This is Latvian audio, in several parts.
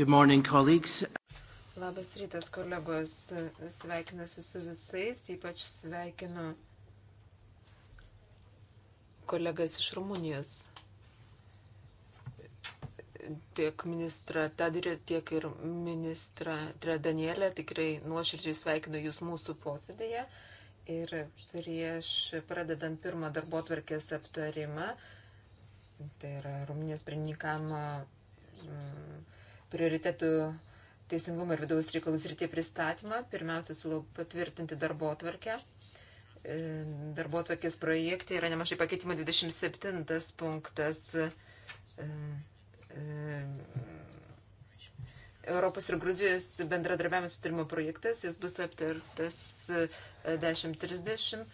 Good morning, colleagues. Labas rytas, kolegos. Sveikinasi su visais, ypač sveikinu kolegas iš Rumunijos. Tiek ministra Tadirė, tiek ir ministra Danielė. Tikrai nuoširdžiai sveikinu jūs mūsų posėdėje. Ir prieš pradedant pirmą darbo tvarkės aptarimą, tai yra Rumunijos pirmininkamo mm, prioritetų teisingumo ir vidaus reikalų srityje pristatymą. Pirmiausia, siūlau patvirtinti darbo atvarkę. E, darbo atvarkės projekte yra nemažai pakeitimų 27 punktas. E, e, Europos ir Gruzijos bendradarbiavimo sutarimo projektas, jis bus aptartas 10.30.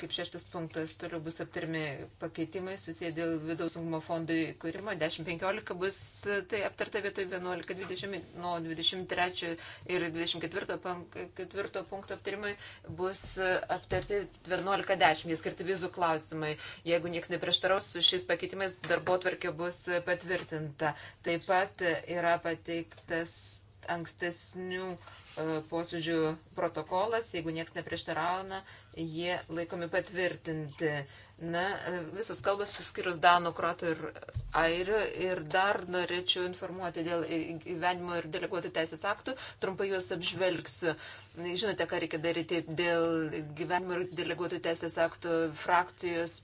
Kaip šeštas punktas toliau bus aptarmi pakeitimai susiję dėl vidaus saugumo fondo įkūrimo. 10.15 bus e, tai aptarta vietoj 11.20 nuo 23 ir 24 punkto aptarimai bus e, aptarti 11.10. Jie skirti vizų klausimai. Jeigu niekas neprieštaraus, su šiais pakeitimais darbo tvarkė bus patvirtinta. Taip pat yra pateiktas ankstesnių e, posėdžių protokolas, jeigu nieks neprieštarauna, jie laikomi patvirtinti. Na, e, visos kalbas suskirus Danų, Kroatų ir Airių. Ir dar norėčiau informuoti dėl gyvenimo ir deleguotų teisės aktų. Trumpai juos apžvelgsiu. Žinote, ką reikia daryti dėl gyvenimo ir deleguotų teisės aktų frakcijos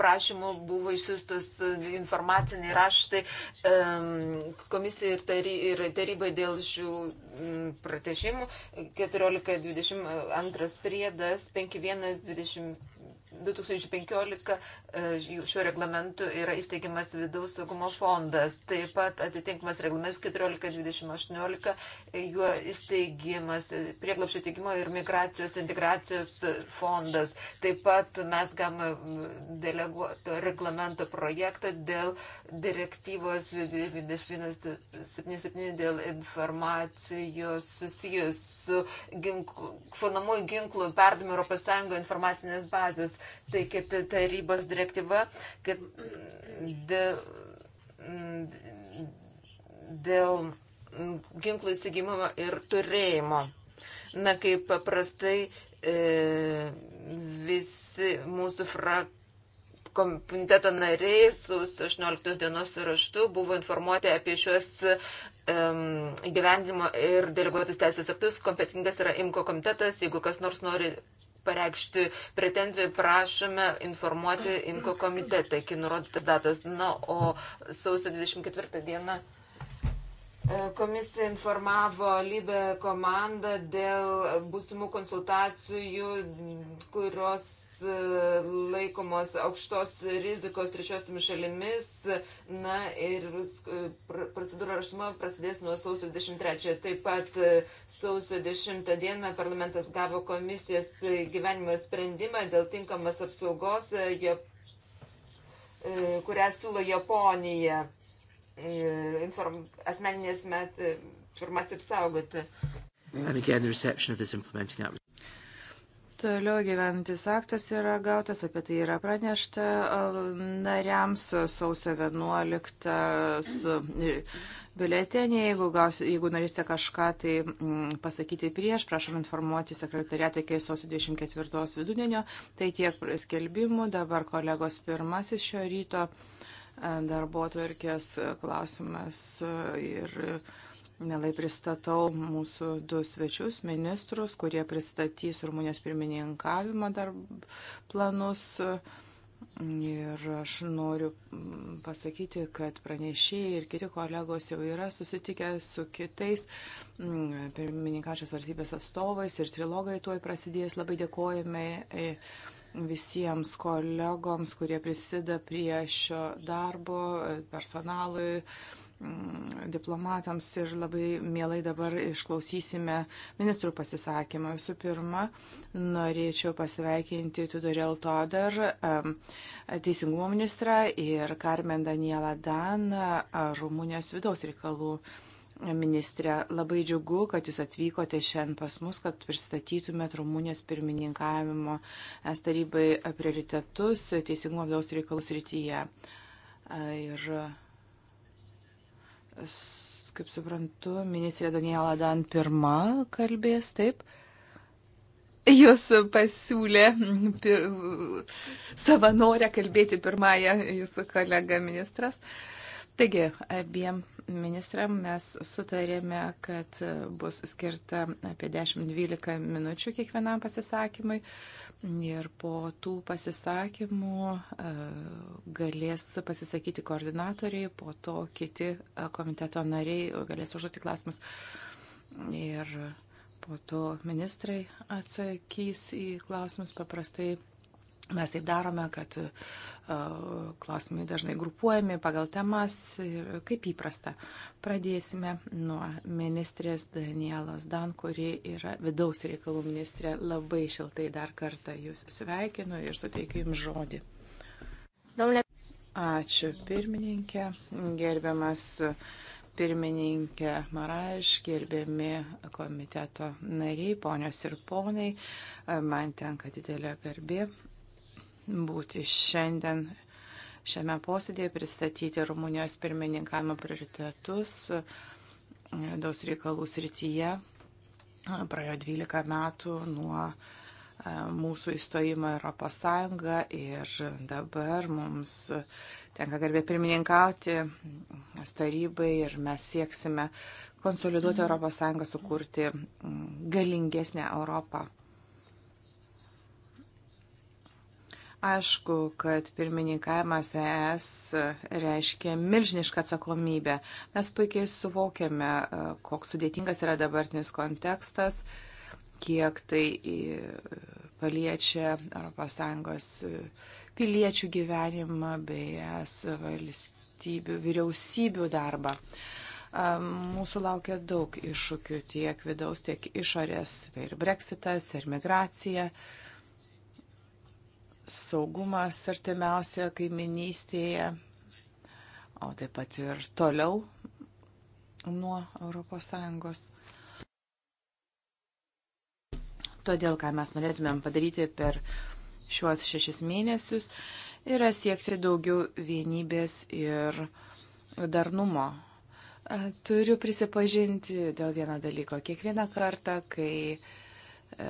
prašymų buvo išsiųstos e, informaciniai raštai komisijai ir tarybai dėl šių pratešimų. 14.22 e, priedas 5.1.20. 2015 e, šiuo reglamentu yra įsteigiamas vidaus saugumo fondas. Taip pat atitinkamas reglamentas 14.2018, e, juo įsteigiamas prieglapšio teikimo ir migracijos integracijos fondas. Taip pat mes gavome deleguoto reglamento projektą dėl direktyvos 2177 dėl informacijos susijus su ginklu, šaunamųjų ginklų perdavimu Europos Sąjungoje informacinės bazės tai kaip tarybos direktyva, kad dėl, dėl ginklų įsigymimo ir turėjimo. Na, kaip paprastai e, visi mūsų frakcijų komiteto nariai sausio 18 dienos raštu buvo informuoti apie šios įgyvendimo um, ir deleguotus teisės aktus. Kompetingas yra IMKO komitetas. Jeigu kas nors nori pareikšti pretenzijų prašome informuoti Inko komitetą iki nurodytas datos. Na, o sausio 24 dieną e, komisija informavo Libę komandą dėl būsimų konsultacijų, kurios laikomos aukštos rizikos trečiosiomis šalimis. Na ir procedūra rašymo prasidės nuo sausio 23. Taip pat e, sausio 10 dieną parlamentas gavo komisijos gyvenimo sprendimą dėl tinkamos apsaugos, e, e, kurią siūlo Japonija inform, asmeninės met informaciją apsaugoti. And again, the reception of this implementing act. Toliau gyvenantis aktas yra gautas, apie tai yra pranešta uh, nariams uh, sausio 11 uh, biuletenį. Jeigu, gaus, jeigu norėsite kažką tai m, mm, pasakyti prieš, prašom informuoti sekretariatą iki sausio 24 vidudienio. Tai tiek skelbimų. Dabar kolegos pirmasis šio ryto darbo atverkės klausimas ir. Mielai pristatau mūsų du svečius ministrus, kurie pristatys Rumunijos pirmininkavimo dar planus. Ir aš noriu pasakyti, kad pranešėjai ir kiti kolegos jau yra susitikę su kitais mm, pirmininkačios valstybės atstovais ir trilogai tuoj prasidės. Labai dėkojame e, visiems kolegoms, kurie prisideda prie šio darbo, personalui Mm, diplomatams ir labai mielai dabar išklausysime ministrų pasisakymą. Visų pirma, norėčiau pasveikinti Tudorel Todar, teisingumo ministrą ir Carmen Danielą Dan, Rumunijos vidaus reikalų ministrė. Labai džiugu, kad jūs atvykote šiandien pas mus, kad pristatytumėt Rumunijos pirmininkavimo es tarybai prioritetus teisingumo vidaus reikalų srityje. Ir kaip suprantu, ministrė Daniela Dan pirma kalbės, taip? Jūs pasiūlė pir... savanorę kalbėti pirmąją jūsų kolega ministras. Taigi, abiem ministram mes sutarėme, kad bus skirta apie 10-12 minučių kiekvienam pasisakymui. Ir po tų pasisakymų e, galės pasisakyti koordinatoriai, po to kiti e, komiteto nariai galės užduoti klausimus. Ir po to ministrai atsakys į klausimus paprastai Mes taip darome, kad e, klausimai dažnai grupuojami pagal temas ir kaip įprasta. Pradėsime nuo ministrės Danielos Dan, kuri yra vidaus reikalų ministrė. Labai šiltai dar kartą jūs sveikinu ir suteikiu jums žodį. Ačiū pirmininkė, gerbiamas pirmininkė Maraš, gerbiami komiteto nariai, ponios ir ponai, man tenka didelė garbė būti šiandien šiame posėdėje, pristatyti Rumunijos pirmininkavimo prioritetus e, daus reikalų srityje. Praėjo 12 metų nuo e, mūsų įstojimo Europos Sąjungą ir dabar mums tenka garbė pirmininkauti tarybai ir mes sieksime konsoliduoti Europos Sąjungą, sukurti galingesnę Europą. Aišku, kad pirmininkavimas ES reiškia milžinišką atsakomybę. Mes puikiai suvokiame, e, koks sudėtingas yra dabartinis kontekstas, kiek tai e, paliečia ES e, piliečių gyvenimą bei ES valstybių, vyriausybių darbą mūsų laukia daug iššūkių tiek vidaus, tiek išorės. Tai ir breksitas, ir migracija. Uh, saugumas artimiausioje kaiminystėje, o taip pat ir toliau nuo ES. Todėl, ką mes norėtumėm padaryti per šiuos šešis mėnesius, yra siekti daugiau vienybės ir darnumo. Turiu prisipažinti dėl vieną dalyko. Kiekvieną kartą, kai e,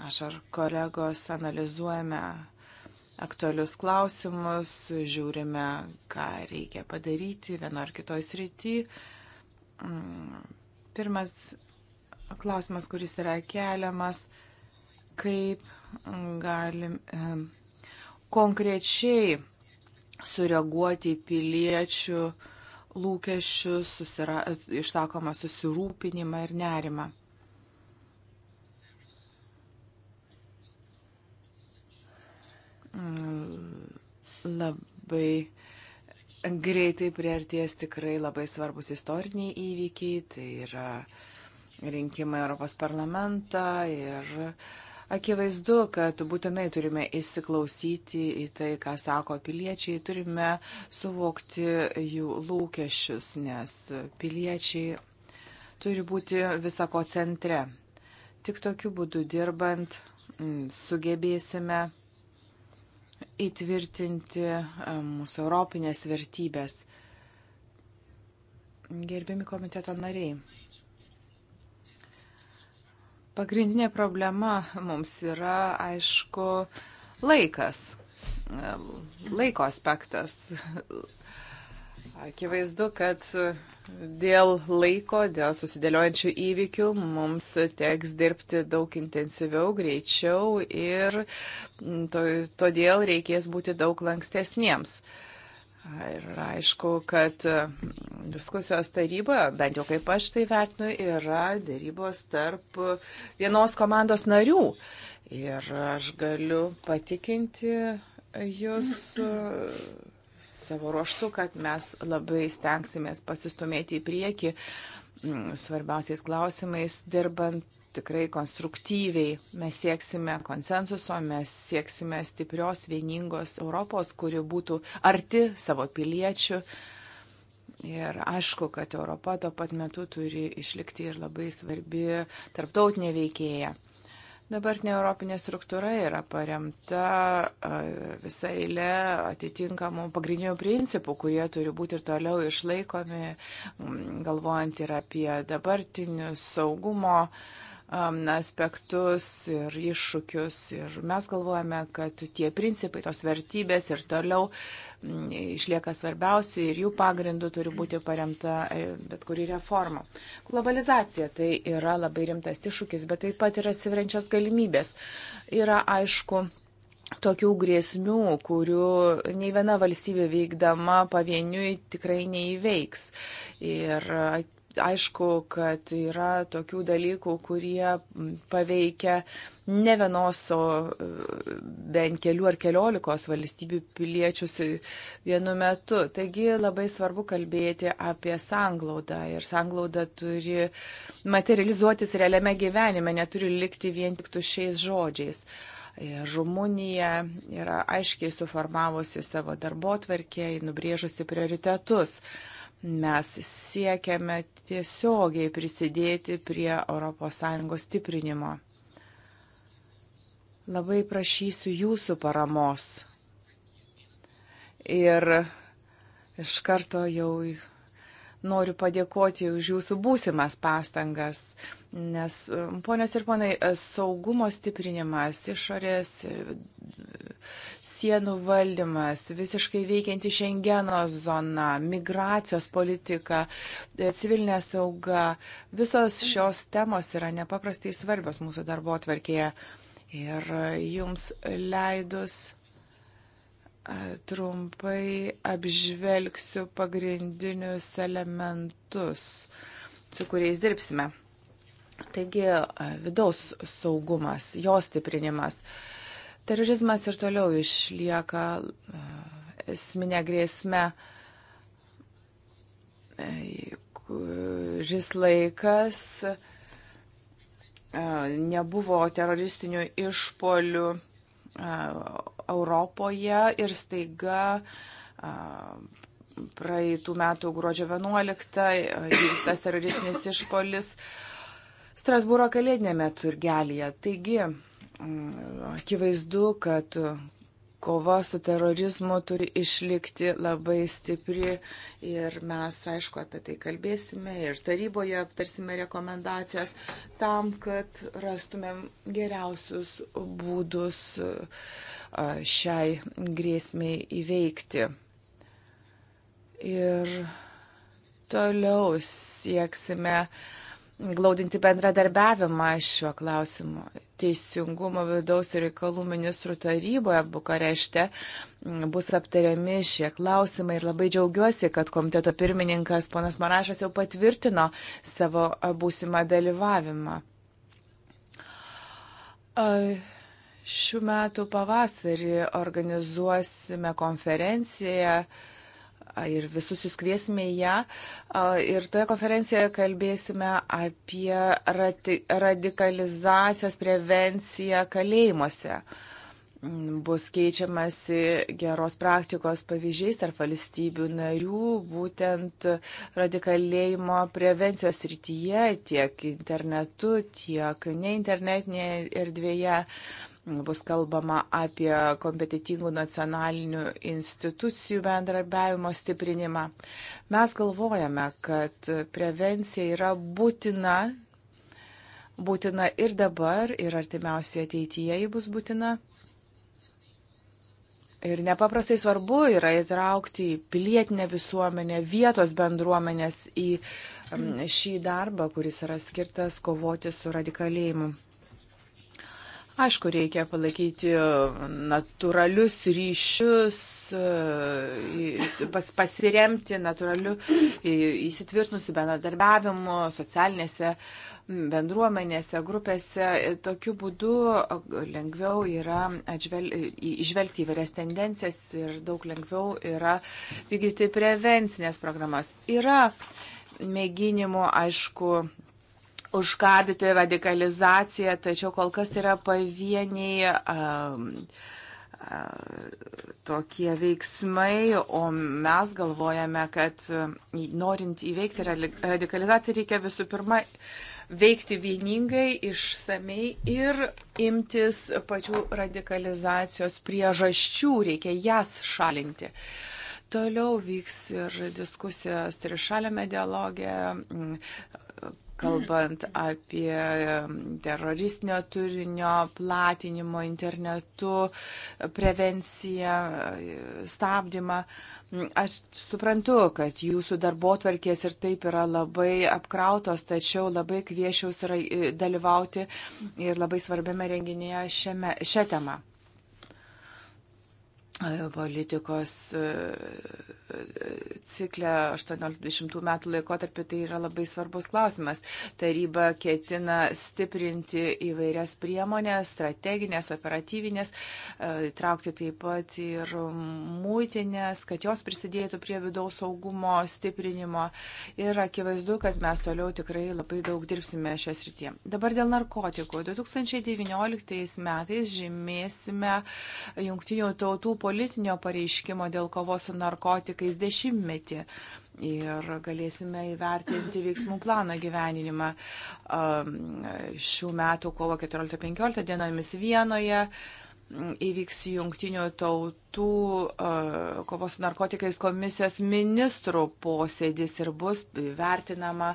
Aš ar kolegos analizuojame aktualius klausimus, žiūrime, ką reikia padaryti vieno ar kitoj srity. Mm, pirmas klausimas, kuris yra keliamas, kaip galim konkrečiai sureaguoti į piliečių lūkesčius, susira, išsakomą susirūpinimą ir nerimą. Mm, labai greitai priartės tikrai labai svarbus istoriniai įvykiai, tai yra rinkimai Europos parlamentą ir akivaizdu, kad būtinai turime įsiklausyti į tai, ką sako piliečiai, turime suvokti jų lūkesčius, nes piliečiai turi būti visako centre. Tik tokiu būdu dirbant mm, sugebėsime įtvirtinti mūsų europinės vertybės. Gerbiami komiteto nariai. Pagrindinė problema mums yra, aišku, laikas, laiko aspektas. Akivaizdu, kad e, dėl laiko, dėl susidėliojančių įvykių mums teks dirbti daug intensyviau, greičiau ir to, todėl reikės būti daug lankstesniems. Ir aišku, kad diskusijos taryboje, bent jau kaip aš tai vertinu, yra dėrybos tarp vienos komandos narių. Ir aš galiu patikinti jūs. Mm -hmm savo ruoštų, kad mes labai stengsimės pasistumėti į priekį mm, svarbiausiais klausimais, dirbant tikrai konstruktyviai. Mes sieksime konsensuso, mes sieksime stiprios, vieningos Europos, kuri būtų arti savo piliečių. Ir aišku, kad Europa tuo pat metu turi išlikti ir labai svarbi tarptautinė veikėja. Dabartinė Europinė struktūra yra paremta e, visai eilė atitinkamų pagrindinių principų, kurie turi būti ir toliau išlaikomi, galvojant ir apie dabartinius saugumo uh, um, aspektus ir iššūkius. Ir mes galvojame, kad tie principai, tos vertybės ir toliau m, mm, išlieka svarbiausi ir jų pagrindų turi būti paremta e, bet kuri reforma. Globalizacija tai yra labai rimtas iššūkis, bet taip pat yra siverenčios galimybės. Yra aišku, tokių grėsmių, kurių nei viena valstybė veikdama pavieniui tikrai neįveiks. Ir aišku, kad yra tokių dalykų, kurie paveikia ne vienos, o e, bent kelių ar keliolikos valstybių piliečius vienu metu. Taigi labai svarbu kalbėti apie sanglaudą ir sanglauda turi materializuotis realiame gyvenime, neturi likti vien tik tušiais žodžiais. Rumunija yra aiškiai suformavusi savo darbo tvarkė, nubrėžusi prioritetus. Mes siekiame tiesiogiai prisidėti prie ES stiprinimo. Labai prašysiu jūsų paramos. Ir iš karto jau noriu padėkoti už jūsų būsimas pastangas, nes, ponios ir ponai, saugumo stiprinimas išorės sienų valdymas, visiškai veikianti Šengeno zona, migracijos politika, e, civilinė sauga, visos šios temos yra nepaprastai svarbios mūsų darbo atvarkėje. Ir jums leidus e, trumpai apžvelgsiu pagrindinius elementus, su kuriais dirbsime. Taigi, e, vidaus saugumas, jo stiprinimas. Uh, Terorizmas ir toliau išlieka e, esminė grėsme e, kuris laikas e, nebuvo teroristinių išpolių Europoje ir staiga praeitų metų gruodžio 11 įvyktas teroristinis išpolis Strasbūro kalėdinėme turgelėje. Taigi, akivaizdu, kad kova su terorizmu turi išlikti labai stipri ir mes, aišku, apie tai kalbėsime ir taryboje aptarsime rekomendacijas tam, kad rastumėm geriausius būdus šiai grėsmiai įveikti. Ir toliau sieksime uh, glaudinti bendradarbiavimą šiuo klausimu. Teisingumo vidaus reikalų ministrų taryboje Bukarešte mm, bus aptariami šie klausimai ir labai džiaugiuosi, kad komiteto pirmininkas ponas Marašas jau patvirtino savo būsimą dalyvavimą. Šių metų pavasarį organizuosime konferenciją ir visus jūs kviesime į ją. Ir toje konferencijoje kalbėsime apie radikalizacijos prevenciją kalėjimuose. Bus keičiamasi geros praktikos pavyzdžiais tarp valstybių narių, būtent radikalėjimo prevencijos rytyje, tiek internetu, tiek neinternetinėje erdvėje. Ne bus kalbama apie kompetitingų nacionalinių institucijų bendrabiavimo stiprinimą. Mes galvojame, kad prevencija yra būtina, būtina ir dabar, ir artimiausiai ateityje ji bus būtina. Ir nepaprastai svarbu yra įtraukti pilietinę visuomenę, vietos bendruomenės į šį darbą, kuris yra skirtas kovoti su radikalėjimu. Aišku, reikia palaikyti e, natūralius ryšius, e, pas, pasiremti natūraliu įsitvirtinusiu bendradarbiavimu socialinėse bendruomenėse, grupėse. E, tokiu būdu lengviau yra atžvel, išvelgti įvairias tendencijas ir daug lengviau yra vykdyti prevencinės programas. Yra mėginimų, aišku, užkardyti radikalizaciją, tačiau kol kas tai yra pavieniai. Um, tokie veiksmai, o mes galvojame, kad norint įveikti radikalizaciją reikia visų pirma veikti vieningai, išsamei ir imtis pačių radikalizacijos priežasčių, reikia jas šalinti. Toliau vyks ir diskusijos trišalėme dialoge kalbant apie teroristinio turinio platinimo internetu, prevenciją, stabdymą. Aš suprantu, kad jūsų darbo tvarkės ir taip yra labai apkrautos, tačiau labai kviešiaus e, dalyvauti ir labai svarbiame renginėje šiame, šią temą politikos e, e, ciklę 18-20 metų laikotarpį tai yra labai svarbus klausimas. Taryba ketina stiprinti įvairias priemonės, strateginės, operatyvinės, e, traukti taip pat ir mūtinės, kad jos prisidėtų prie vidaus saugumo stiprinimo. Ir akivaizdu, kad mes toliau tikrai labai daug dirbsime šią srityje. Dabar dėl narkotikų. 2019 metais žymėsime jungtinių tautų politikų politinio pareiškimo dėl kovos su narkotikais dešimtmetį ir galėsime įvertinti veiksmų plano gyveninimą. Um, šių metų kovo 14-15 dienomis Vienoje įvyks jungtinių tautų e, kovos su narkotikais komisijos ministrų posėdis ir bus vertinama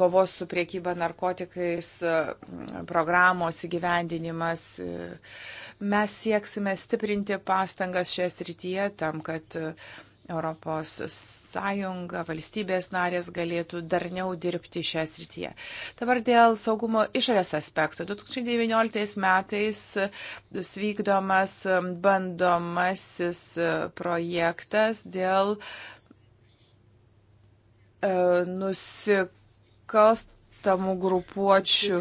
kovos su priekyba narkotikais e, programos įgyvendinimas. E, mes sieksime stiprinti pastangas šioje srityje tam, kad Europos sąjunga, valstybės narės galėtų darniau dirbti šią srityje. Dabar dėl saugumo išorės aspektų. 2019 metais vykdomas bandomasis projektas dėl e, nusikalstamų grupuočių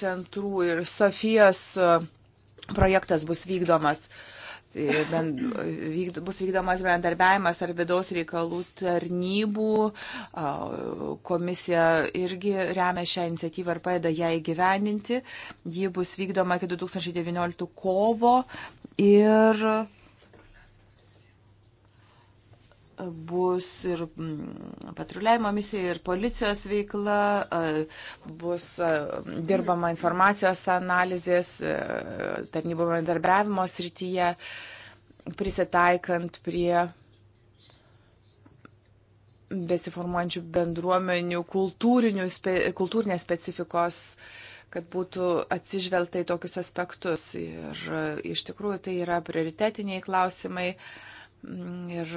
centrų ir Sofijos projektas bus vykdomas. E, bend, vykd, bus vykdomas bendarbiavimas ar vidaus reikalų tarnybų. Komisija irgi remia šią iniciatyvą ir padeda ją įgyveninti. Ji bus vykdoma iki 2019 kovo ir bus ir mm, patruliavimo misija, ir policijos veikla, bus dirbama informacijos analizės, tarnybų bendarbiavimo srityje, prisitaikant prie besiformuojančių bendruomenių spe, kultūrinės specifikos, kad būtų atsižvelgta į tokius aspektus. Ir iš tikrųjų tai yra prioritetiniai klausimai. Mm, ir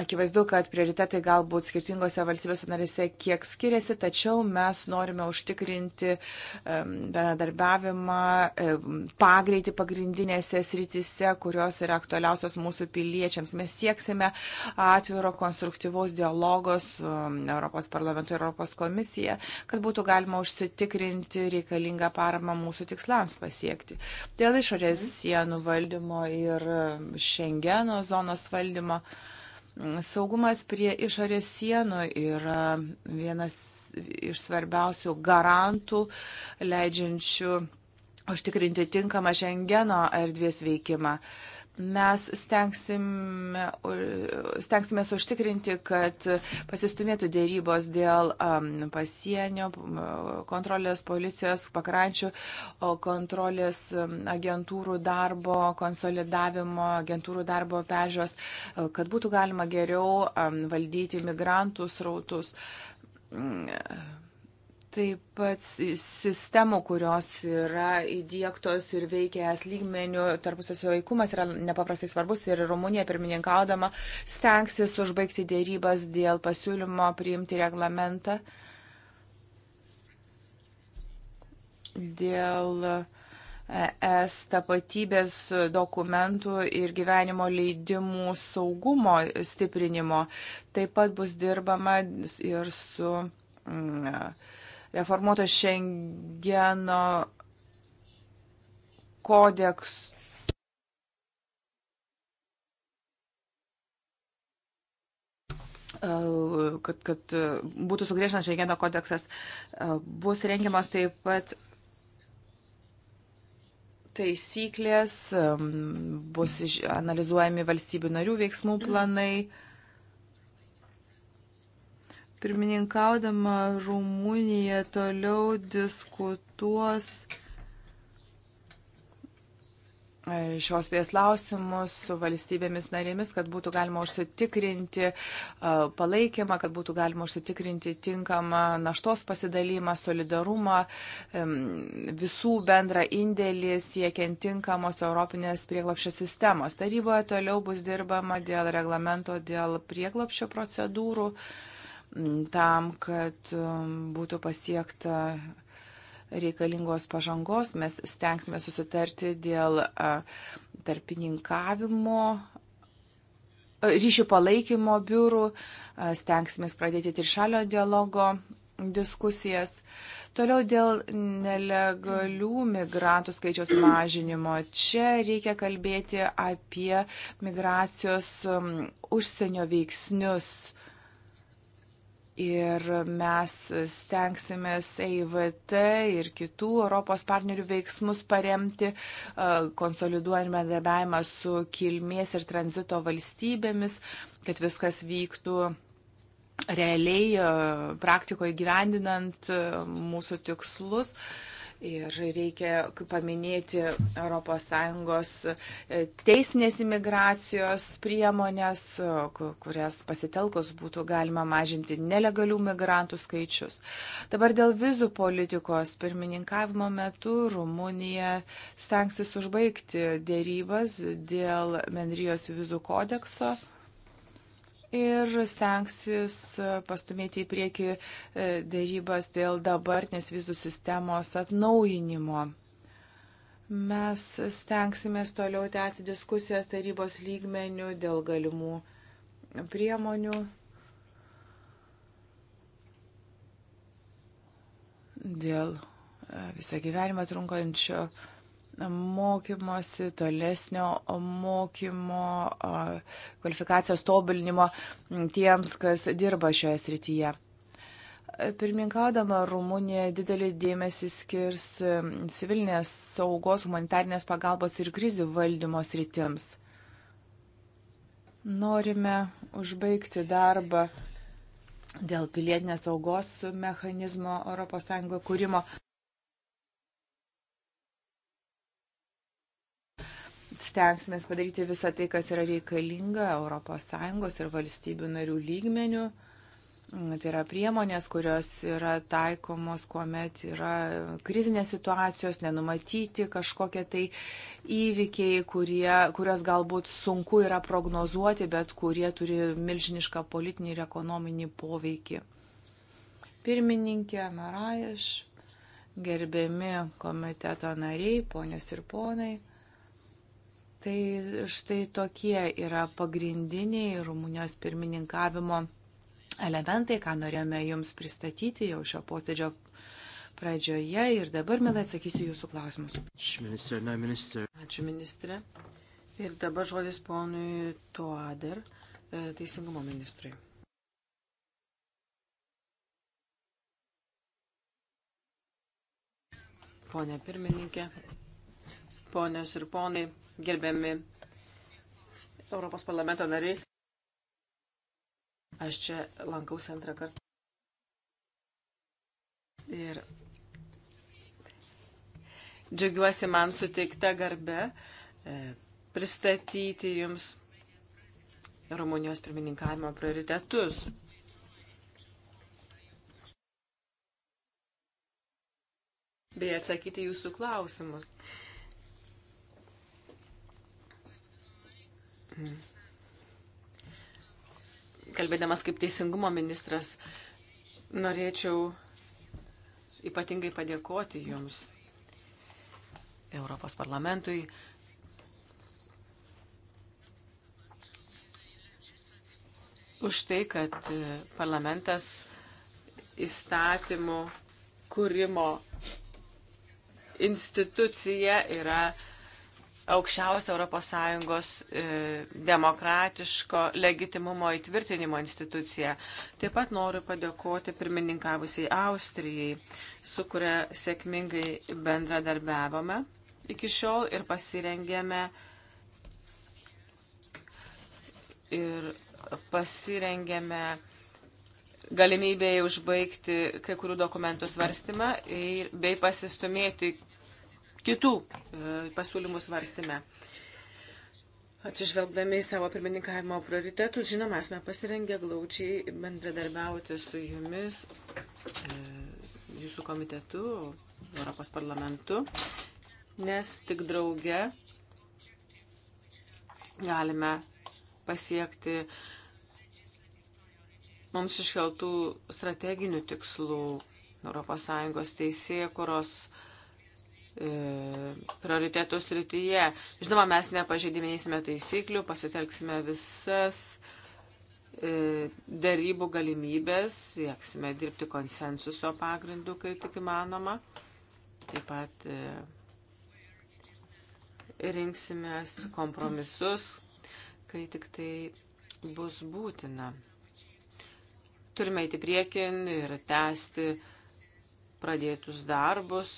akivaizdu, kad prioritetai galbūt skirtingose valstybėse narėse kiek skiriasi, tačiau mes norime užtikrinti bendradarbiavimą, pagreitį pagrindinėse srityse, kurios yra aktualiausios mūsų piliečiams. Mes sieksime atviro konstruktyvaus dialogo su Europos parlamentu ir Europos komisija, kad būtų galima užsitikrinti reikalingą paramą mūsų tikslams pasiekti. Dėl išorės mhm. sienų valdymo ir Šengeno zonos valdymo. Thank you Saugumas prie išorės sienų yra vienas iš svarbiausių garantų leidžiančių užtikrinti tinkamą Šengeno erdvės veikimą. Uh, mes stengsime, stengsimės užtikrinti, kad pasistumėtų dėrybos dėl um, pasienio kontrolės policijos pakrančių, kontrolės agentūrų darbo, konsolidavimo, agentūrų darbo pežios, e, kad būtų galima geriau um, valdyti migrantų srautus. Um, Taip pat sistemų, kurios yra įdėktos ir veikėjas lygmenių, tarpusasio vaikumas yra nepaprastai svarbus ir Rumunija pirmininkaudama stengsis užbaigti dėrybas dėl pasiūlymo priimti reglamentą dėl ES tapatybės dokumentų ir gyvenimo leidimų saugumo stiprinimo. Taip pat bus dirbama ir su. Mm, reformuoto Šengeno kodeks. Kad, kad e, būtų sugriešintas Šengeno kodeksas, e, bus rengiamas taip pat taisyklės, e, bus analizuojami valstybių narių veiksmų planai. Mm Pirmininkaudama Rumunija toliau diskutuos e, šios vės klausimus su valstybėmis narėmis, kad būtų galima užsitikrinti e, palaikymą, kad būtų galima užsitikrinti tinkamą naštos pasidalymą, solidarumą, e, visų bendrą indėlį siekiant tinkamos Europinės prieglopščio sistemos. Taryboje toliau bus dirbama dėl reglamento, dėl prieglopščio procedūrų tam, kad um, būtų pasiekta reikalingos pažangos. Mes stengsime susitarti dėl tarpininkavimo ryšių palaikymo biurų, stengsime pradėti trišalio dialogo diskusijas. Toliau dėl nelegalių migrantų skaičiaus mažinimo. Čia reikia kalbėti apie migracijos um, užsienio veiksnius Ir mes stengsimės EIVT ir kitų Europos partnerių veiksmus paremti, konsoliduojant bendradarbiavimą su kilmės ir tranzito valstybėmis, kad viskas vyktų realiai praktikoje gyvendinant mūsų tikslus. Uh, Ir reikia paminėti ES e, teisinės imigracijos priemonės, kurias pasitelkus būtų galima mažinti nelegalių migrantų skaičius. Dabar dėl vizų politikos pirmininkavimo metu Rumunija stengsis užbaigti dėrybas dėl bendrijos vizų kodekso ir stengsis e, pastumėti į priekį e, dėrybas dėl dabartinės vizų sistemos atnaujinimo. Mes stengsimės toliau tęsti diskusijas tarybos lygmenių dėl galimų priemonių dėl e, visą gyvenimą trunkančio uh, mokymosi, tolesnio mokymo, kvalifikacijos tobulinimo tiems, kas dirba šioje srityje. Pirmininkaudama Rumunija didelį dėmesį skirs civilinės saugos, humanitarnės pagalbos ir krizių valdymo sritims. Norime užbaigti darbą dėl pilietinės saugos mechanizmo ES kūrimo. Stengsmės padaryti visą tai, kas yra reikalinga ES ir valstybių narių lygmenių. Tai yra priemonės, kurios yra taikomos, kuomet yra krizinės situacijos, nenumatyti kažkokie tai įvykiai, kurie, kurios galbūt sunku yra prognozuoti, bet kurie turi milžinišką politinį ir ekonominį poveikį. Pirmininkė Maraiš, gerbiami komiteto nariai, ponios ir ponai. Tai štai tokie yra pagrindiniai Rumunijos pirmininkavimo elementai, ką norėjome Jums pristatyti jau šio posėdžio pradžioje ir dabar, mielai, atsakysiu jūsų klausimus. Ačiū, ministrė. Ir dabar žodis ponui Toader, e, teisingumo ministrui. Pone pirmininkė, ponios ir ponai, gerbiami Europos parlamento nariai. Aš čia lankausi antrą kartą. Ir džiaugiuosi man suteikta garbe pristatyti jums Rumunijos pirmininkavimo prioritetus. Bei atsakyti jūsų klausimus. Kalbėdamas kaip teisingumo ministras, norėčiau ypatingai padėkoti Jums, Europos parlamentui, už tai, kad parlamentas įstatymų kūrimo institucija yra aukščiausio ES e, demokratiško legitimumo įtvirtinimo institucija. Taip pat noriu padėkoti pirmininkavusiai Austrijai, su kuria sėkmingai bendradarbiavome iki šiol ir pasirengėme ir pasirengėme galimybėje užbaigti kai kurių dokumentų svarstymą ir, bei pasistumėti kitų e, pasiūlymų svarstime. Atsižvelgdami į savo pirmininkavimo prioritetus, žinoma, esame pasirengę glaučiai bendradarbiauti su jumis, e, jūsų komitetu, Europos parlamentu, nes tik drauge galime pasiekti mums iškeltų strateginių tikslų ES teisėkuros E, prioritetų srityje. Žinoma, mes nepažeidiminėsime taisyklių, pasitelksime visas e, darybų galimybės, sieksime dirbti konsensuso pagrindu, kai tik įmanoma. Taip pat e, rinksime kompromisus, kai tik tai bus būtina. Turime įti priekin ir tęsti pradėtus darbus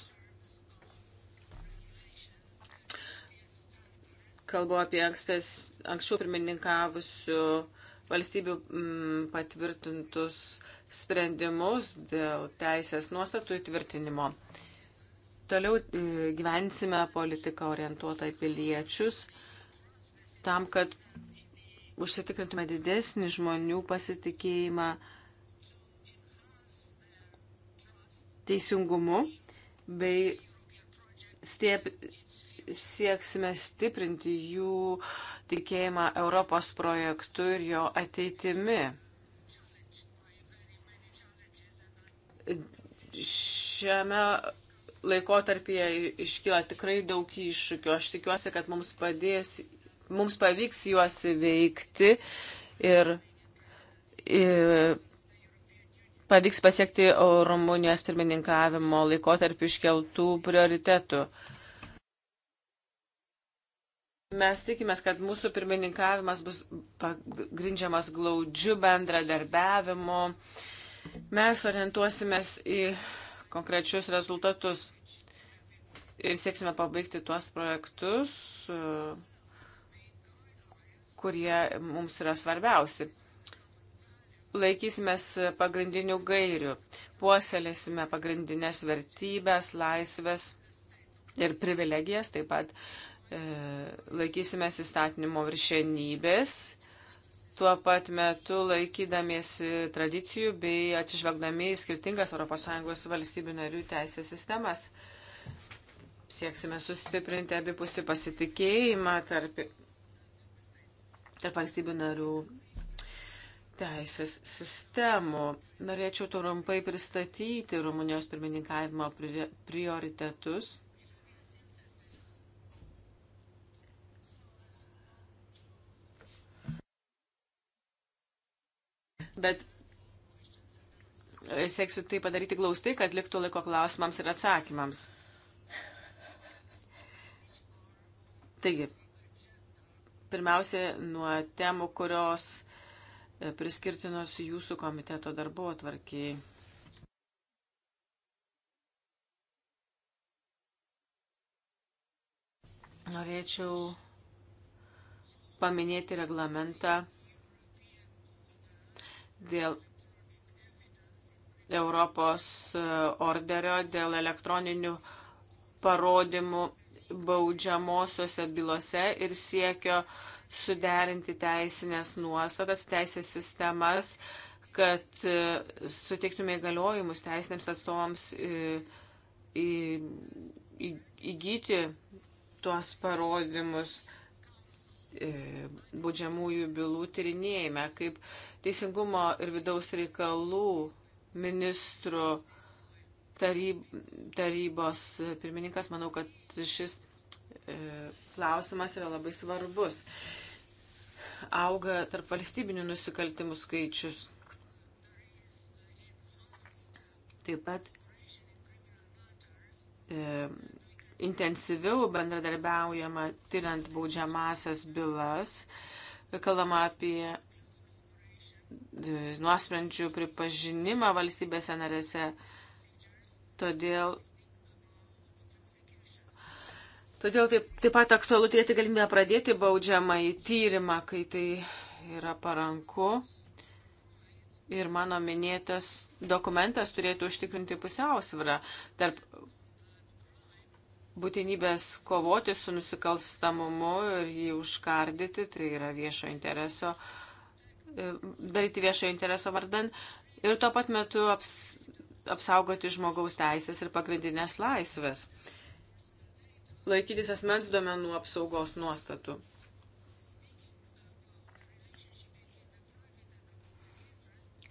kalbu apie ankstes, anksčiau pirmininkavusių valstybių m, mm, patvirtintus sprendimus dėl teisės nuostatų įtvirtinimo. Toliau e, gyvensime politiką orientuotą į piliečius tam, kad užsitikrintume didesnį žmonių pasitikėjimą teisingumu bei stiep, sieksime stiprinti jų tikėjimą Europos projektu ir jo ateitimi. Šiame laikotarpyje iškyla tikrai daug iššūkių. Aš tikiuosi, kad mums, padės, mums pavyks juos įveikti ir, ir pavyks pasiekti Rumunijos pirmininkavimo laikotarpį iškeltų prioritetų. Mes tikimės, kad mūsų pirmininkavimas bus grindžiamas glaudžiu bendradarbiavimu. Mes orientuosimės į konkrečius rezultatus ir sieksime pabaigti tuos projektus, kurie mums yra svarbiausi. Laikysimės pagrindinių gairių, puoselėsime pagrindinės vertybės, laisvės ir privilegijas, taip pat E, laikysime įstatymo viršenybės, tuo pat metu laikydamiesi tradicijų bei atsižvelgdami į skirtingas ES valstybių narių teisės sistemas. Sieksime sustiprinti abipusį pasitikėjimą tarp, tarp valstybių narių teisės sistemų. Norėčiau trumpai pristatyti Rumunijos pirmininkavimo prioritetus bet sėksiu tai padaryti glaustai, kad liktų laiko klausimams ir atsakymams. Taigi, pirmiausia, nuo temų, kurios eh, priskirtinos jūsų komiteto darbo atvarkiai. Norėčiau paminėti reglamentą dėl Europos e, orderio, dėl elektroninių parodymų baudžiamosiose bylose ir siekio suderinti teisinės nuostatas, teisės sistemas, kad e, suteiktume įgaliojimus teisiniams atstovams e, įgyti tuos parodymus. E, būdžiamųjų bylų tyrinėjime, kaip teisingumo ir vidaus reikalų ministrų taryb, tarybos pirmininkas, manau, kad šis e, klausimas yra labai svarbus. Auga tarp valstybinių nusikaltimų skaičius. Taip pat e, intensyviau bendradarbiaujama tyrant baudžiamasias bylas, kalbama apie e, nuosprendžių pripažinimą valstybėse narėse. Todėl Todėl taip, taip pat aktualu turėti galimybę pradėti baudžiamą į tyrimą, kai tai yra paranku. Ir mano minėtas dokumentas turėtų užtikrinti pusiausvyrą tarp būtinybės kovoti su nusikalstamumu ir jį užkardyti, tai yra viešo intereso, e, daryti viešo intereso vardan ir tuo pat metu aps, apsaugoti žmogaus teisės ir pagrindinės laisvės, laikytis asmens duomenų apsaugos nuostatų.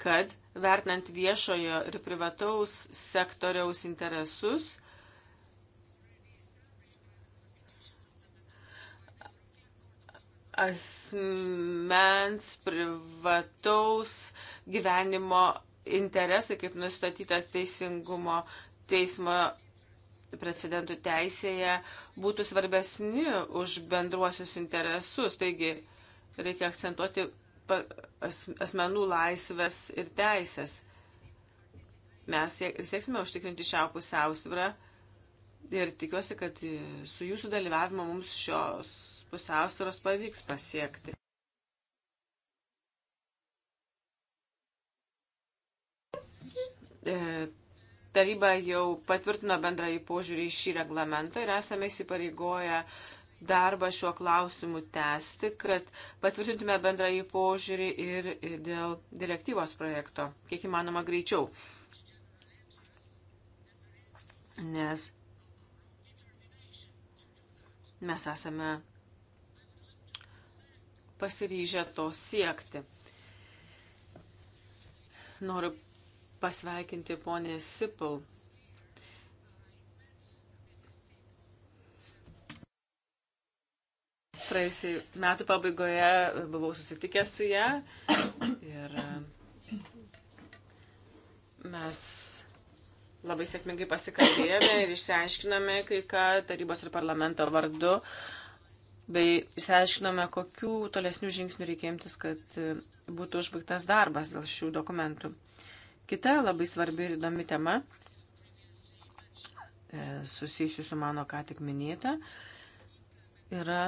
kad vertinant viešojo ir privataus sektoriaus interesus, asmens privataus gyvenimo interesai, kaip nustatytas teisingumo teismo precedentų teisėje, būtų svarbesni už bendruosius interesus. Taigi reikia akcentuoti asmenų laisvės ir teisės. Mes ir sieksime užtikrinti šią pusiausvyrą ir tikiuosi, kad su jūsų dalyvavimo mums šios pusiausvėros pavyks pasiekti. E, taryba jau patvirtino bendrąjį požiūrį į šį reglamentą ir esame įsipareigoję darbą šiuo klausimu tęsti, kad patvirtintume bendrąjį požiūrį ir dėl direktyvos projekto, kiek įmanoma greičiau. Nes mes esame pasiryžę to siekti. Noriu pasveikinti ponę Sipul. Praėjusiai metų pabaigoje buvau susitikęs su ją ir e, mes labai sėkmingai pasikalbėjome ir išsiaiškinome kai ką tarybos ir parlamento vardu. Uh, bei išsiaiškinome, kokių tolesnių žingsnių reikia imtis, kad e, būtų užbaigtas darbas dėl šių dokumentų. Kita labai svarbi ir įdomi tema, e, susijusi su mano ką tik minėta, yra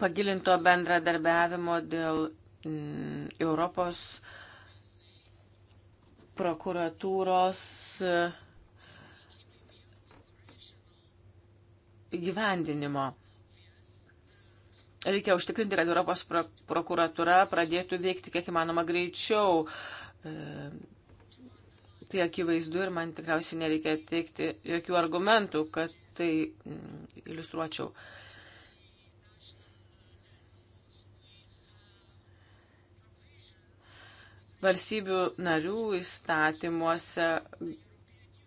pagilinto bendradarbiavimo dėl mm, Europos prokuratūros e, įgyvendinimo. Reikia užtikrinti, kad Europos pro prokuratura pradėtų veikti kiek įmanoma greičiau. E, tai akivaizdu ir man tikriausiai nereikia teikti jokių argumentų, kad tai mm, iliustruočiau. Valstybių narių įstatymuose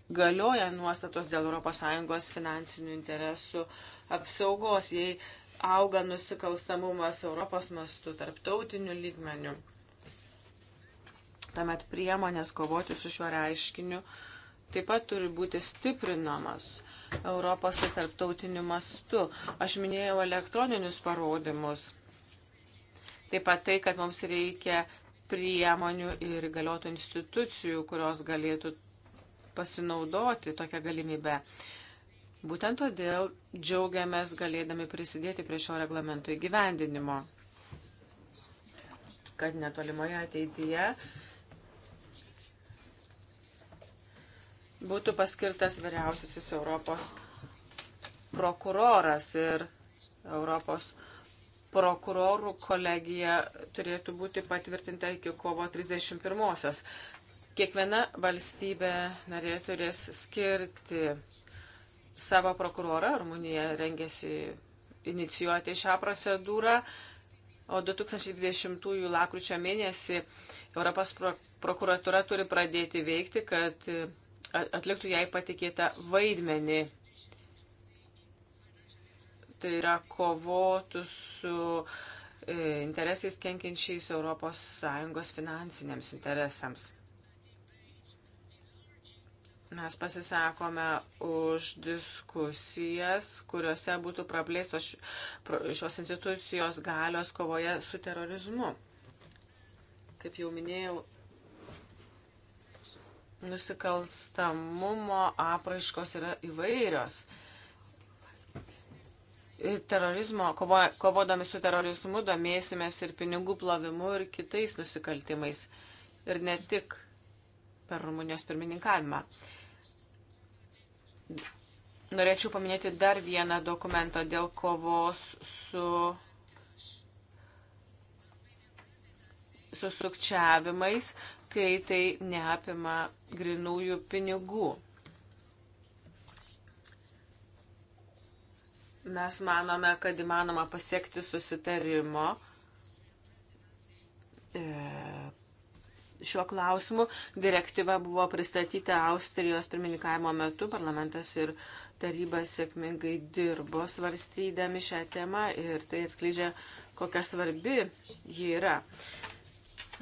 galioja nuostatos dėl ES finansinių interesų apsaugos, jei auga nusikalstamumas Europos mastu, tarptautiniu lygmeniu. Tuomet priemonės kovoti su šiuo reiškiniu taip pat turi būti stiprinamas Europos ir tarptautiniu mastu. Aš minėjau elektroninius parodymus. Taip pat tai, kad mums reikia priemonių ir galiotų institucijų, kurios galėtų pasinaudoti tokią galimybę. Būtent todėl džiaugiamės galėdami prisidėti prie šio reglamento įgyvendinimo, kad netolimoje ateityje būtų paskirtas vyriausiasis Europos prokuroras ir Europos prokurorų kolegija turėtų būti patvirtinta iki kovo 31-osios kiekviena valstybė narė turės skirti savo prokurorą, Rumunija rengėsi inicijuoti šią procedūrą, o 2020 lakryčio mėnesį Europos pro prokuratura turi pradėti veikti, kad atliktų jai patikėtą vaidmenį. Tai yra kovotų su e, interesais kenkiančiais ES finansiniams interesams. Mes pasisakome už diskusijas, kuriuose būtų praplėstos šios institucijos galios kovoje su terorizmu. Kaip jau minėjau, nusikalstamumo apraiškos yra įvairios. Terorizmo, kovo, kovodami su terorizmu, domėsimės ir pinigų plovimu ir kitais nusikaltimais. Ir ne tik per Rumunijos pirmininkavimą norėčiau paminėti dar vieną dokumentą dėl kovos su, su sukčiavimais, kai tai neapima grinųjų pinigų. Mes manome, kad įmanoma pasiekti susitarimo. E šiuo klausimu. Direktyva buvo pristatyta Austrijos pirmininkavimo metu. Parlamentas ir taryba sėkmingai dirbo svarstydami šią temą ir tai atskleidžia, kokia svarbi ji yra.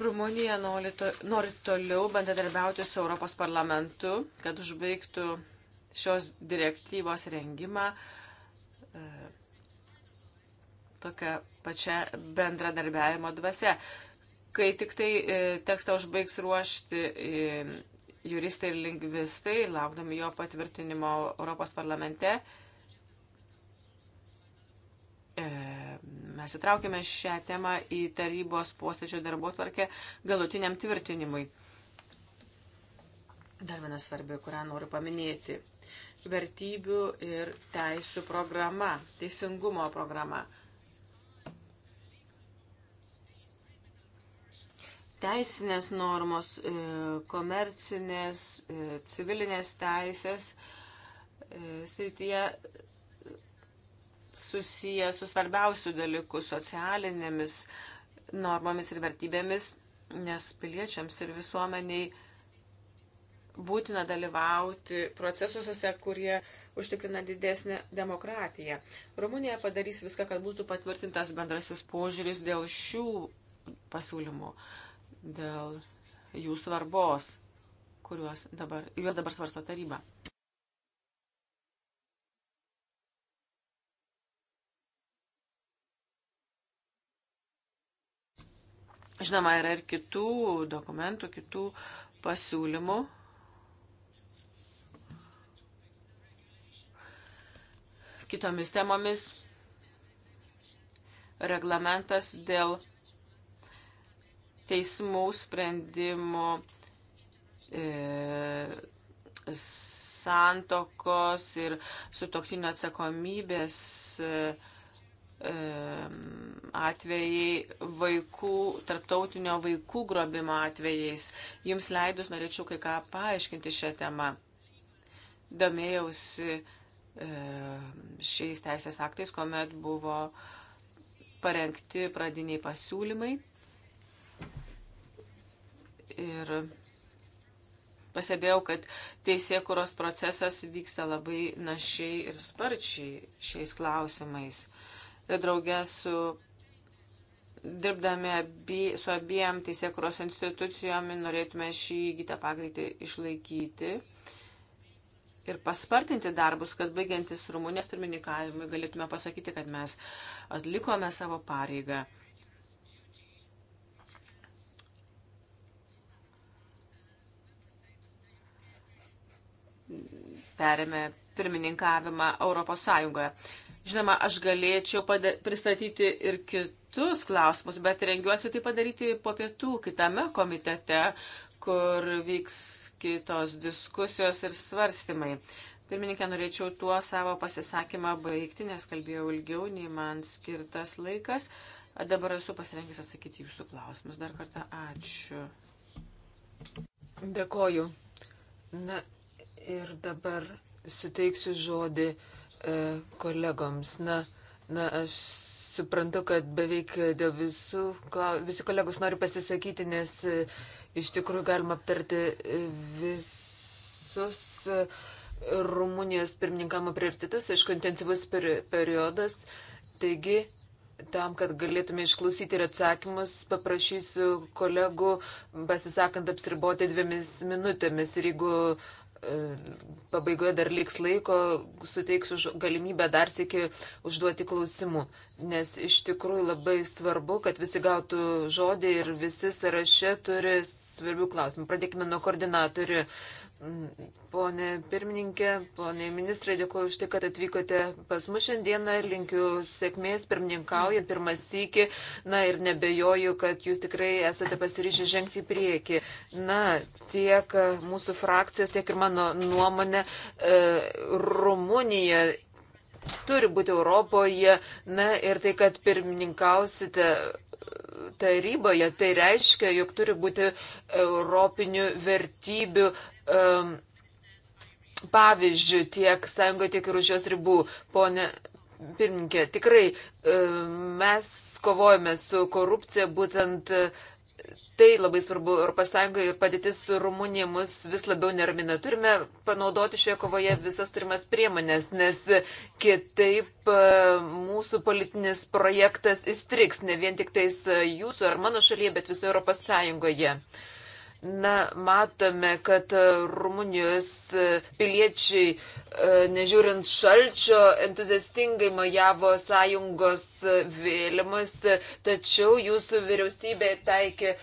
Rumunija nori, to, nori toliau bendradarbiauti su Europos parlamentu, kad užbaigtų šios direktyvos rengimą e, tokia pačia bendradarbiavimo dvasia. Kai tik tai e, tekstą užbaigs ruošti e, juristai ir lingvistai, laukdami jo patvirtinimo Europos parlamente, e, mes įtraukėme šią temą į tarybos posėdžio darbo tvarkę galutiniam tvirtinimui. Dar viena svarbi, kurią noriu paminėti. Vertybių ir teisų programa, teisingumo programa. teisinės normos, e, komercinės, e, civilinės teisės e, srityje susiję su svarbiausių dalykų socialinėmis normomis ir vertybėmis, nes piliečiams ir visuomeniai būtina dalyvauti procesuose, kurie užtikrina didesnę demokratiją. Rumunija padarys viską, kad būtų patvirtintas bendrasis požiūris dėl šių pasiūlymų. Uh, dėl jų svarbos, kuriuos dabar, juos dabar svarsto taryba. Žinoma, yra ir kitų dokumentų, kitų pasiūlymų. Kitomis temomis reglamentas dėl teismų sprendimų, e, santokos ir sutoktinio atsakomybės e, e, atvejai vaikų, tarptautinio vaikų grobimo atvejais. Jums leidus norėčiau kai ką paaiškinti šią temą. Domėjausi e, šiais teisės aktais, kuomet buvo parengti pradiniai pasiūlymai ir pastebėjau, kad teisėkuros procesas vyksta labai našiai ir sparčiai šiais klausimais. Ir draugė su dirbdami abi, su abiem teisėkuros institucijomis norėtume šį įgytą pagreitį išlaikyti ir paspartinti darbus, kad baigiantis Rumunės pirmininkavimui galėtume pasakyti, kad mes atlikome savo pareigą. perėmė pirmininkavimą Europos Sąjungoje. Žinoma, aš galėčiau pristatyti ir kitus klausimus, bet rengiuosi tai padaryti po pietų kitame komitete, kur vyks kitos diskusijos ir svarstymai. Pirmininkė, norėčiau tuo savo pasisakymą baigti, nes kalbėjau ilgiau nei man skirtas laikas. Dabar esu pasirengęs atsakyti jūsų klausimus. Dar kartą ačiū. Dėkoju. Na, Ir dabar suteiksiu žodį e, kolegoms. Na, na, aš suprantu, kad beveik dėl visų, visi kolegos nori pasisakyti, nes e, iš tikrųjų galima aptarti e, visus e, Rumunijos pirmininkamo prioritetus, aišku, intensyvus per, periodas. Taigi, tam, kad galėtume išklausyti ir atsakymus, paprašysiu kolegų, pasisakant, apsiriboti dviemis minutėmis. Ir jeigu pabaigoje dar liks laiko, suteiksiu galimybę dar sėki užduoti klausimų, nes iš tikrųjų labai svarbu, kad visi gautų žodį ir visi sąraše turi svarbių klausimų. Pradėkime nuo koordinatorių. Mm, pone pirmininkė, pone ministrai, dėkuoju už tai, kad atvykote pas mus šiandieną ir linkiu sėkmės, pirmininkaujant pirmas sėki. Na ir nebejoju, kad jūs tikrai esate pasiryžę žengti į priekį. Na, tiek e, mūsų frakcijos, tiek ir mano nuomonė, e, Rumunija turi būti Europoje. Na ir tai, kad pirmininkausite taryboje, tai reiškia, jog turi būti europinių vertybių. Um, Pavyzdžių tiek sąjungoje, tiek ir už jos ribų. Pone pirmininkė, tikrai mes kovojame su korupcija būtent uh, Tai labai svarbu ES ir padėtis Rumunija mus vis labiau neramina. Turime panaudoti šioje kovoje visas turimas priemonės, nes kitaip e, mūsų politinis projektas įstriks ne vien tik tais e, jūsų ar mano šalyje, bet visoje ES. Na, matome, kad e, Rumunijos e, piliečiai, e, nežiūrint šalčio, entuziastingai mojavo sąjungos vėliamas, tačiau jūsų vyriausybė taikė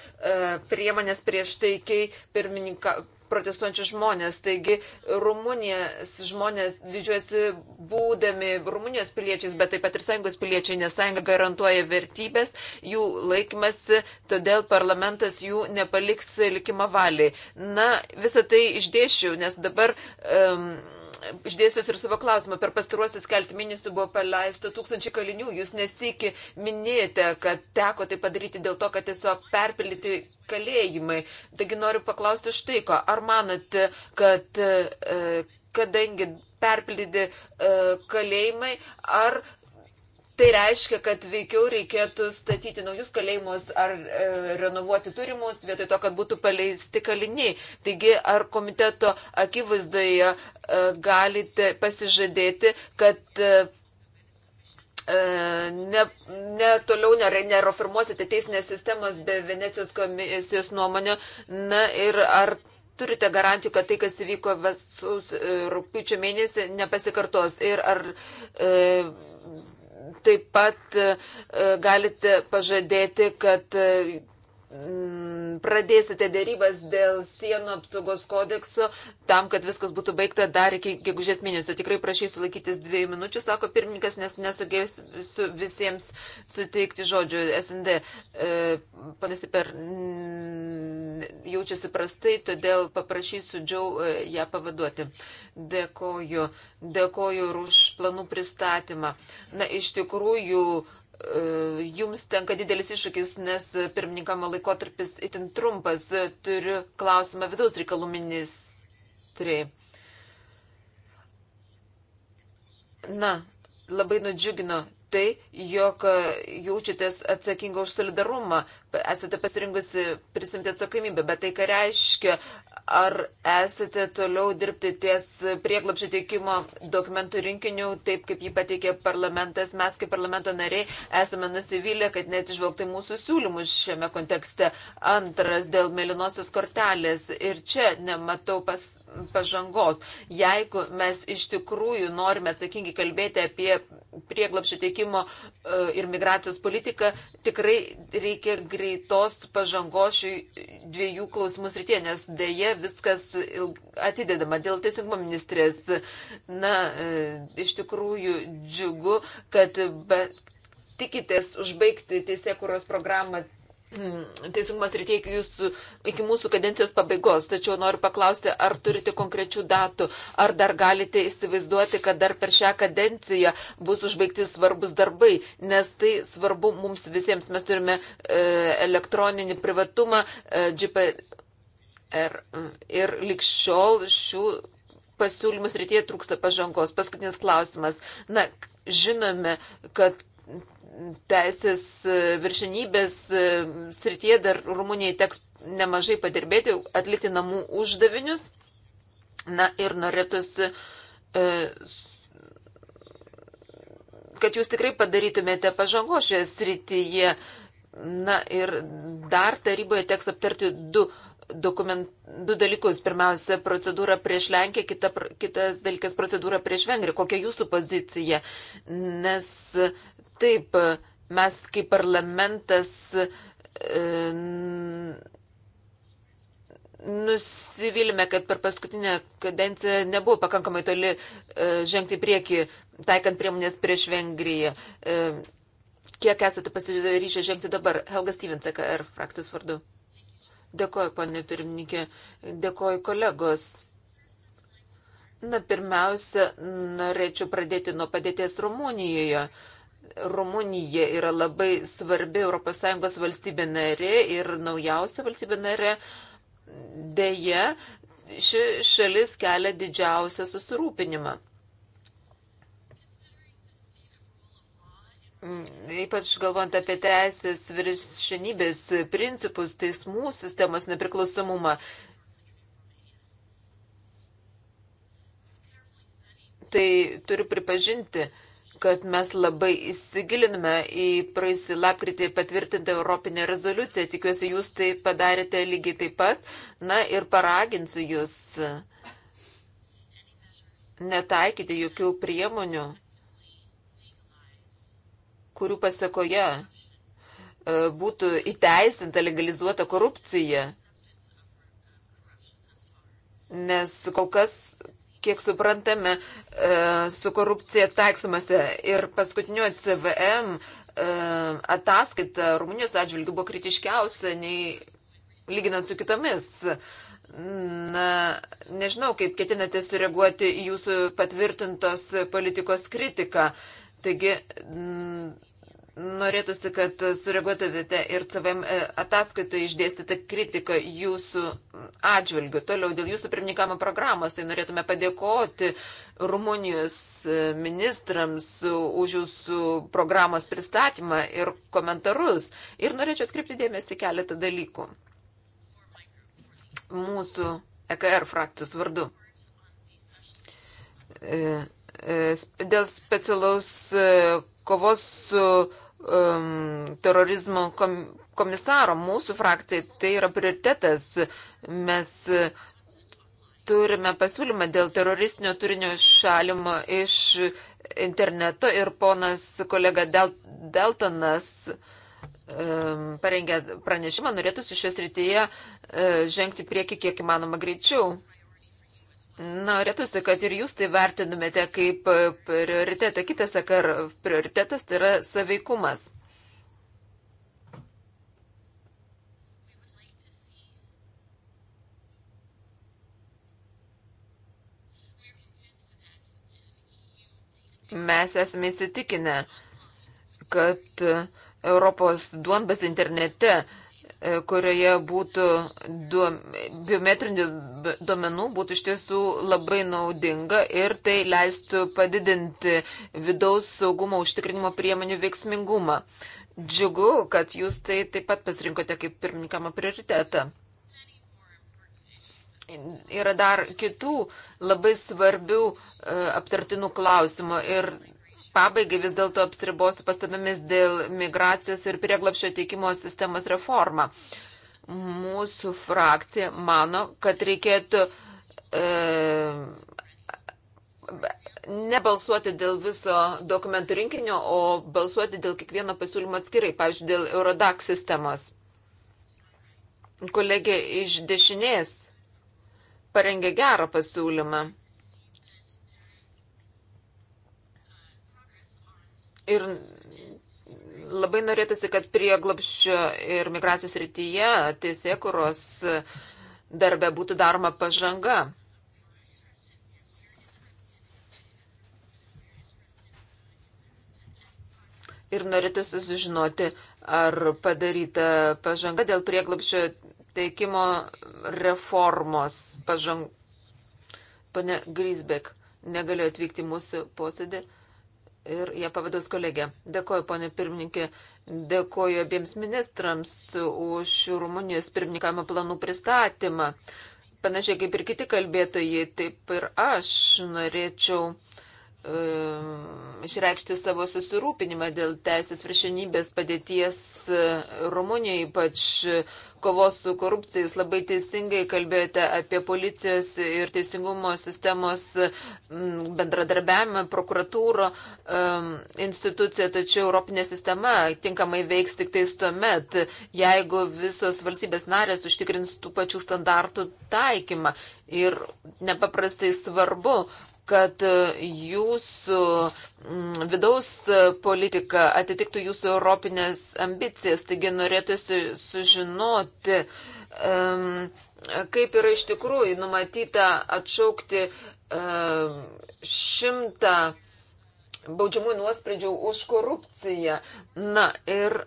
priemonės prieš taikiai protestuojančius žmonės. Taigi Rumunijos žmonės didžiuojasi būdami Rumunijos piliečiais, bet taip pat ir sąjungos piliečiai, nes sąjunga garantuoja vertybės, jų laikymasi, todėl parlamentas jų nepaliks likimo valiai. Na, visą tai išdėšiu, nes dabar. Um, išdėsius ir savo klausimą. Per pastaruosius keltį mėnesių buvo paleista tūkstančiai kalinių. Jūs nesiki minėjote, kad teko tai padaryti dėl to, kad tiesiog perpildyti kalėjimai. Taigi noriu paklausti štai ko. Ar manote, kad e, kadangi perpildyti e, kalėjimai, ar Tai reiškia, kad veikiau reikėtų statyti naujus kalėjimus ar e, renovuoti turimus, vietoj to, kad būtų paleisti kaliniai. Taigi, ar komiteto akivaizdoje e, galite pasižadėti, kad e, e ne, ne toliau nerofirmuosite teisinės sistemos be Venecijos komisijos nuomonė. Na ir ar turite garantijų, kad tai, kas įvyko e, rūpiučio mėnesį, nepasikartos? Ir ar e, Taip pat e, galite pažadėti, kad e, Mm, pradėsite dėrybas dėl sienų apsaugos kodekso tam, kad viskas būtų baigta dar iki gegužės mėnesio. Tikrai prašysiu laikytis dviejų minučių, sako pirmininkas, nes nesugebėsiu su visiems suteikti žodžių. SND e, panasi per mm, jaučiasi prastai, todėl paprašysiu džiau e, ją pavaduoti. Dėkoju. Dėkoju ir už planų pristatymą. Na, iš tikrųjų, jums tenka didelis iššūkis, nes pirmininkamo laikotarpis itin trumpas. Turiu klausimą vidaus reikalų ministrė. Na, labai nudžiugino tai, jog jaučiatės atsakinga už solidarumą, esate pasirinkusi prisimti atsakomybę, bet tai ką reiškia, ar esate toliau dirbti ties prieglapšio teikimo dokumentų rinkiniu, taip kaip jį pateikė parlamentas, mes kaip parlamento nariai esame nusivylę, kad neatsižvelgtai mūsų siūlymus šiame kontekste. Antras dėl melinosios kortelės ir čia nematau pas, pažangos. Jeigu mes iš tikrųjų norime atsakingai kalbėti apie prieglapšio teikimo e, ir migracijos politiką, tikrai reikia greitai greitos pažangos šių dviejų klausimų srityje, nes dėje viskas atidedama dėl teisingumo ministrės. Na, e, iš tikrųjų džiugu, kad tikitės užbaigti teisėkuros programą Mm, teisingumo srityje iki, jūsų, iki mūsų kadencijos pabaigos. Tačiau noriu paklausti, ar turite konkrečių datų, ar dar galite įsivaizduoti, kad dar per šią kadenciją bus užbaigti svarbus darbai, nes tai svarbu mums visiems. Mes turime e, elektroninį privatumą, e, GPR ir likščiol šių pasiūlymų srityje trūksta pažangos. Paskutinis klausimas. Na, žinome, kad teisės e, viršinybės e, srityje dar Rumunijai teks nemažai padirbėti, atlikti namų uždavinius. Na ir norėtųsi, e, kad jūs tikrai padarytumėte pažango šioje srityje. Na ir dar taryboje teks aptarti du dokument, du dalykus. Pirmiausia, procedūra prieš Lenkiją, kita, kitas dalykas procedūra prieš Vengriją. Kokia jūsų pozicija? Nes taip, mes kaip parlamentas e, nusivilime, kad per paskutinę kadenciją nebuvo pakankamai toli e, žengti prieki, taikant priemonės prieš Vengriją. E, kiek esate pasiryžę žengti dabar? Helga Stevens, EKR er frakcijos vardu. Dėkoju, ponė pirmininkė, dėkoju kolegos. Na, pirmiausia, norėčiau pradėti nuo padėties Rumunijoje. Rumunija yra labai svarbi ES valstybė narė ir naujausia valstybė narė. Deja, ši šalis kelia didžiausią susirūpinimą. Mm, ypač galvant apie teisės viršenybės principus, teismų sistemos nepriklausomumą. Tai turiu pripažinti, kad mes labai įsigiliname į praeisį lapkritį patvirtintą Europinę rezoliuciją. Tikiuosi, jūs tai padarėte lygiai taip pat. Na ir paraginsiu jūs netaikyti jokių priemonių kurių pasiekoje e, būtų įteisinta, legalizuota korupcija. Nes kol kas, kiek suprantame, e, su korupcija taiksomasi ir paskutinio CVM e, ataskaita Rumunijos atžvilgių buvo kritiškiausia nei lyginant su kitomis. Na, nežinau, kaip ketinate sureaguoti į jūsų patvirtintos politikos kritiką. Uh, Taigi, norėtųsi, kad sureaguotumėte ir CVM e, ataskaitoje išdėstyti kritiką jūsų atžvilgių. Toliau dėl jūsų pirmininkamo programos, tai norėtume padėkoti Rumunijos e, ministrams už jūsų programos pristatymą ir komentarus. Ir norėčiau atkreipti dėmesį keletą dalykų. Mūsų EKR frakcijos vardu. E dėl specialaus e, kovos su um, terorizmo kom, komisaro mūsų frakcijai tai yra prioritetas. Mes e, turime pasiūlymą dėl teroristinio turinio šalimo iš interneto ir ponas kolega Del Deltonas um, parengė pranešimą, norėtųsi šios rytyje uh, e, žengti prieki kiek įmanoma greičiau. Norėtųsi, kad ir jūs tai vertinumėte kaip e, prioritetą. Kitas sakar, prioritetas tai yra saveikumas. Mes esame įsitikinę, kad Europos duonbas internete uh, kurioje būtų duom, biometrinių duomenų, būtų iš tiesų labai naudinga ir tai leistų padidinti vidaus saugumo užtikrinimo priemonių veiksmingumą. Džiugu, kad jūs tai taip pat pasirinkote kaip pirmininkamą prioritetą. Yra dar kitų labai svarbių e, aptartinų klausimų ir pabaigai vis dėlto apsiribosiu pastabėmis dėl migracijos ir prieglapšio teikimo sistemos reformą. Mūsų frakcija mano, kad reikėtų e, nebalsuoti dėl viso dokumentų rinkinio, o balsuoti dėl kiekvieno pasiūlymo atskirai, pavyzdžiui, dėl Eurodac sistemos. Kolegė iš dešinės parengė gerą pasiūlymą. Ir labai norėtųsi, kad prieglapščio ir migracijos rytyje teisėkuros darbe būtų daroma pažanga. Ir norėtųsi sužinoti, ar padaryta pažanga dėl prieglapščio teikimo reformos pažang. Pane Grisbek negalėjo atvykti mūsų posėdį ir ją pavados kolegė. Dėkoju, ponė pirmininkė, dėkoju abiems ministrams už Rumunijos pirmininkavimo planų pristatymą. Panašiai kaip ir kiti kalbėtojai, taip ir aš norėčiau Ehm, išreikšti savo susirūpinimą dėl teisės viršenybės padėties e, Rumunijoje, ypač kovos su korupcija. Jūs labai teisingai kalbėjote apie policijos ir teisingumo sistemos mm, bendradarbiavimą, prokuratūro ehm, instituciją, tačiau Europinė sistema tinkamai veiks tik tais tuomet, jeigu visos valstybės narės užtikrins tų pačių standartų taikymą. Ir nepaprastai svarbu, kad e, jūsų e, vidaus e, politika atitiktų jūsų europinės ambicijas. Taigi norėtųsi sužinoti, kaip yra iš tikrųjų numatyta atšaukti šimtą baudžiamųjų nuosprendžių už korupciją. Na ir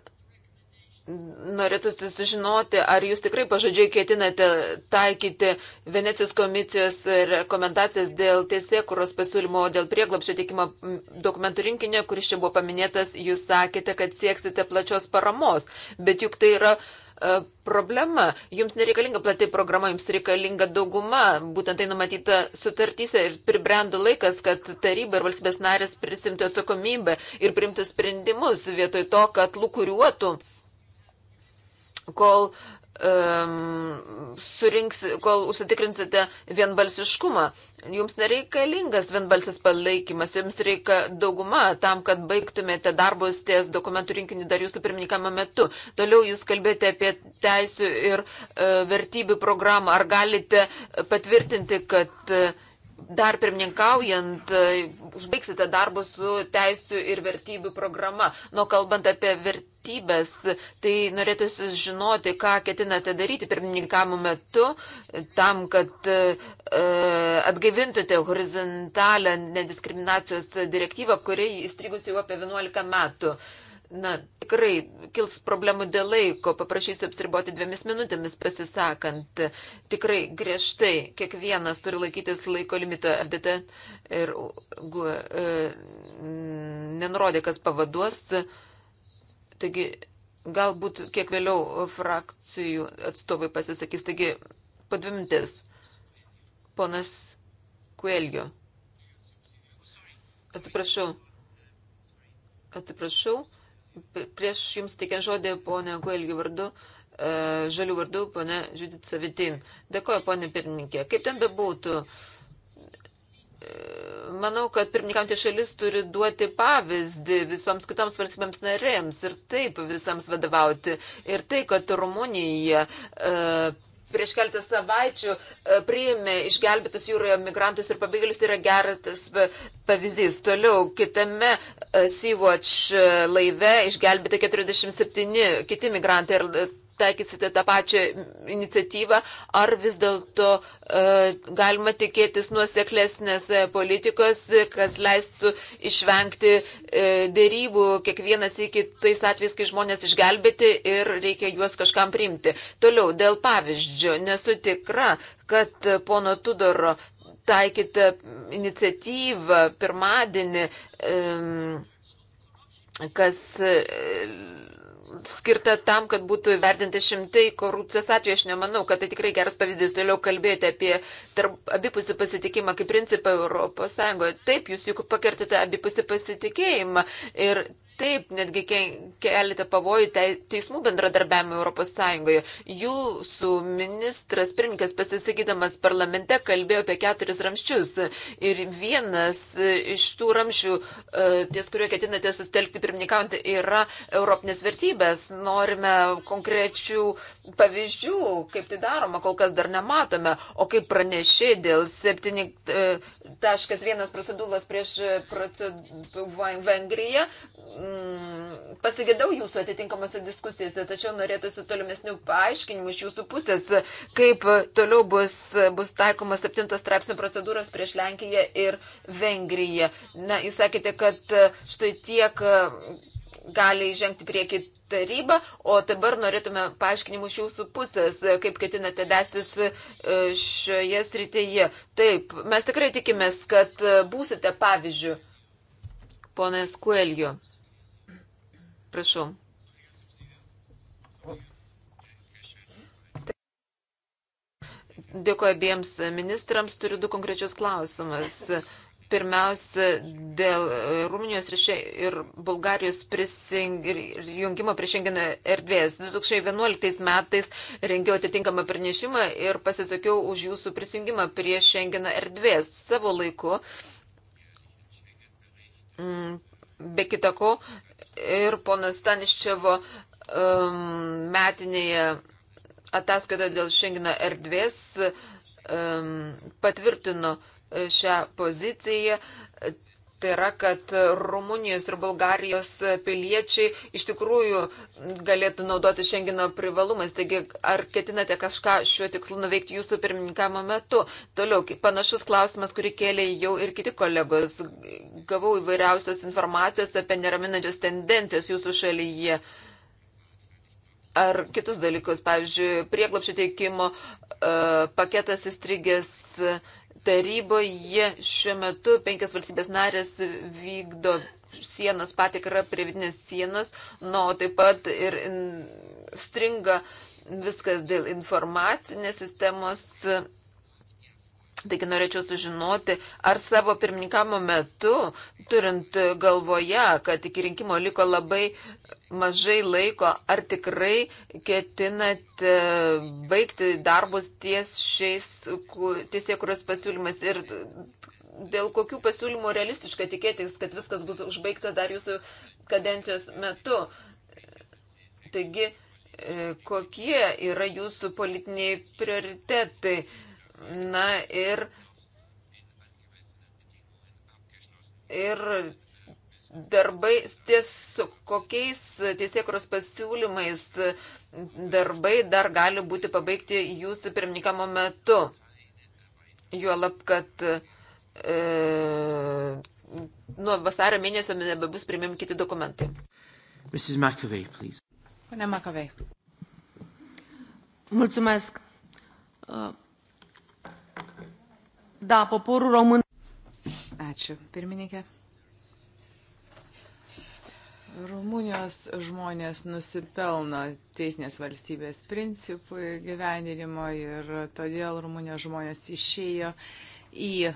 Norėtųsi sužinoti, ar jūs tikrai pažodžiai ketinate taikyti Venecijos komisijos rekomendacijas dėl tiesiekuros pasiūlymo dėl prieglapščio teikimo dokumentų rinkinio, kuris čia buvo paminėtas, jūs sakėte, kad sieksite plačios paramos, bet juk tai yra e, problema. Jums nereikalinga plati programa, jums reikalinga dauguma, būtent tai numatyta sutartyse ir pribrendo laikas, kad taryba ir valstybės narės prisimtų atsakomybę ir primtų sprendimus vietoj to, kad lūkuriuotų kol um, surinks, kol užsitikrinsite vienbalsiškumą. Jums nereikalingas vienbalsis palaikymas, jums reikia dauguma tam, kad baigtumėte darbus ties dokumentų rinkinį dar jūsų pirmininkamą metu. Toliau jūs kalbėjote apie teisų ir e, vertybių programą. Ar galite patvirtinti, kad e, dar pirmininkaujant e, užbaigsite darbą su teisų ir vertybių programa. Nuo kalbant apie vertybės, tai norėtųsi žinoti, ką ketinate daryti pirmininkavimo metu, tam, kad e, e atgaivintumėte horizontalę nediskriminacijos direktyvą, kuri įstrigus jau apie 11 metų na, tikrai kils problemų dėl laiko, paprašysiu apsiriboti dviemis minutėmis pasisakant. Tikrai griežtai kiekvienas turi laikytis laiko limito FDT ir gu, e, e nenurodė, kas pavaduos. Taigi, galbūt kiek vėliau frakcijų atstovai pasisakys. Taigi, po dvi minutės. Ponas Kuelgio. Atsiprašau. Atsiprašau. Prieš jums teikiant žodį, ponė Guelgi vardu, e, žalių vardu, ponė Žudit Savitin. Dėkuoju, ponė pirmininkė. Kaip ten bebūtų, e, manau, kad pirmininkantė šalis turi duoti pavyzdį visoms kitoms valstybėms narėms ir taip visams vadovauti. Ir tai, kad Rumunija e, prieš keletą savaičių e, priėmė išgelbėtus jūroje migrantus ir pabėgėlius yra geras e, pavyzdys. Toliau kitame e, Sea-Watch laive išgelbėta 47 kiti migrantai ir taikysite tą pačią iniciatyvą, ar vis dėlto e, galima tikėtis nuoseklesnės e, politikos, kas leistų išvengti e, dėrybų kiekvienas iki tais atvejais, kai žmonės išgelbėti ir reikia juos kažkam priimti. Toliau, dėl pavyzdžio, nesu tikra, kad pono Tudoro taikyta iniciatyva pirmadienį, e, kas. E, skirta tam, kad būtų vertinti šimtai korupcijos atveju. Aš nemanau, kad tai tikrai geras pavyzdys. Toliau kalbėjote apie tarp, abipusį pasitikimą kaip principą Europos Sąjungoje. Taip, jūs juk pakertite abipusį pasitikėjimą ir taip netgi keliate pavojų teismų bendradarbiavimą Europos Sąjungoje. Jūsų ministras pirmininkas pasisakydamas parlamente kalbėjo apie keturis ramščius ir vienas e, iš tų ramščių, e, ties kurio ketinate sustelkti pirmininkaujant, yra europinės vertybės. Norime konkrečių pavyzdžių, kaip tai daroma, kol kas dar nematome, o kaip pranešė dėl 7.1 e, procedūros prieš proced... Vengriją pasigėdau jūsų atitinkamose diskusijose, tačiau norėtųsi tolimesnių paaiškinimų iš jūsų pusės, kaip toliau bus, bus taikoma 7 straipsnio procedūros prieš Lenkiją ir Vengriją. Na, jūs sakėte, kad štai tiek gali žengti prieki taryba, o dabar norėtume paaiškinimų iš jūsų pusės, kaip ketinate dėstis e, šioje srityje. Taip, mes tikrai tikimės, kad būsite pavyzdžių, ponas Kuelio. Прошу. Dėkuoju abiems ministrams, turiu du konkrečius klausimus. Pirmiausia, dėl Rumunijos ir Bulgarijos prisijungimo prie Šengeno erdvės. 2011 metais rengiau atitinkamą pranešimą ir pasisakiau už jūsų prisijungimą prie Šengeno erdvės savo laiku. Mm, be kitako, ir pono Staniščevo um, metinėje ataskaitoje dėl Šengino erdvės um, patvirtino uh, šią poziciją. Tai yra, kad Rumunijos ir Bulgarijos piliečiai iš tikrųjų galėtų naudoti Šengino privalumais. Taigi, ar ketinate kažką šiuo tikslu nuveikti jūsų pirmininkamo metu? Toliau, panašus klausimas, kurį kėlė jau ir kiti kolegos. Gavau įvairiausios informacijos apie neraminančias tendencijas jūsų šalyje. Ar kitus dalykus, pavyzdžiui, prieglapšio teikimo e, paketas įstrigęs. Uh, taryboje šiuo metu penkias valstybės narės vykdo sienos patikrą prie vidinės sienos, nu, o taip pat ir stringa viskas dėl informacinės sistemos Taigi norėčiau sužinoti, ar savo pirmininkamo metu, turint galvoje, kad iki rinkimo liko labai mažai laiko, ar tikrai ketinat e, baigti darbus ties šiais tiesiekuros pasiūlymais ir dėl kokių pasiūlymų realistiška tikėtis, kad viskas bus užbaigta dar jūsų kadencijos metu. Taigi, e, kokie yra jūsų politiniai prioritetai? Na ir. Ir darbai, ties su kokiais teisėkuros pasiūlymais darbai dar gali būti pabaigti jūsų pirmininkamo metu. Juolab, kad e, nuo vasario mėnesio nebebus priimami kiti dokumentai. Mrs. McAvey, please. Pane McAvey. Mulțumesc. Uh... Da, poporul român. Ačiū, pirmininkė. Rumunijos žmonės nusipelno teisinės valstybės principų gyvenimo ir todėl Rumunijos žmonės išėjo į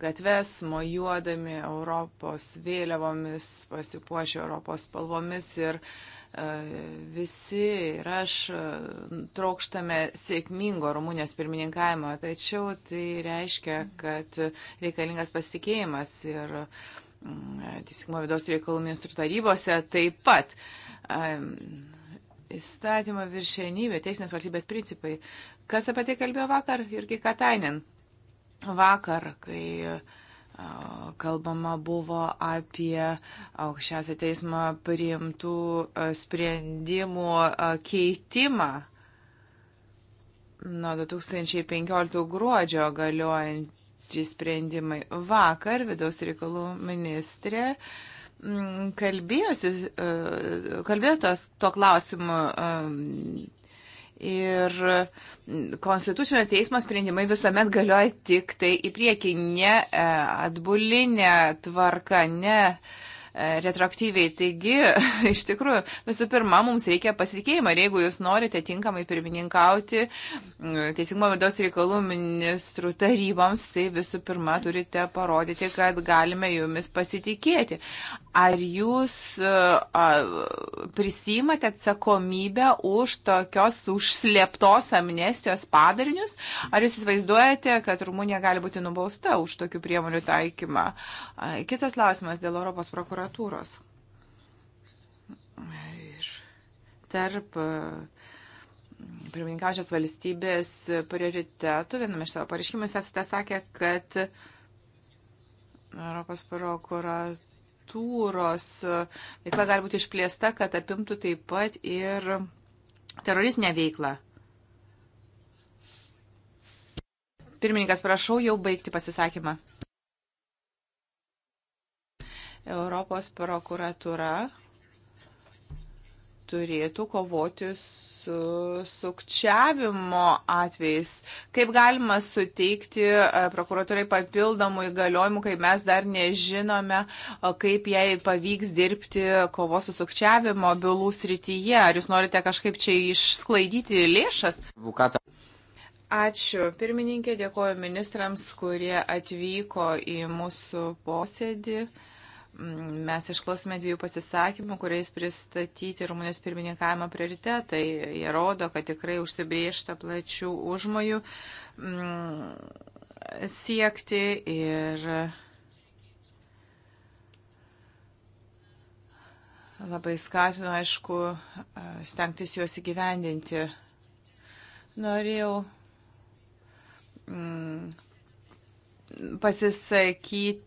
gatves, mojuodami Europos vėliavomis, pasipuošę Europos spalvomis ir e, visi ir aš e, trokštame sėkmingo Rumunijos pirmininkavimo, tačiau tai reiškia, kad reikalingas pasitikėjimas ir mm, teisingumo vidaus reikalų ministrų tarybose taip pat įstatymo viršenybė, teisinės valstybės principai. Kas apie tai kalbėjo vakar irgi Katainen? Vakar, kai kalbama buvo apie aukščiausią teismą priimtų sprendimų keitimą nuo 2015 gruodžio galiojančiai sprendimai. Vakar vidaus reikalų ministrė kalbėjosi, kalbėjo tos, to klausimu Ir mm, konstitucinio teismo sprendimai visuomet galioja tik tai į priekį, ne e, atbulinė tvarka, ne E, retroaktyviai. Taigi, iš tikrųjų, visų pirma, mums reikia pasitikėjimo ir jeigu jūs norite tinkamai pirmininkauti Teisingumo vidaus reikalų ministrų taryboms, tai visų pirma turite parodyti, kad galime jumis pasitikėti. Ar jūs e, prisimate atsakomybę už tokios užslėptos amnestijos padarinius? Ar jūs įsivaizduojate, kad Rumunija gali būti nubausta už tokių priemonių taikymą? Kitas klausimas dėl Europos prokuratūros literatūros. Ir tarp e, pirmininkaujančios valstybės prioritetų viename iš savo pareiškimus esate sakę, kad Europos prokuratūros veikla gali būti išplėsta, kad apimtų taip pat ir teroristinę veiklą. Pirmininkas, prašau jau baigti pasisakymą. Europos prokuratūra turėtų kovoti su sukčiavimo atvejais. Kaip galima suteikti e, prokuratūrai papildomų įgaliojimų, kai mes dar nežinome, kaip jai pavyks dirbti kovos su sukčiavimo bylų srityje. Ar jūs norite kažkaip čia išsklaidyti lėšas? Bukata. Ačiū pirmininkė, dėkoju ministrams, kurie atvyko į mūsų posėdį. Mes išklausime dviejų pasisakymų, kuriais pristatyti Rumunijos pirmininkavimo prioritetai. Jie rodo, kad tikrai užsibriežta plačių užmojų mm, siekti ir labai skatinu, aišku, stengtis juos įgyvendinti. Norėjau mm, pasisakyti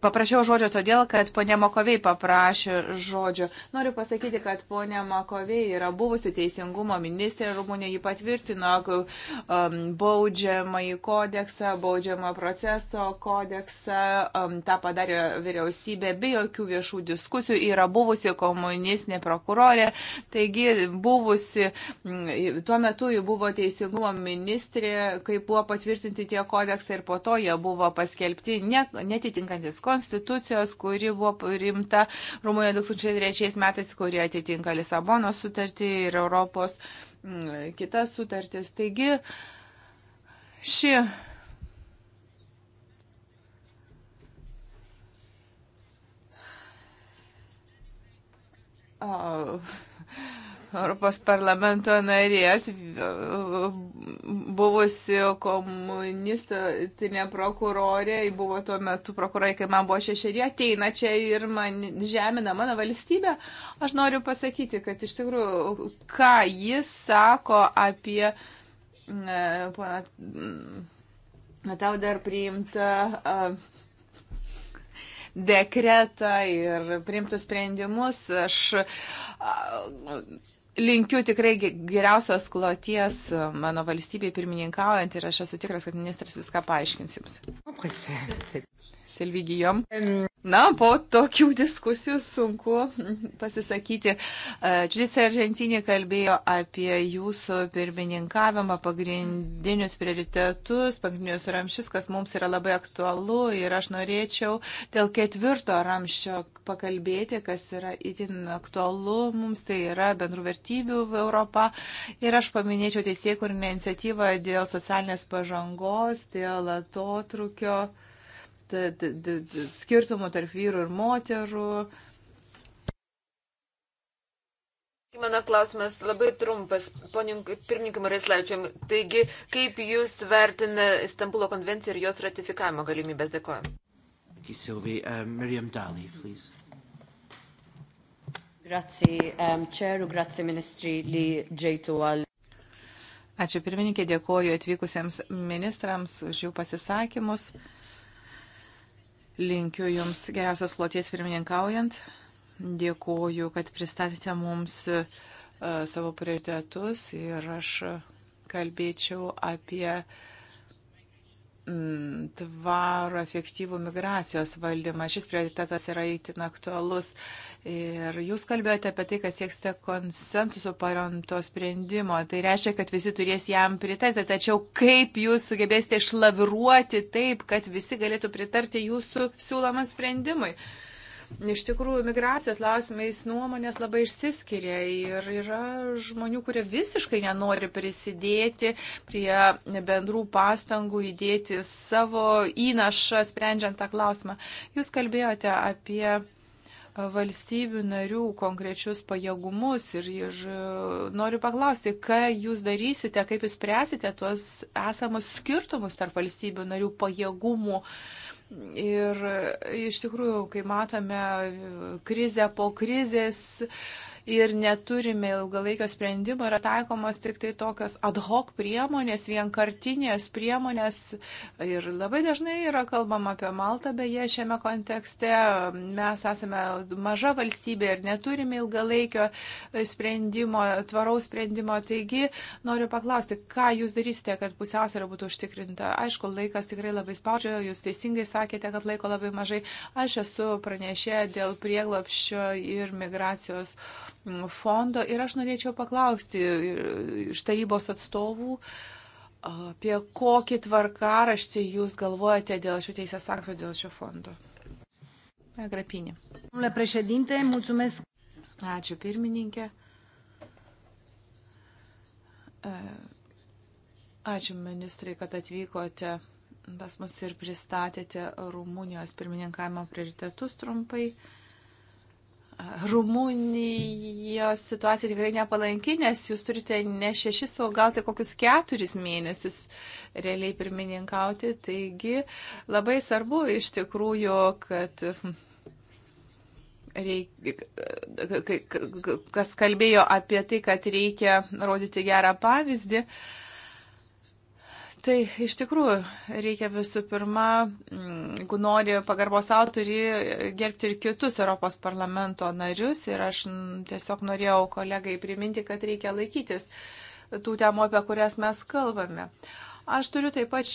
Paprašiau žodžio todėl, kad ponė Makovei paprašė žodžio. Noriu pasakyti, kad ponė Makovei yra buvusi teisingumo ministrė Rumunija, ji patvirtino um, baudžiamąjį kodeksą, baudžiamą proceso kodeksą, um, tą padarė vyriausybė be jokių viešų diskusijų, yra buvusi komunistinė prokurorė, taigi buvusi, mm, tuo metu ji buvo teisingumo ministrė, kai buvo patvirtinti tie kodeksai ir po to jie buvo paskelbti ne, netitinkantis šalis. Konstitucijos, kuri buvo rimta Rumunijoje 2003 metais, kuri atitinka Lisabono sutartį ir Europos m, mm, kitas sutartis. Taigi ši. Oh. Europos parlamento narė buvusi komunistinė prokurorė, buvo tuo metu prokurorai, kai man buvo šešeri, ateina čia ir man žemina mano valstybę. Aš noriu pasakyti, kad iš tikrųjų, ką jis sako apie e, pana, tau dar priimtą. Uh, dekretą ir priimtus sprendimus. Aš linkiu tikrai geriausios kloties e, mano valstybei pirmininkaujant ir aš esu tikras, kad ministras viską paaiškins jums. Silvygijom. Um, Na, po tokių diskusijų sunku pasisakyti. E, Džis Argentinė kalbėjo apie jūsų pirmininkavimą, pagrindinius prioritetus, pagrindinius ramščius, kas mums yra labai aktualu. Ir aš norėčiau dėl ketvirto ramščio pakalbėti, kas yra itin aktualu mums, tai yra bendrų vertybių Europa. Ir aš paminėčiau teisėkurinę iniciatyvą dėl socialinės pažangos, dėl atotrukio skirtumų tarp vyrų ir moterų. Mano klausimas labai trumpas, pirmininkui Marislaičiam. Taigi, kaip Jūs vertina Istanbulo konvenciją ir jos ratifikavimo galimybės? Dėkuoju. Okay, Sylvie, uh, Miriam Daly, please. Grazie, um, Chair, grazie, Ministri, li džeitu al. Ačiū pirmininkė, dėkoju atvykusiems ministrams už jų pasisakymus. Uh, Linkiu Jums geriausios kloties pirmininkaujant. Dėkuoju, kad pristatėte mums e, savo prioritetus ir aš kalbėčiau apie uh, Mm, tvarų efektyvų migracijos valdymą. Šis prioritetas yra įtin aktualus. Ir jūs kalbėjote apie tai, kad sieksite konsensusų paremto sprendimo. Tai reiškia, kad visi turės jam pritarti. Tačiau kaip jūs sugebėsite išlaviruoti taip, kad visi galėtų pritarti jūsų siūlomam sprendimui? Uh, Iš tikrųjų, migracijos klausimais nuomonės labai išsiskiria ir yra žmonių, kurie visiškai nenori prisidėti prie bendrų pastangų įdėti savo įnašą, sprendžiant tą klausimą. Jūs kalbėjote apie valstybių narių konkrečius pajėgumus ir, ir noriu paklausti, ką jūs darysite, kaip jūs spręsite tuos esamus skirtumus tarp valstybių narių pajėgumų, Ir iš tikrųjų, kai matome krizę po krizės, uh, ir neturime ilgalaikio sprendimo, yra taikomas tik tai tokios ad hoc priemonės, vienkartinės priemonės. Ir labai dažnai yra kalbama apie Maltą, beje, šiame kontekste mes esame maža valstybė ir neturime ilgalaikio sprendimo, tvaraus sprendimo. Taigi noriu paklausti, ką jūs darysite, kad pusiausvėra būtų užtikrinta. Aišku, laikas tikrai labai spaudžia, jūs teisingai sakėte, kad laiko labai mažai. Aš esu pranešė dėl prieglopščio ir migracijos. Uh, fondo ir aš norėčiau paklausti iš tarybos atstovų, apie kokį tvarkaraštį jūs galvojate dėl šių teisės aktų, dėl šio fondo. Agrapinė. Ačiū pirmininkė. E, ačiū ministrai, kad atvykote pas mus ir pristatėte Rumunijos pirmininkavimo prioritetus trumpai. Rumunijos situacija tikrai nepalanki, nes jūs turite ne šešis, o gal tai kokius keturis mėnesius realiai pirmininkauti. Taigi labai svarbu iš tikrųjų, kad hm, reik, kas kalbėjo apie tai, kad reikia rodyti gerą pavyzdį. Uh, Tai iš tikrųjų reikia visų pirma, mm, jeigu nori pagarbos autorį, gerbti ir kitus Europos parlamento narius. Ir aš mm, tiesiog norėjau kolegai priminti, kad reikia laikytis tų temų, apie kurias mes kalbame. Aš turiu taip pat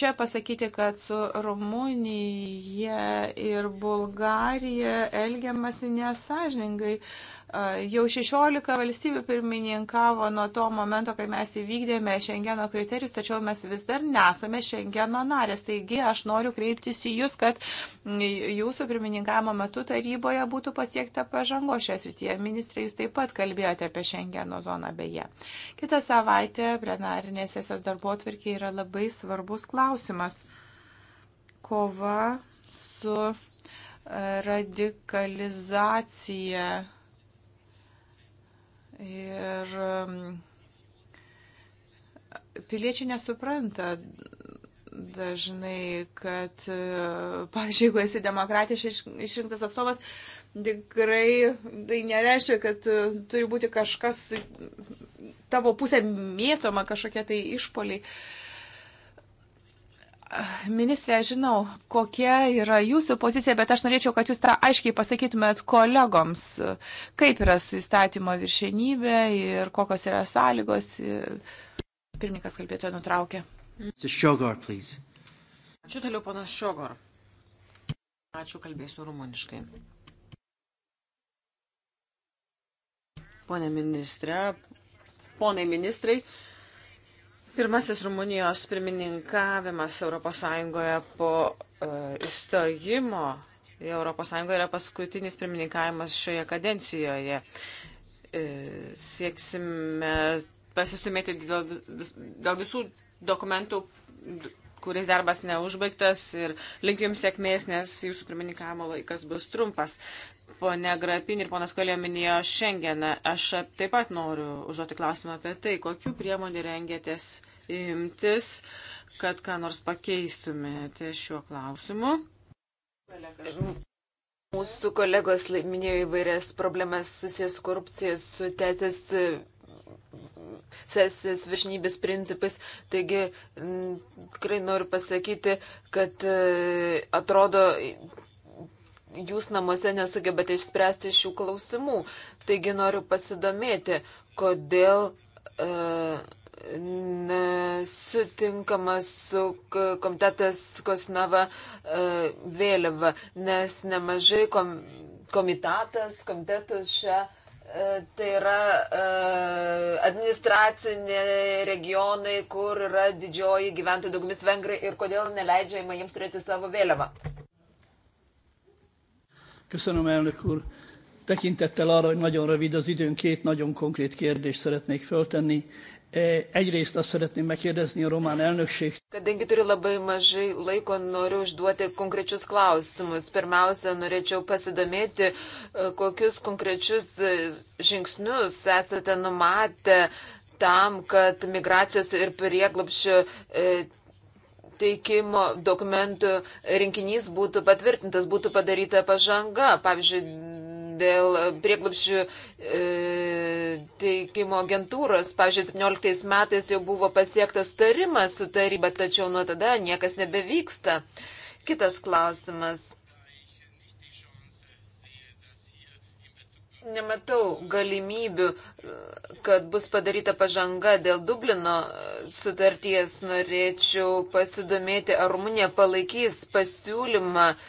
čia pasakyti, kad su Rumunija ir Bulgarija elgiamasi nesažningai. Uh, Jau 16 valstybių pirmininkavo nuo to momento, kai mes įvykdėme Šengeno kriterijus, tačiau mes vis dar nesame Šengeno narės. Taigi aš noriu kreiptis į Jūs, kad Jūsų pirmininkavimo metu taryboje būtų pasiekta pažango šią srityje. Ministrai, Jūs taip pat kalbėjote apie Šengeno zoną beje. Kita savaitė plenarinės sesijos darbo atvirkė yra labai svarbus klausimas. Kova su e, radikalizacija Ir um, piliečiai nesupranta dažnai, kad, uh, pavyzdžiui, jeigu esi demokratiškai išrinktas atstovas, tikrai tai nereiškia, kad uh, turi būti kažkas tavo pusė mėtoma, kažkokie tai išpoliai. Uh, Ministrė, žinau, kokia yra jūsų pozicija, bet aš norėčiau, kad jūs tą aiškiai pasakytumėt kolegoms, kaip yra su įstatymo viršenybė ir kokios yra sąlygos. Pirmininkas kalbėtojo nutraukė. Šiogor, please. Ačiū toliau, panas Šiogor. Ačiū, kalbėsiu rumuniškai. Pone ministrė, ponai ministrai, Pirmasis Rumunijos pirmininkavimas ES po uh, įstojimo į ES yra paskutinis pirmininkavimas šioje kadencijoje. E, sieksime pasistumėti dėl, dėl visų dokumentų, kuris darbas neužbaigtas ir linkiu Jums sėkmės, nes Jūsų pirmininkavimo laikas bus trumpas. Pone Grapin ir ponas Kolė minėjo šiandieną. Aš taip pat noriu užduoti klausimą apie tai, kokiu priemonių rengėtės imtis, kad ką nors pakeistumėte šiuo klausimu? Mūsų kolegos minėjo įvairias problemas susijęs korupcijas su teisės sesės viršnybės principais. Taigi, tikrai noriu pasakyti, kad e, atrodo, jūs namuose nesugebate išspręsti šių klausimų. Taigi, noriu pasidomėti, kodėl E, nesutinkamas su komitetas Kosnava e, vėliava, nes nemažai kom, komitatas, komitetus čia. E, tai yra administraciniai regionai, kur yra didžioji gyventojų daugumis vengrai ir kodėl neleidžiama jiems turėti savo vėliavą. Köszönöm, elnök úr. Tekintettel arra, hogy nagyon rövid az időn, két nagyon konkrét kérdést szeretnék föltenni. E, egyrészt azt szeretném megkérdezni a román elnökség. Kadangi turiu labai mažai laiko, noriu užduoti konkrečius klausimus. Pirmiausia, norėčiau pasidomėti, e, kokius konkrečius e, žingsnius esate numatę tam, kad migracijos ir prieglapšio teikimo dokumentų rinkinys būtų patvirtintas, būtų padaryta pažanga. Pavyzdžiui, dėl e, prieglapščių e, teikimo agentūros. Pavyzdžiui, 17 metais jau buvo pasiektas tarimas su taryba, tačiau nuo tada niekas nebevyksta. Kitas klausimas. Nematau galimybių, e, kad bus padaryta pažanga dėl Dublino sutarties. Norėčiau pasidomėti, ar Rumunija palaikys pasiūlymą uh,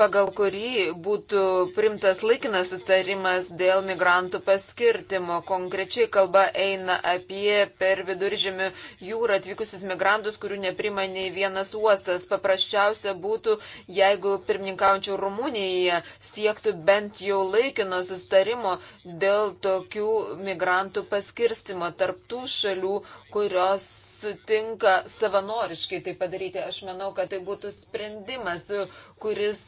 pagal kurį būtų primtas laikinas sustarimas dėl migrantų paskirtimo. Konkrečiai kalba eina apie per viduržėmių jūrą atvykusius migrantus, kurių neprima nei vienas uostas. Paprasčiausia būtų, jeigu pirmininkaujančių Rumunijoje siektų bent jau laikino sustarimo dėl tokių migrantų paskirstimo tarptų šalių, kurios sutinka savanoriškai tai padaryti. Aš manau, kad tai būtų sprendimas, kuris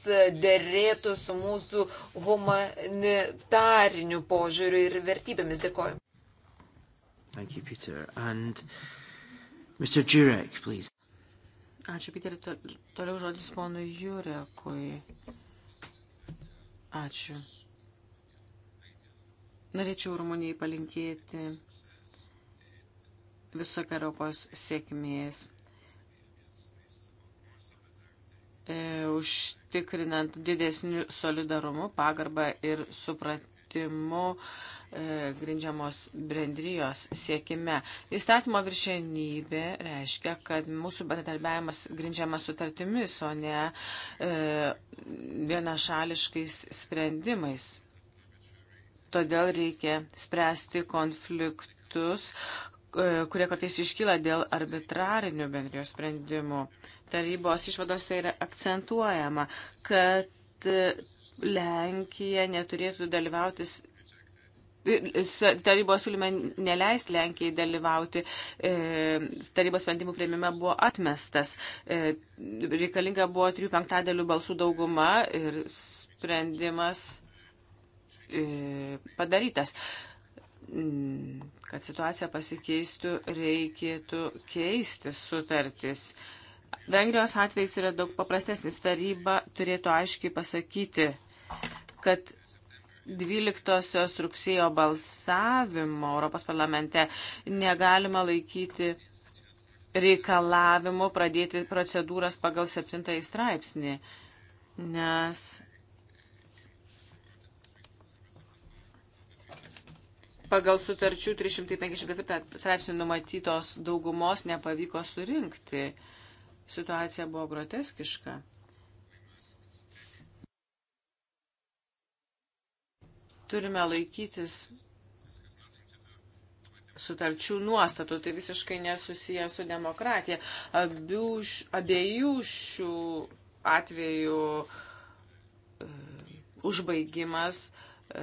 dėrėtų su mūsų humanitariniu požiūriu ir vertybėmis. Dėkoju. Thank you, Peter. And Mr. Jurek, please. Ačiū, Peter. Toliau žodis ponui Jurekui. Ačiū. Norėčiau Rumunijai palinkėti visokiojopos sėkmės. E, užtikrinant didesnių solidarumų, pagarbą ir supratimu e, grindžiamos bendrijos siekime. Įstatymo viršenybė reiškia, kad mūsų bendradarbiavimas grindžiamas sutartimis, o ne e, vienašališkais sprendimais. Todėl reikia spręsti konfliktus, E, kurie kartais iškyla dėl arbitrarinių bendrijos sprendimų. Tarybos išvadose yra akcentuojama, kad e, Lenkija neturėtų dalyvauti. E, tarybos siūlyme neleisti Lenkijai dalyvauti tarybos sprendimų prieimime buvo atmestas. Reikalinga buvo trijų penktadalių balsų dauguma ir sprendimas padarytas kad situacija pasikeistų, reikėtų keisti sutartis. Vengrijos atvejs yra daug paprastesnis. Taryba turėtų aiškiai pasakyti, kad 12 rugsėjo balsavimo Europos parlamente negalima laikyti reikalavimu pradėti procedūras pagal 7 straipsnį, nes pagal sutarčių 354 straipsnį numatytos daugumos nepavyko surinkti. Situacija buvo groteskiška. Turime laikytis sutarčių nuostatų, tai visiškai nesusiję su demokratija. Abių, abiejų šių atvejų e, užbaigimas e,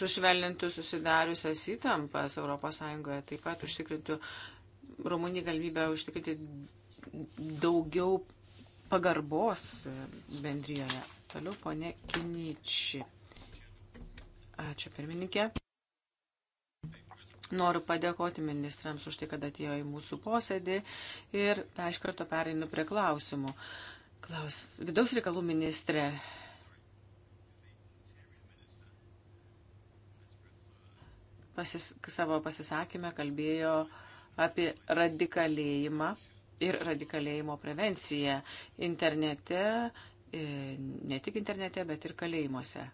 sušvelnintų susidariusias įtampas ES, taip pat užtikrintų Rumunijai galimybę užtikrinti daugiau pagarbos bendryjoje. Toliau ponė Kinyči. Ačiū pirmininkė. Noriu padėkoti ministrams už tai, kad atėjo į mūsų posėdį ir aš karto pereinu prie klausimų. Klaus, vidaus reikalų ministrė pasis, savo pasisakymę kalbėjo apie radikalėjimą ir radikalėjimo prevenciją internete, e, ne tik internete, bet ir kalėjimuose.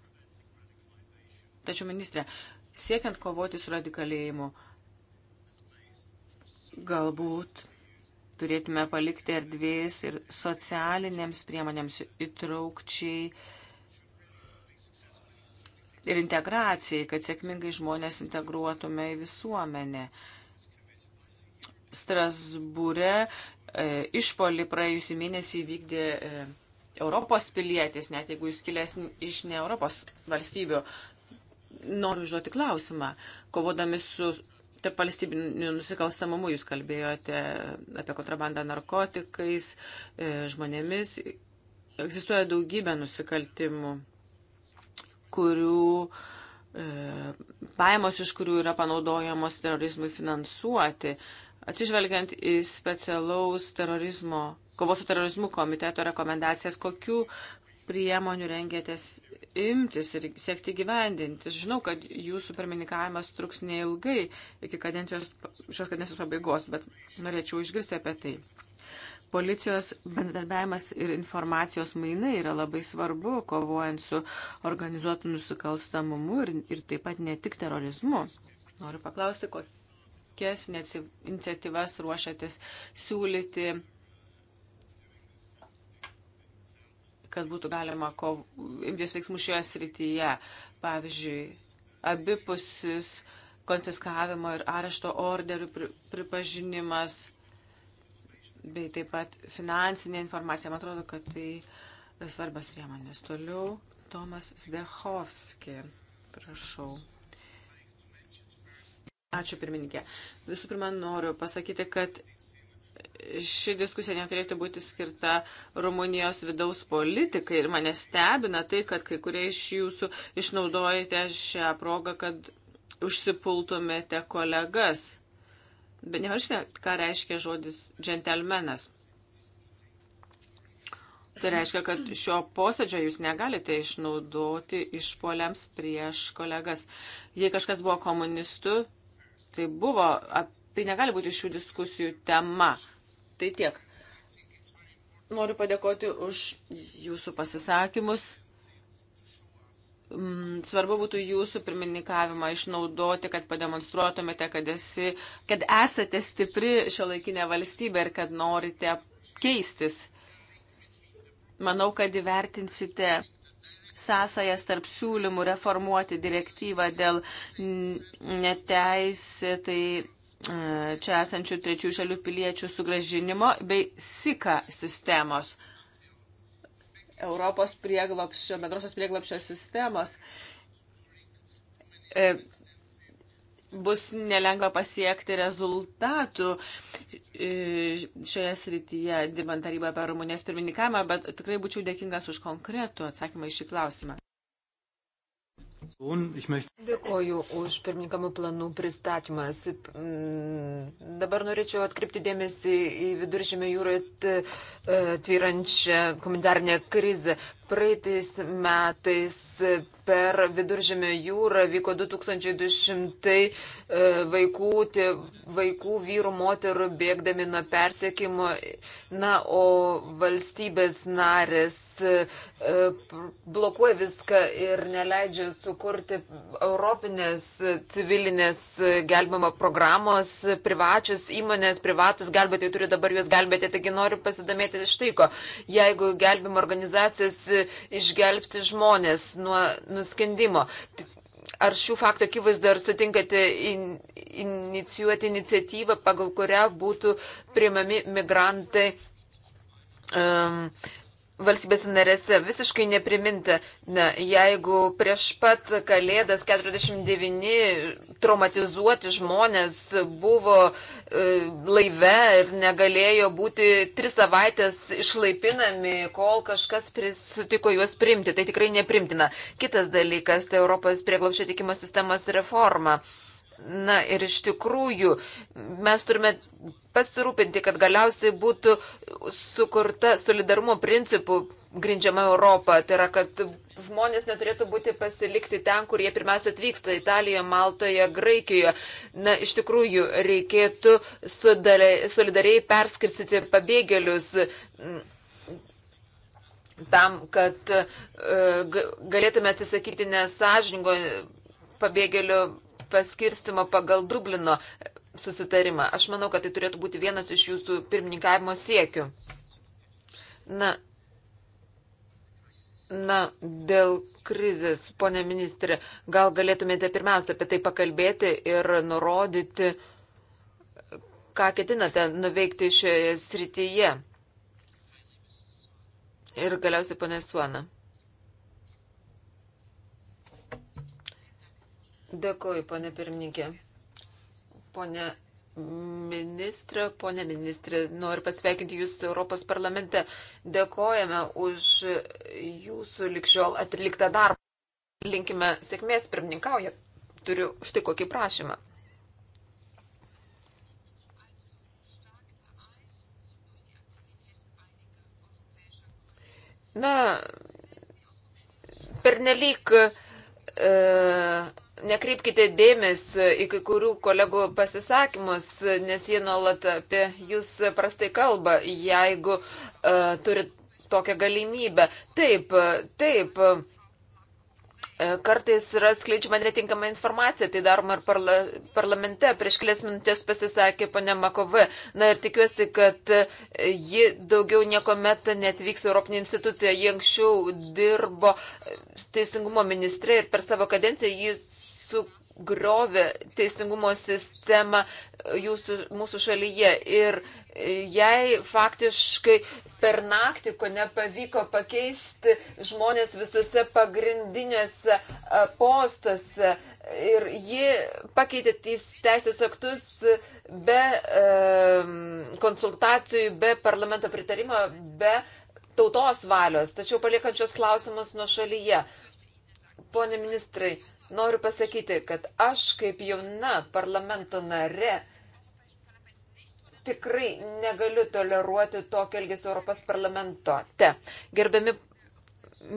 Tačiau, ministrė, siekiant kovoti su radikalėjimu, galbūt turėtume palikti erdvės ir socialinėms priemonėms įtraukčiai uh, ir integracijai, kad sėkmingai žmonės integruotume į visuomenę. Strasbūre e, išpolį praėjusį mėnesį vykdė e, Europos pilietis, net jeigu jis kilės iš ne Europos valstybių. Noriu užduoti klausimą. Kovodami su tarp valstybinių nusikalstamumų jūs kalbėjote apie kontrabandą narkotikais, e, žmonėmis. Egzistuoja daugybė nusikaltimų kurių e, pajamos iš kurių yra panaudojamos terorizmui finansuoti. Atsižvelgiant į specialaus terorizmo, kovos su terorizmu komiteto rekomendacijas, kokių priemonių rengėtės imtis ir siekti gyvendinti. Žinau, kad jūsų pirmininkavimas truks neilgai iki kadencijos, šios kadencijos pabaigos, bet norėčiau išgirsti apie tai. Policijos bendradarbiavimas ir informacijos mainai yra labai svarbu, kovojant su organizuotų nusikalstamumu ir, ir taip pat ne tik terorizmu. Noriu paklausti, kokias iniciatyvas ruošiatės siūlyti, kad būtų galima kov... imtis veiksmų šioje srityje. Pavyzdžiui, abipusis konfiskavimo ir arešto orderių pripažinimas bei taip pat finansinė informacija. Man atrodo, kad tai svarbios priemonės. Toliau Tomas Zdechovski. Prašau. Ačiū pirmininkė. Visų pirma, noriu pasakyti, kad ši diskusija neturėtų būti skirta Rumunijos vidaus politikai ir mane stebina tai, kad kai kurie iš jūsų išnaudojate šią progą, kad užsipultumėte kolegas. Bet nevarškite, ką reiškia žodis džentelmenas. Tai reiškia, kad šio posėdžio jūs negalite išnaudoti išpoliams prieš kolegas. Jei kažkas buvo komunistų, tai buvo, tai negali būti šių diskusijų tema. Tai tiek. Noriu padėkoti už jūsų pasisakymus. Mm, svarbu būtų jūsų pirmininkavimą išnaudoti, kad pademonstruotumėte, kad, esi, kad esate stipri šio laikinė valstybė ir kad norite keistis. Manau, kad įvertinsite sąsajas tarp siūlymų reformuoti direktyvą dėl neteisėtai e, čia esančių trečių šalių piliečių sugražinimo bei SIKA sistemos. Europos prieglapščio, bendrosios prieglapščio sistemos e, bus nelengva pasiekti rezultatų e, šioje srityje, dirbant taryboje per Rumunės pirmininkavimą, bet tikrai būčiau dėkingas už konkretų atsakymą į šį klausimą. Dėkoju už pirmininkamų planų pristatymas. Mm, dabar norėčiau atkripti dėmesį į viduržėmio jūroje e, tvyrančią komentarnę krizę. Praeitais metais per viduržėmę jūrą vyko 2200 e, vaikų, tė, vaikų, vyrų, moterų bėgdami nuo persiekimo. Na, o valstybės narės e, blokuoja viską ir neleidžia sukurti Europinės civilinės gelbimo programos. Privačios įmonės, privatus gelbėtai turi dabar juos gelbėti, taigi noriu pasidomėti iš tai, ko. Jeigu gelbimo organizacijos išgelbsti žmonės nuo nuskendimo. Ar šių faktų akivaizdu ar sutinkate in, inicijuoti iniciatyvą, pagal kurią būtų priimami migrantai um, valstybės narėse visiškai nepriminta, na, jeigu prieš pat kalėdas 49 traumatizuoti žmonės buvo e, laive ir negalėjo būti tris savaitės išlaipinami, kol kažkas sutiko juos primti. Tai tikrai neprimtina. Kitas dalykas tai - Europos prieglopščio tikimo sistemos reforma. E, Na ir iš tikrųjų mes turime pasirūpinti, kad galiausiai būtų sukurta solidarumo principų grindžiama Europa. Tai yra, kad žmonės neturėtų būti pasilikti ten, kur jie pirmiausia atvyksta - Italijoje, Maltoje, Graikijoje. Na, iš tikrųjų, reikėtų solidariai perskirsyti pabėgėlius mm, tam, kad e, galėtume atsisakyti nesažiningo pabėgėlių paskirstimo pagal Dublino susitarimą. Aš manau, kad tai turėtų būti vienas iš jūsų pirmininkavimo siekių. Na, na, dėl krizės, ponė ministrė, gal galėtumėte pirmiausia apie tai pakalbėti ir nurodyti, ką ketinate nuveikti šioje srityje. Ir galiausiai, ponė Suona. Dėkuoju, ponė pirmininkė. Pone ministrą, ponė ministrė, noriu pasveikinti Jūs Europos parlamente. Dėkojame už Jūsų likščiol atliktą darbą. Linkime sėkmės, pirmininkauja. Turiu štai kokį prašymą. Na, pernelyg E, nekreipkite dėmesį į kai kurių kolegų pasisakymus, nes jie nuolat apie jūs prastai kalba, jeigu uh, turit tokią galimybę. Taip, taip. Uh, E, kartais yra skleidžiama netinkama informacija, tai daroma ir parla, parlamente. Prieš kelias minutės pasisakė pane Makove. Na ir tikiuosi, kad ji daugiau nieko metą netvyks Europinė institucija. Ji anksčiau dirbo teisingumo ministrė ir per savo kadenciją jis su griovė teisingumo sistemą jūsų, mūsų šalyje. Ir jai faktiškai per naktį, ko nepavyko pakeisti žmonės visose pagrindinėse postuose. Ir ji pakeitė teisės aktus be e, konsultacijų, be parlamento pritarimo, be tautos valios, tačiau paliekančios klausimus nuo šalyje. Pone ministrai, noriu pasakyti, kad aš kaip jauna parlamento nare tikrai negaliu toleruoti tokio elgesio Europos parlamento. Te, gerbiami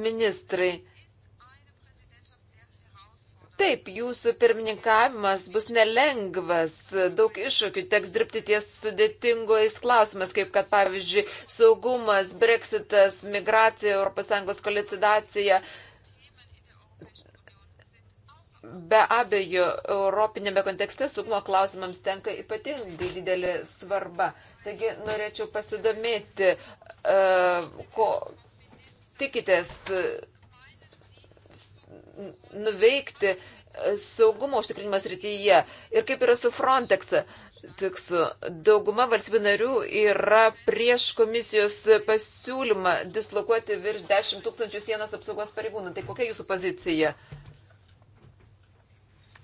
ministrai, Taip, jūsų pirmininkavimas bus nelengvas, daug iššūkių, teks dirbti ties sudėtingojais klausimais, kaip kad, pavyzdžiui, saugumas, breksitas, migracija, ES kolidacija, Be abejo, europinėme kontekste saugumo klausimams tenka ypatingai didelė svarba. Taigi norėčiau pasidomėti, e, ko tikitės nuveikti saugumo užtikrinimas rytyje ir kaip yra su Frontex. Tiksu, dauguma valstybių narių yra prieš komisijos pasiūlymą dislokuoti virš 10 tūkstančių sienos apsaugos pareigūnų. Tai kokia jūsų pozicija? Uh,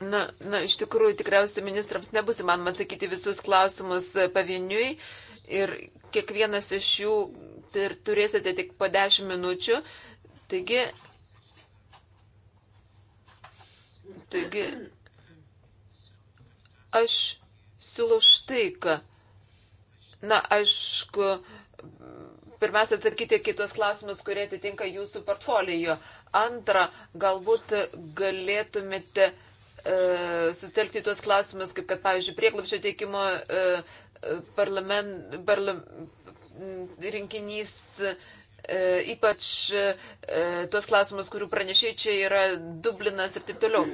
Na, na, iš tikrųjų, tikriausiai ministrams nebus įmanoma atsakyti visus klausimus e, pavieniui ir kiekvienas iš jų ir turėsite tik po 10 minučių. Taigi, taigi aš siūlau štai ką. Na, aišku, pirmiausia, atsakyti kitos klausimus, kurie atitinka jūsų portfolijo. Antra, galbūt galėtumėte E, sutelkti tuos klausimus, kaip kad, pavyzdžiui, prieklapšio teikimo e, e, parlament, parla, rinkinys, ypač tuos klausimus, kurių pranešiai čia yra Dublinas ir taip toliau.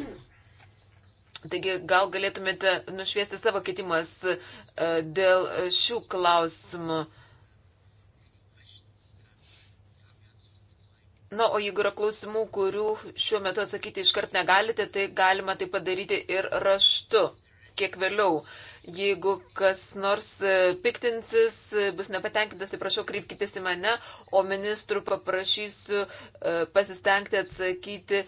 Taigi gal galėtumėte nušviesti savo kitimas dėl šių klausimų. Na, o jeigu yra klausimų, kurių šiuo metu atsakyti iškart negalite, tai galima tai padaryti ir raštu, kiek vėliau. Jeigu kas nors e, piktinsis, e, bus nepatenkintas, tai prašau kreipkitės į mane, o ministrų paprašysiu e, pasistengti atsakyti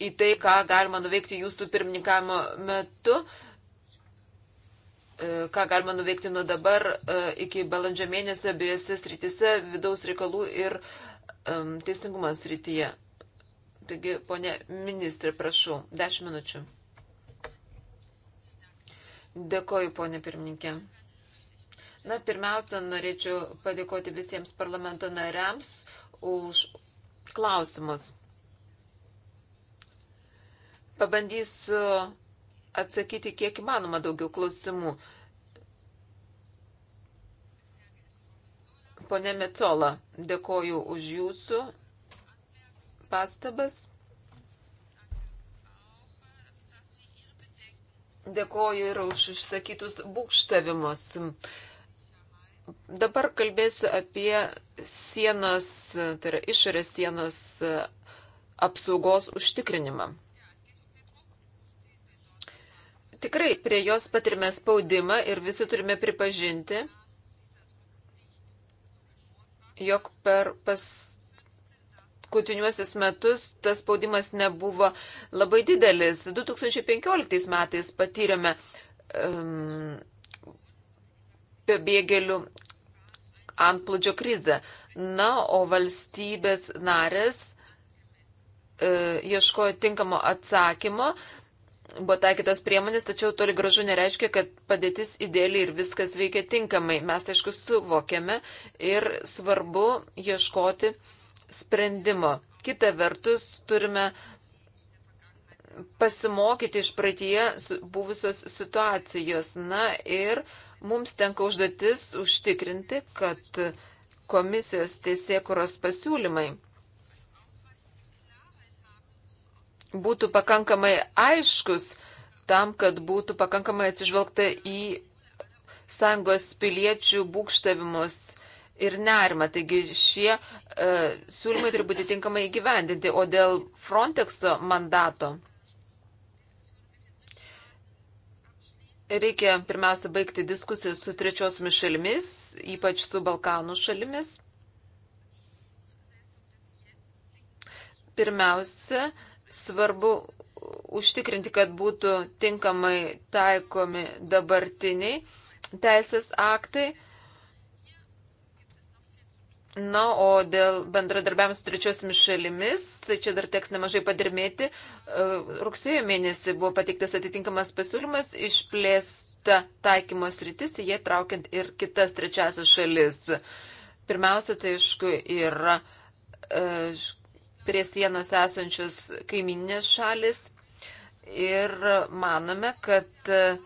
į tai, ką galima nuveikti jūsų pirmininkavimo metu. E, ką galima nuveikti nuo dabar e, iki balandžio mėnesio abiejose srityse - vidaus reikalų ir um, teisingumo srityje. Taigi, ponė ministrė, prašau, 10 minučių. Dėkoju, ponė pirmininkė. Na, pirmiausia, norėčiau padėkoti visiems parlamento nariams už klausimus. Pabandysiu atsakyti kiek įmanoma daugiau klausimų. Pone Mecola, dėkoju už jūsų pastabas. Dėkoju ir už išsakytus būkštavimus. Dabar kalbėsiu apie sienos, tai yra išorės sienos apsaugos užtikrinimą tikrai prie jos patirime spaudimą ir visi turime pripažinti, jog per paskutiniuosius metus tas spaudimas nebuvo labai didelis. 2015 metais patyrėme um, pabėgėlių antplūdžio krizę. Na, o valstybės narės e, ieškojo tinkamo atsakymo, buvo taikytos priemonės, tačiau toli gražu nereiškia, kad padėtis idėliai ir viskas veikia tinkamai. Mes, aišku, suvokiame ir svarbu ieškoti sprendimo. Kita vertus, turime pasimokyti iš praeitie buvusios situacijos. Na ir mums tenka užduotis užtikrinti, kad komisijos teisėkuros pasiūlymai būtų pakankamai aiškus tam, kad būtų pakankamai atsižvelgta į sąjungos piliečių būkštavimus ir nerimą. Taigi šie e, siūlymai turi būti tinkamai įgyvendinti. O dėl Frontexo mandato reikia pirmiausia baigti diskusiją su trečiosiomis šalimis, ypač su Balkanų šalimis. Pirmiausia, svarbu užtikrinti, kad būtų tinkamai taikomi dabartiniai teisės aktai. Na, o dėl bendradarbiavimo su trečiosiomis šalimis, čia dar teks nemažai padirbėti. E, rugsėjo mėnesį buvo pateiktas atitinkamas pasiūlymas išplėsta taikymo sritis, jie traukiant ir kitas trečiasias šalis. Pirmiausia, tai aišku, yra e, prie sienos esančios kaiminės šalis ir manome, kad e,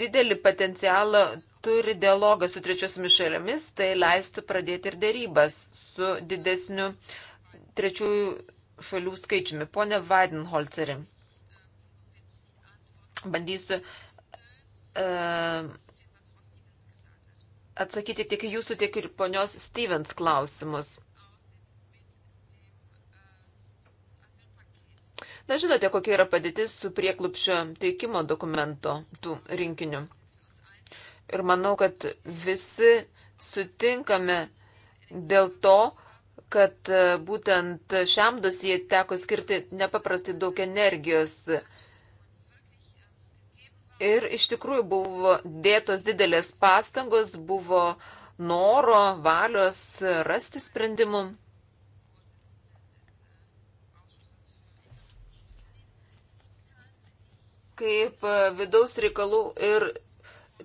didelį potencialą turi dialogą su trečiosiomis šalimis, tai leistų pradėti ir dėrybas su didesniu trečiųjų šalių skaičiumi. Pone Weidenholzeri, bandysiu uh, atsakyti tiek jūsų, tiek ir ponios Stevens klausimus. Na, žinote, kokia yra padėtis su prieklupščio teikimo dokumento tų rinkinių. Ir manau, kad visi sutinkame dėl to, kad e, būtent šiam dosijai teko skirti nepaprastai daug energijos. Ir iš tikrųjų buvo dėtos didelės pastangos, buvo noro, valios rasti sprendimų. Kaip e, vidaus reikalų ir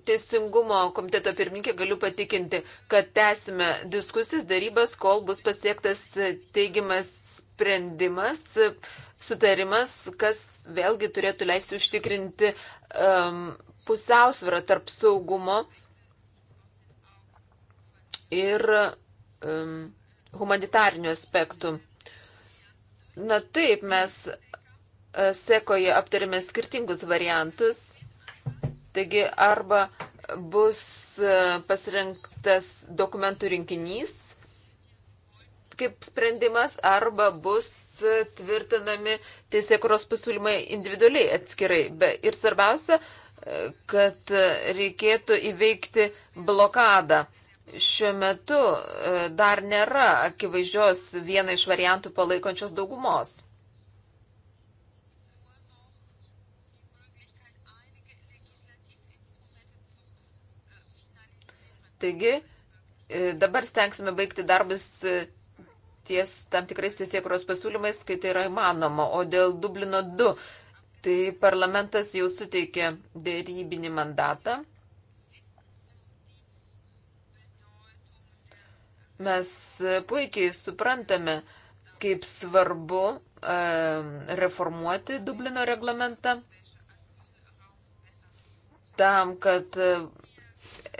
teisingumo komiteto pirmininkė galiu patikinti, kad tęsime diskusijas darybas, kol bus pasiektas teigiamas sprendimas, sutarimas, kas vėlgi turėtų leisti užtikrinti um, pusiausvyrą tarp saugumo ir um, humanitarnių aspektų. Na taip, mes sekoje aptarėme skirtingus variantus. Taigi arba bus e, pasirinktas dokumentų rinkinys kaip sprendimas, arba bus e, tvirtinami teisėkuros pasiūlymai individualiai atskirai. Be, ir svarbiausia, e, kad reikėtų įveikti blokadą. Šiuo metu dar nėra akivaizdžios vieną iš variantų palaikančios daugumos. Taigi, e, dabar stengsime baigti darbus e, ties tam tikrais teisėkuros pasiūlymais, kai tai yra įmanoma. O dėl Dublino 2, tai parlamentas jau suteikė dėrybinį mandatą. Mes puikiai suprantame, kaip svarbu e, reformuoti Dublino reglamentą tam, kad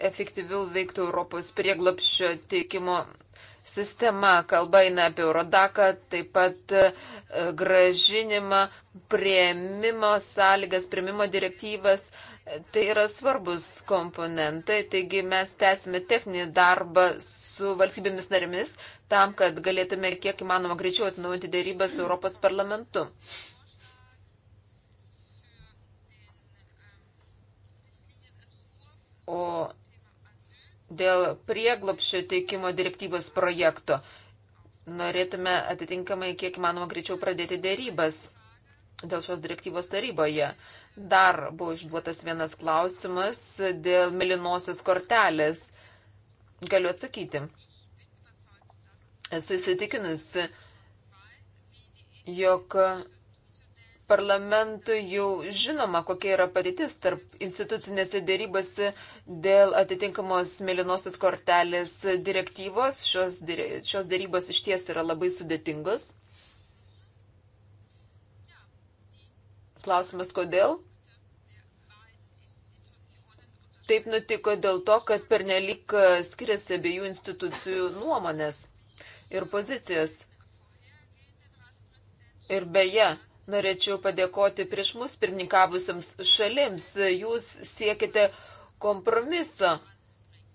efektyviau veiktų Europos prieglapščio teikimo sistema. Kalba eina apie Eurodaką, taip pat e, gražinimą, prieimimo sąlygas, prieimimo direktyvas. Tai yra svarbus komponentai, taigi mes tęsime techninį darbą su valstybėmis narimis tam, kad galėtume kiek įmanoma greičiau atnaujinti dėrybę su Europos parlamentu. O dėl prieglopšio teikimo direktyvos projekto. Norėtume atitinkamai kiek įmanoma greičiau pradėti dėrybas dėl šios direktyvos taryboje. Dar buvo išduotas vienas klausimas dėl melinosios kortelės. Galiu atsakyti. Esu įsitikinusi, jog parlamentui jau žinoma, kokia yra padėtis tarp institucinėse dėrybose dėl atitinkamos mėlynosios kortelės direktyvos. Šios, šios dėrybos iš ties yra labai sudėtingos. Klausimas, kodėl? Taip nutiko dėl to, kad pernelik skiriasi abiejų institucijų nuomonės ir pozicijos. Ir beje, Norėčiau padėkoti prieš mus pirmininkavusiams šalims. Jūs siekite kompromiso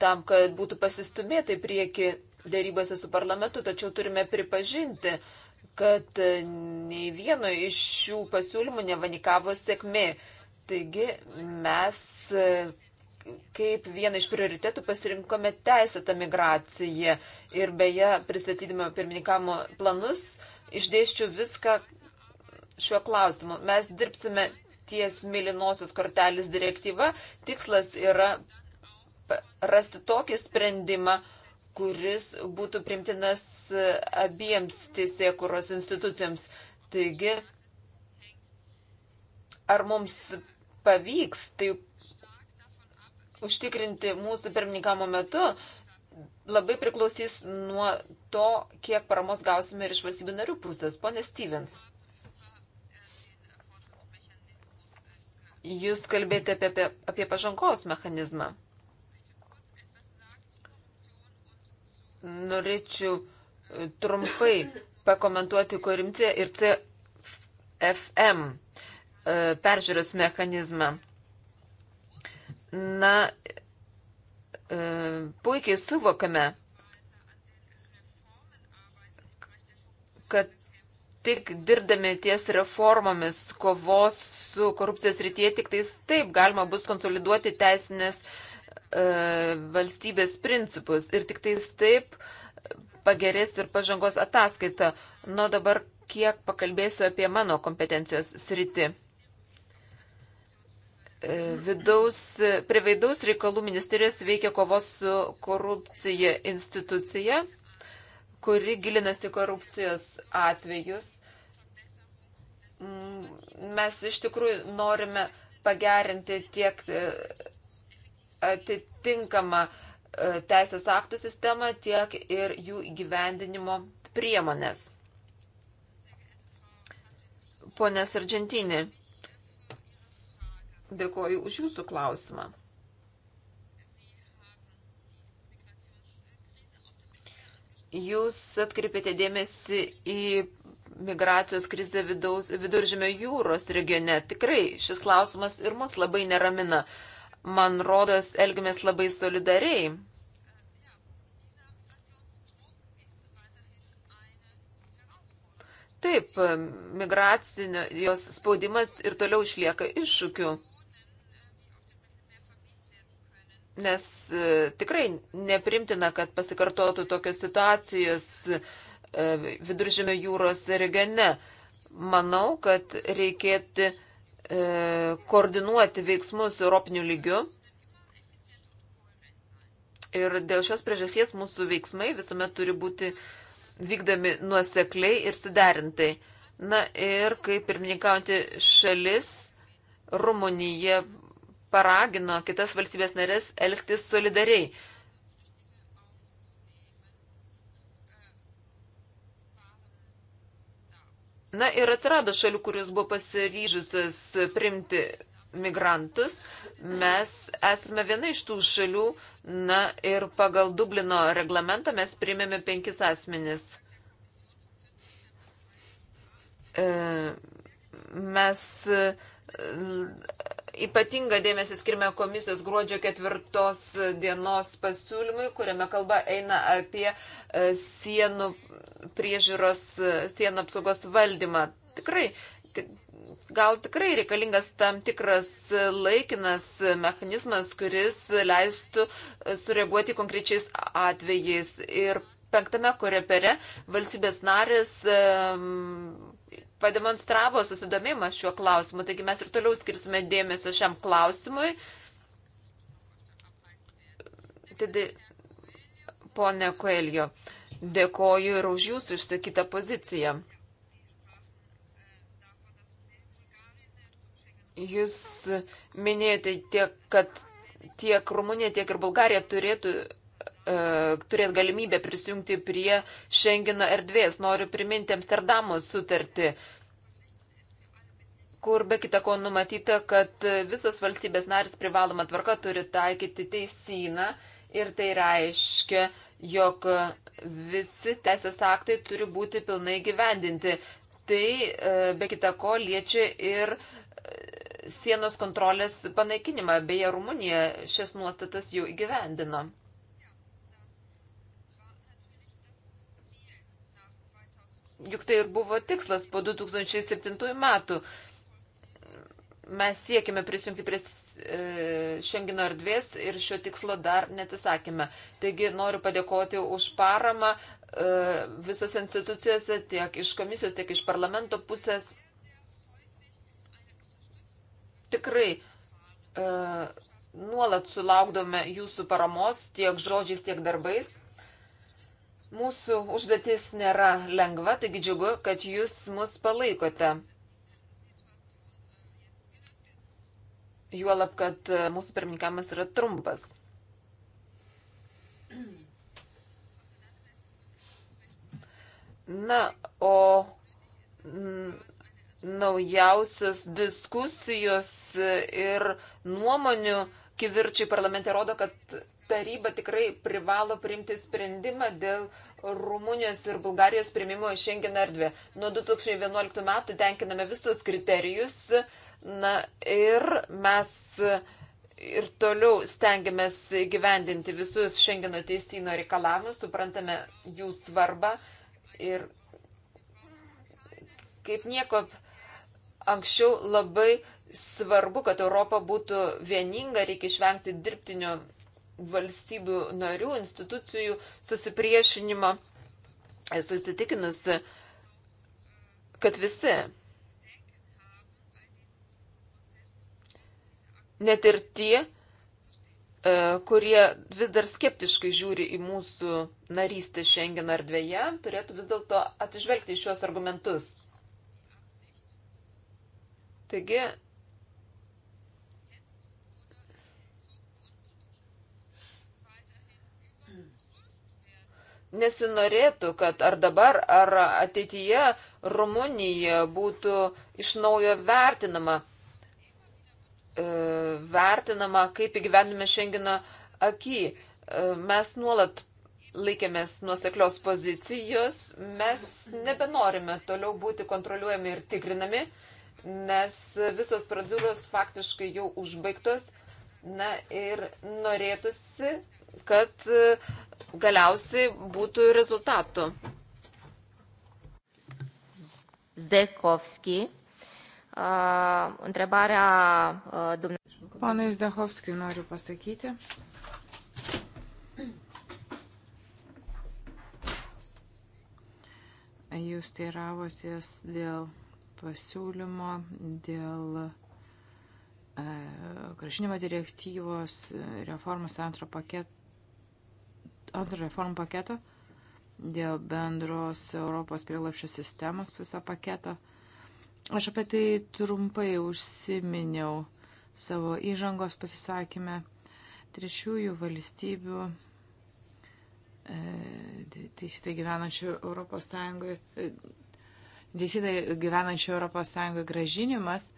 tam, kad būtų pasistumėta į priekį dėrybose su parlamentu, tačiau turime pripažinti, kad nei vieno iš šių pasiūlymų nevanikavo sėkmė. Taigi mes kaip vieną iš prioritetų pasirinkome teisėtą migraciją ir beje, pristatydama pirmininkamo planus, išdėščiau viską, šiuo klausimu. Mes dirbsime ties mylinosios kortelės direktyva. Tikslas yra rasti tokį sprendimą, kuris būtų primtinas e, abiems teisėkuros institucijoms. Taigi, ar mums pavyks tai užtikrinti mūsų pirmininkamo metu, labai priklausys nuo to, kiek paramos gausime ir iš valstybių narių pusės. Pone Stevens. jūs kalbėjote apie, apie, apie pažangos mechanizmą. Norėčiau e, trumpai pakomentuoti korimciją ir CFM e, peržiūros mechanizmą. Na, e, puikiai suvokame, kad tik dirbdami ties reformomis kovos su korupcijos rytyje, tik tais taip galima bus konsoliduoti teisinės e, valstybės principus ir tik tais taip pagerės ir pažangos ataskaita. Nu dabar kiek pakalbėsiu apie mano kompetencijos sritį. E, vidaus, prie vaidaus reikalų ministerijos veikia kovos su korupcija institucija kuri gilinasi korupcijos atvejus. Mm, mes iš tikrųjų norime pagerinti tiek e, atitinkamą e, teisės aktų sistemą, tiek ir jų įgyvendinimo priemonės. Pone Sargentinė, dėkoju už Jūsų klausimą. Jūs atkreipėte dėmesį į migracijos krizę vidaus, viduržėmio jūros regione. Tikrai šis klausimas ir mus labai neramina. Man rodos, elgiamės labai solidariai. Taip, migracinio jos spaudimas ir toliau išlieka iššūkiu. Nes e, tikrai neprimtina, kad pasikartotų tokios situacijos e, viduržėmio jūros regione. Manau, kad reikėtų e, koordinuoti veiksmus Europinių lygių. Ir dėl šios priežasties mūsų veiksmai visuomet turi būti vykdami nuosekliai ir suderintai. Na ir kaip pirmininkaujantį šalis, Rumunija paragino kitas valstybės narės elgtis solidariai. Na ir atsirado šalių, kuris buvo pasiryžusios primti migrantus. Mes esame viena iš tų šalių, na ir pagal Dublino reglamentą mes priėmėme penkis asmenis. E, mes Ypatinga dėmesį skirime komisijos gruodžio ketvirtos dienos pasiūlymui, kuriame kalba eina apie e, sienų priežiūros, e, sienų apsaugos valdymą. Tikrai, gal tikrai reikalingas tam tikras laikinas mechanizmas, kuris leistų e, sureaguoti konkrečiais atvejais. Ir penktame korepere valstybės narės pademonstravo susidomimą šiuo klausimu, taigi mes ir toliau skirsime dėmesio šiam klausimui. Tada, ponė Koelio, dėkoju ir už jūsų išsakytą poziciją. Jūs minėjote tiek, kad tiek Rumunija, tiek ir Bulgarija turėtų E, turės galimybę prisijungti prie Schengeno erdvės. Noriu priminti Amsterdamo sutartį, kur be kita ko numatyta, kad visos valstybės narės privaloma tvarka turi taikyti teisyną ir tai reiškia, jog visi teisės aktai turi būti pilnai gyvendinti. Tai e, be kita ko liečia ir e, sienos kontrolės panaikinimą. Beje, Rumunija šias nuostatas jau įgyvendino. juk tai ir buvo tikslas po 2007 metų. Mes siekime prisijungti prie Šengino e, erdvės ir šio tikslo dar netisakėme. Taigi noriu padėkoti už paramą e, visose institucijose, tiek iš komisijos, tiek iš parlamento pusės. Tikrai e, nuolat sulaukdome jūsų paramos tiek žodžiais, tiek darbais. Mūsų užduotis nėra lengva, taigi džiugu, kad jūs mus palaikote. Juolab, kad e, mūsų pirmininkamas yra trumpas. Na, o naujausios diskusijos ir nuomonių kivirčiai parlamente rodo, kad taryba tikrai privalo priimti sprendimą dėl Rumunijos ir Bulgarijos priimimo į Schengeno erdvę. Nuo 2011 metų tenkiname visus kriterijus na, ir mes ir toliau stengiamės gyvendinti visus Schengeno teisino reikalavimus, suprantame jų svarbą ir kaip nieko anksčiau labai svarbu, kad Europa būtų vieninga, reikia išvengti dirbtinio valstybių narių institucijų susipriešinimo. Esu įsitikinusi, kad visi, net ir tie, e, kurie vis dar skeptiškai žiūri į mūsų narystę Schengen erdvėje, turėtų vis dėlto atsižvelgti į šiuos argumentus. Taigi, nesinorėtų, kad ar dabar, ar ateityje Rumunija būtų iš naujo vertinama, e, vertinama kaip įgyvenime Šengino akį. E, mes nuolat laikėmės nuoseklios pozicijos, mes nebenorime toliau būti kontroliuojami ir tikrinami, nes visos procedūros faktiškai jau užbaigtos. Na ir norėtųsi, kad e, galiausiai būtų rezultatų. Zdekovski. Uh, întrebarea uh, dumneavoastră. Panui Zdehovski, noriu pasakyti. Jūs teiravotės dėl pasiūlymo, dėl krašinimo e, direktyvos e, reformos antro paketo antrą reformų paketą, dėl bendros Europos prilapščio sistemos viso paketo. Aš apie tai trumpai užsiminiau savo įžangos pasisakymę trečiųjų valstybių e, teisėtai gyvenančių Europos Sąjungoje. Teisėtai gyvenančių Europos Sąjungoje gražinimas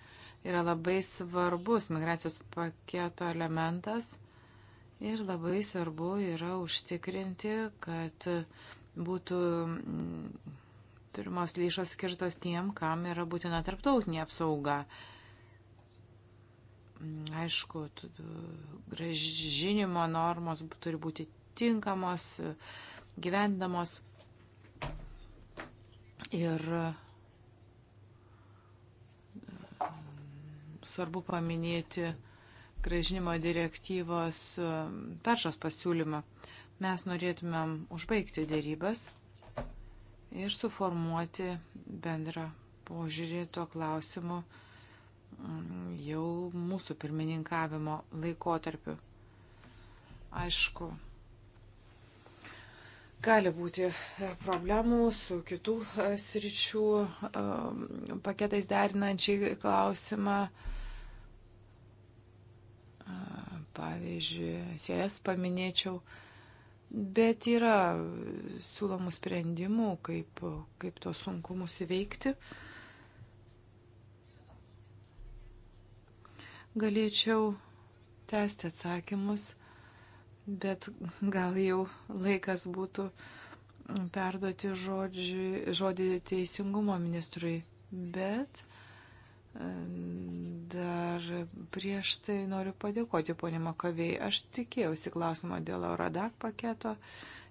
yra labai svarbus migracijos paketo elementas Ir labai svarbu yra užtikrinti, kad būtų mm, turimos lėšos skirtos tiem, kam yra būtina tarptautinė apsauga. Mm, aišku, gražinimo normos turi būti tinkamos, gyvendamos. Ir mm, svarbu paminėti gražinimo direktyvos peršos pasiūlymą. Mes norėtumėm užbaigti dėrybas ir suformuoti bendrą požiūrį tuo klausimu mm, jau mūsų pirmininkavimo laikotarpiu. Aišku, gali būti e, problemų su kitų e, sričių e, paketais derinančiai klausimą pavyzdžiui, sėjas paminėčiau, bet yra siūlomų sprendimų, kaip, kaip tos sunkumus įveikti. Galėčiau tęsti atsakymus, bet gal jau laikas būtų perduoti žodžių, žodį teisingumo ministrui. Bet Dar prieš tai noriu padėkoti ponė Makavėjai. Aš tikėjausi klausimą dėl Euradak paketo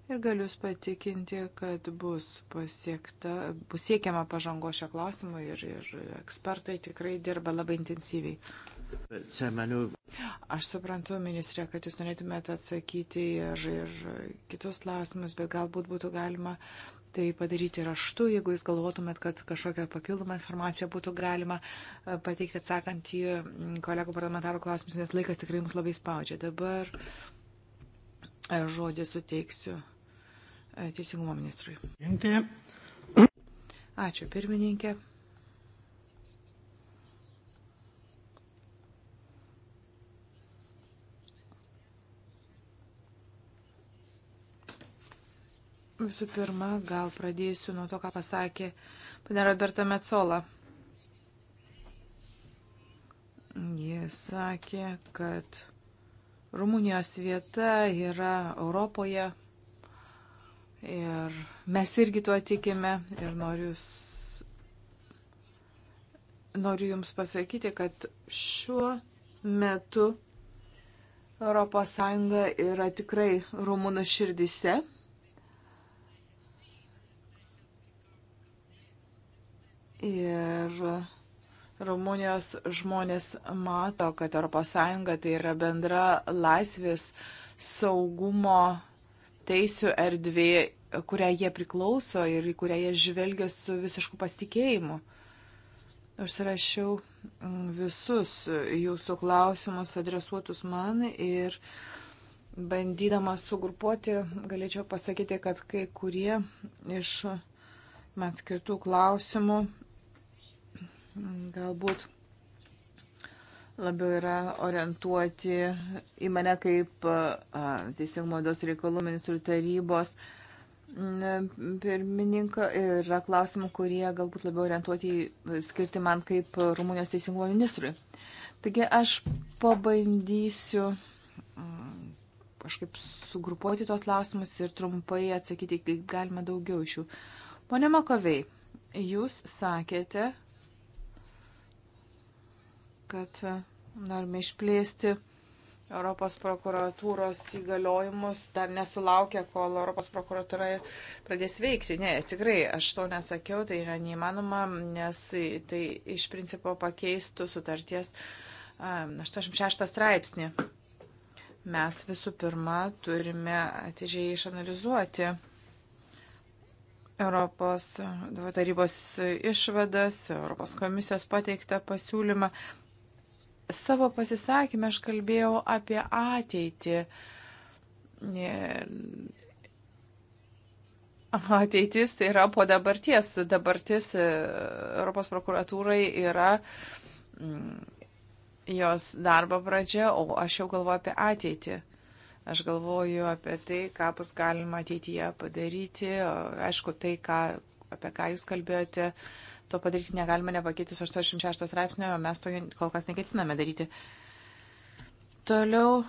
ir galiu patikinti, kad bus, pasiekta, bus siekiama pažango šio klausimu ir, ir ekspertai tikrai dirba labai intensyviai. Aš suprantu, ministrė, kad jūs norėtumėte atsakyti ir, ir kitus klausimus, bet galbūt būtų galima tai padaryti raštu, jeigu jūs galvotumėt, kad kažkokią papildomą informaciją būtų galima e, pateikti atsakant į kolegų parlamentarų klausimus, nes laikas tikrai mus labai spaudžia. Dabar e, žodį suteiksiu e, Teisingumo ministrui. Ačiū, pirmininkė. Visų pirma, gal pradėsiu nuo to, ką pasakė pana Roberta Metzola. Jis sakė, kad Rumunijos vieta yra Europoje ir mes irgi tuo tikime ir noriu noriu Jums pasakyti, kad šiuo metu ES yra tikrai rumūnų širdise Ir Rumunijos žmonės mato, kad ES tai yra bendra laisvės saugumo teisų erdvė, kurią jie priklauso ir į kurią jie žvelgia su visišku pasitikėjimu. Užsirašiau visus jūsų klausimus adresuotus man ir bandydama sugrupuoti, galėčiau pasakyti, kad kai kurie iš man skirtų klausimų galbūt labiau yra orientuoti į mane kaip Teisingumo dos reikalų ministrų tarybos pirmininką ir yra klausimų, kurie galbūt labiau orientuoti į skirti man kaip Rumunijos teisingumo ministrui. Taigi aš pabandysiu kažkaip sugrupuoti tos klausimus ir trumpai atsakyti, kaip galima daugiau iš jų. Pone Makovei, jūs sakėte, kad e, norime išplėsti Europos prokuratūros įgaliojimus, dar nesulaukia, kol Europos prokuratūra pradės veikti. Ne, tikrai, aš to nesakiau, tai yra neįmanoma, nes tai iš principo pakeistų sutarties 86 e, straipsnį. Mes visų pirma turime atidžiai išanalizuoti Europos tarybos išvadas, Europos komisijos pateiktą pasiūlymą. Savo pasisakymę aš kalbėjau apie ateitį. Ateitis tai yra po dabarties. Dabartis e, Europos prokuratūrai yra mm, jos darbo pradžia, o aš jau galvoju apie ateitį. Aš galvoju apie tai, ką bus galima ateityje padaryti. Aišku, tai, ką, apie ką jūs kalbėjote, to padaryti negalime nepakeitis 86 straipsnio, mes to kol kas neketiname daryti. Toliau.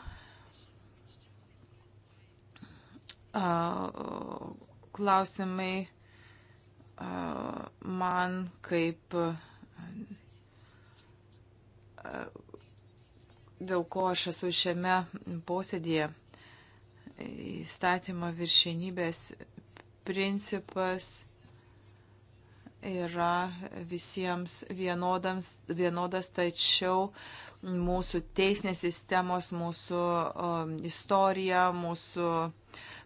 Klausimai man kaip dėl ko aš esu šiame posėdėje įstatymo viršenybės principas yra visiems vienodams, vienodas, tačiau mūsų teisinės sistemos, mūsų um, istorija, mūsų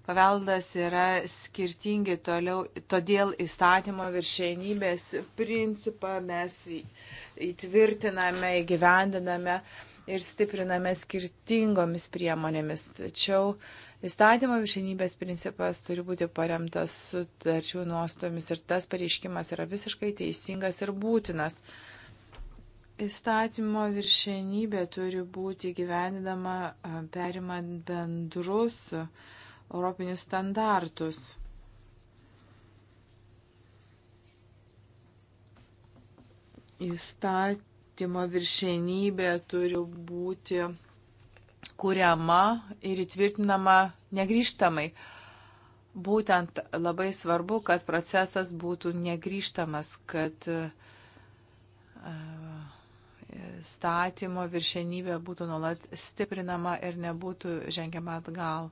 paveldas yra skirtingi, toliau, todėl įstatymo viršenybės principą mes įtvirtiname, įgyvendiname ir stipriname skirtingomis priemonėmis. Tačiau uh, Įstatymo viršinybės principas turi būti paremtas sutarčių nuostomis ir tas pareiškimas yra visiškai teisingas ir būtinas. Įstatymo viršenybė turi būti gyvendinama perimant bendrus europinius standartus. Įstatymo viršenybė turi būti kuriama ir įtvirtinama negryžtamai. Būtent labai svarbu, kad procesas būtų negryžtamas, kad e, statymo viršenybė būtų nuolat stiprinama ir nebūtų žengiama atgal.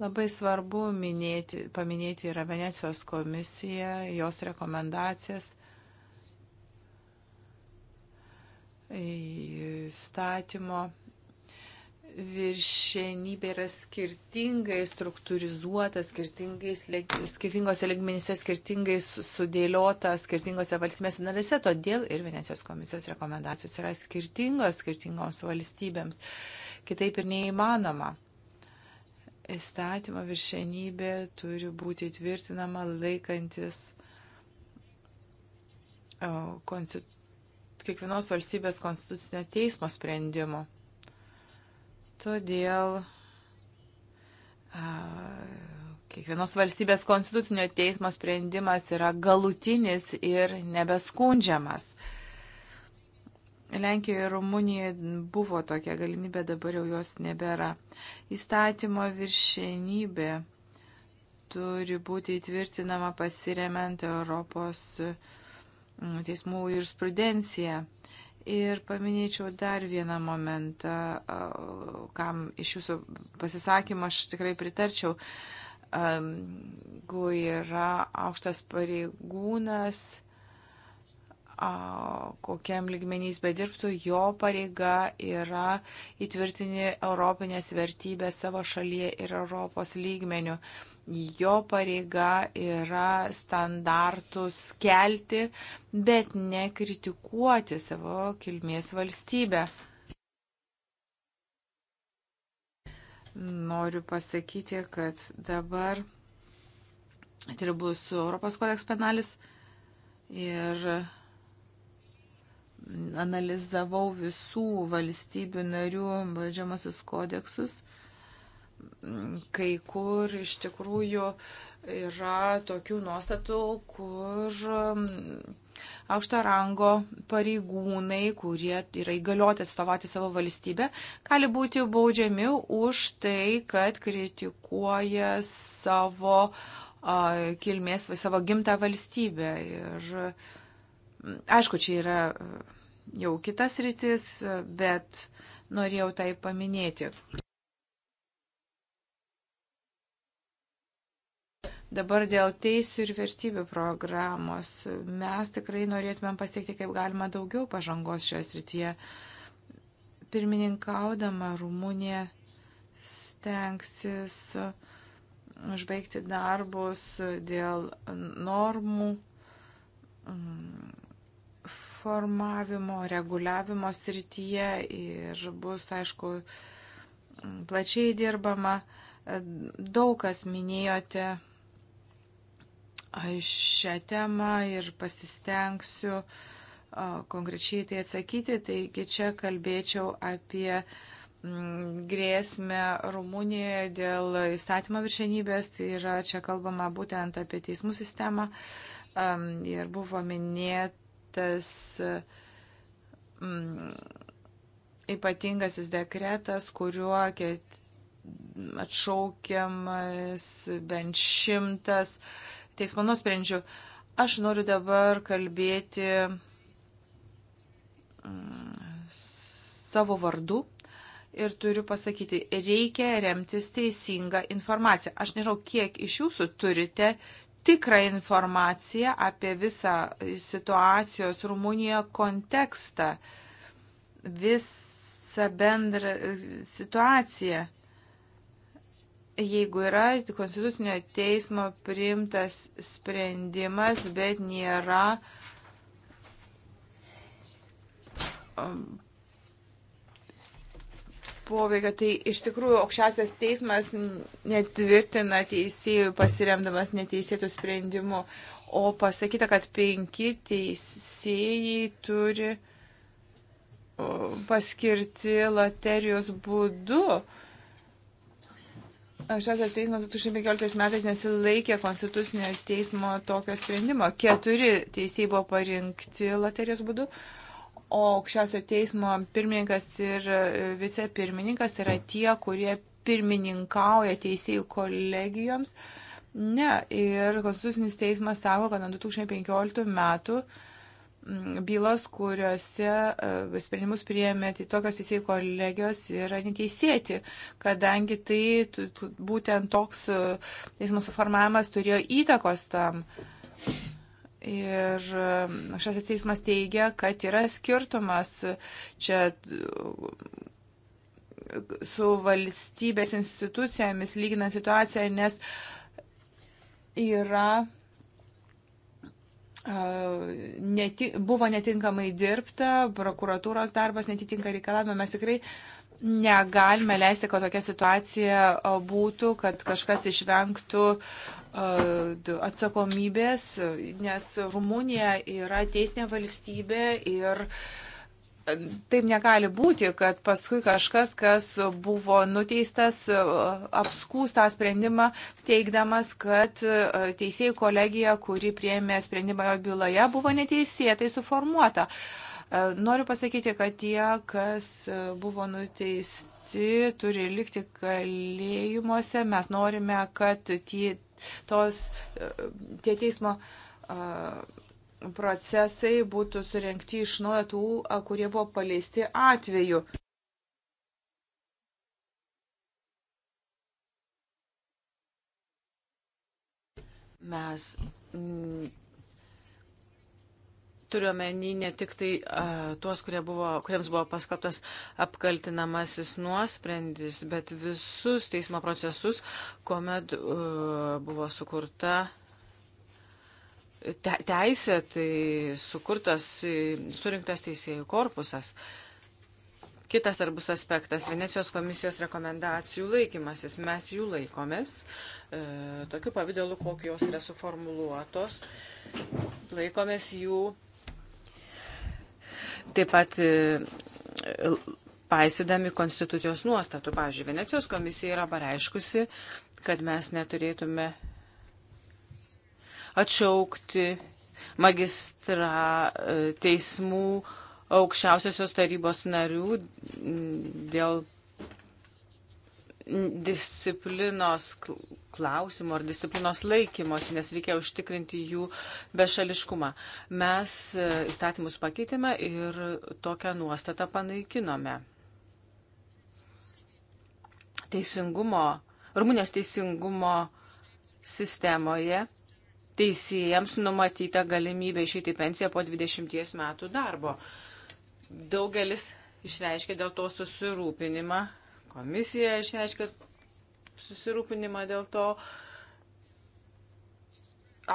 Labai svarbu minėti, paminėti yra Venecijos komisija, jos rekomendacijas. Statymo viršenybė yra skirtingai struktūrizuota, skirtingose ligmenyse skirtingai sudėliota, skirtingose valstybės narėse, todėl ir Venecijos komisijos rekomendacijos yra skirtingos skirtingoms valstybėms. Kitaip ir neįmanoma. Įstatymo viršenybė turi būti tvirtinama laikantis kiekvienos valstybės konstitucinio teismo sprendimo. Todėl kiekvienos valstybės konstitucinio teismo sprendimas yra galutinis ir nebeskundžiamas. Lenkijoje ir Rumunijoje buvo tokia galimybė, dabar jau jos nebėra. Įstatymo viršenybė turi būti įtvirtinama pasiremiant Europos mm, teismų jurisprudenciją. Ir paminėčiau dar vieną momentą, kam iš jūsų pasisakymą aš tikrai pritarčiau. Jeigu yra aukštas pareigūnas, kokiam lygmenys bedirbtų, jo pareiga yra įtvirtinti europinės vertybės savo šalyje ir Europos lygmenių. Uh, Jo pareiga yra standartus kelti, bet nekritikuoti savo kilmės valstybę. Noriu pasakyti, kad dabar dirbu su Europos kodeks penalis ir analizavau visų valstybių narių baudžiamasis kodeksus kai kur iš tikrųjų yra tokių nuostatų, kur um, aukšto rango pareigūnai, kurie yra įgalioti atstovauti savo valstybę, gali būti baudžiami už tai, kad kritikuoja savo a, kilmės, savo gimtą valstybę. Ir mm, aišku, čia yra e, jau kitas rytis, bet norėjau tai paminėti. Dabar dėl teisų ir vertybių programos mes tikrai norėtumėm pasiekti kaip galima daugiau pažangos šioje srityje. Pirmininkaudama Rumunija stengsis užbaigti darbus dėl normų mm, formavimo, reguliavimo srityje ir bus, aišku, plačiai dirbama. Daug kas minėjote šią temą ir pasistengsiu konkrečiai tai atsakyti. Taigi čia kalbėčiau apie mm, grėsmę Rumunijoje dėl įstatymo viršenybės. Tai yra čia kalbama būtent apie teismų sistemą. Ir buvo minėtas mm, ypatingasis dekretas, kuriuo atšaukiamas bent šimtas teismo nusprendžių. Aš noriu dabar kalbėti mm, savo vardu ir turiu pasakyti, reikia remtis teisinga informacija. Aš nežinau, kiek iš jūsų turite tikrą informaciją apie visą situacijos Rumunijoje kontekstą, visą bendrą situaciją jeigu yra konstitucinio teismo priimtas sprendimas, bet nėra um, poveikio, tai iš tikrųjų aukščiausias teismas netvirtina teisėjų pasiremdamas neteisėtų sprendimų, o pasakyta, kad penki teisėjai turi um, paskirti loterijos būdu. Uh, Aukščiausias teismas 2015 metais nesilaikė konstitucinio teismo tokio sprendimo. Keturi teisėjai buvo parinkti loterijos būdu, o aukščiausio teismo pirmininkas ir vicepirmininkas yra tie, kurie pirmininkauja teisėjų kolegijoms. Ne, ir konstitucinis teismas sako, kad nuo 2015 metų bylas, kuriuose e, sprendimus priėmė tai tokios teisėjų kolegijos yra neteisėti, kadangi tai būtent toks e, teismo suformavimas turėjo įtakos tam. Ir e, šis teismas teigia, kad yra skirtumas čia su valstybės institucijomis lyginant situaciją, nes yra neti, buvo netinkamai dirbta, prokuratūros darbas netitinka reikalavimą, mes tikrai negalime leisti, kad tokia situacija būtų, kad kažkas išvengtų atsakomybės, nes Rumunija yra teisinė valstybė ir uh, Taip negali būti, kad paskui kažkas, kas buvo nuteistas, apskūs tą sprendimą, teikdamas, kad e, teisėjų kolegija, kuri prieėmė sprendimą jo byloje, buvo neteisėtai suformuota. E, noriu pasakyti, kad tie, kas e, buvo nuteisti, turi likti kalėjimuose. Mes norime, kad tie, tos, tie teismo. Uh, procesai būtų surenkti iš naujo tų, kurie buvo paleisti atveju. Mes mm, turiuomenį ne tik tai uh, tuos, kurie buvo, kuriems buvo paskaptas apkaltinamasis nuosprendis, bet visus teismo procesus, kuomet uh, buvo sukurta uh, te, teisė, tai sukurtas, surinktas teisėjų korpusas. Kitas svarbus aspektas - Venecijos komisijos rekomendacijų laikymasis. Mes jų laikomės, e, tokiu pavydalu, kokios yra suformuluotos, laikomės jų taip pat e, paisydami konstitucijos nuostatų. Pavyzdžiui, Venecijos komisija yra pareiškusi, kad mes neturėtume atšaukti magistra e, teismų aukščiausiosios tarybos narių dėl disciplinos klausimų ar disciplinos laikymosi, nes reikia užtikrinti jų bešališkumą. Mes e, įstatymus pakeitėme ir tokią nuostatą panaikinome. Teisingumo, Rumunijos teisingumo sistemoje teisėjams numatyta galimybė išeiti į pensiją po 20 metų darbo. Daugelis išreiškė dėl to susirūpinimą, komisija išreiškė susirūpinimą dėl to,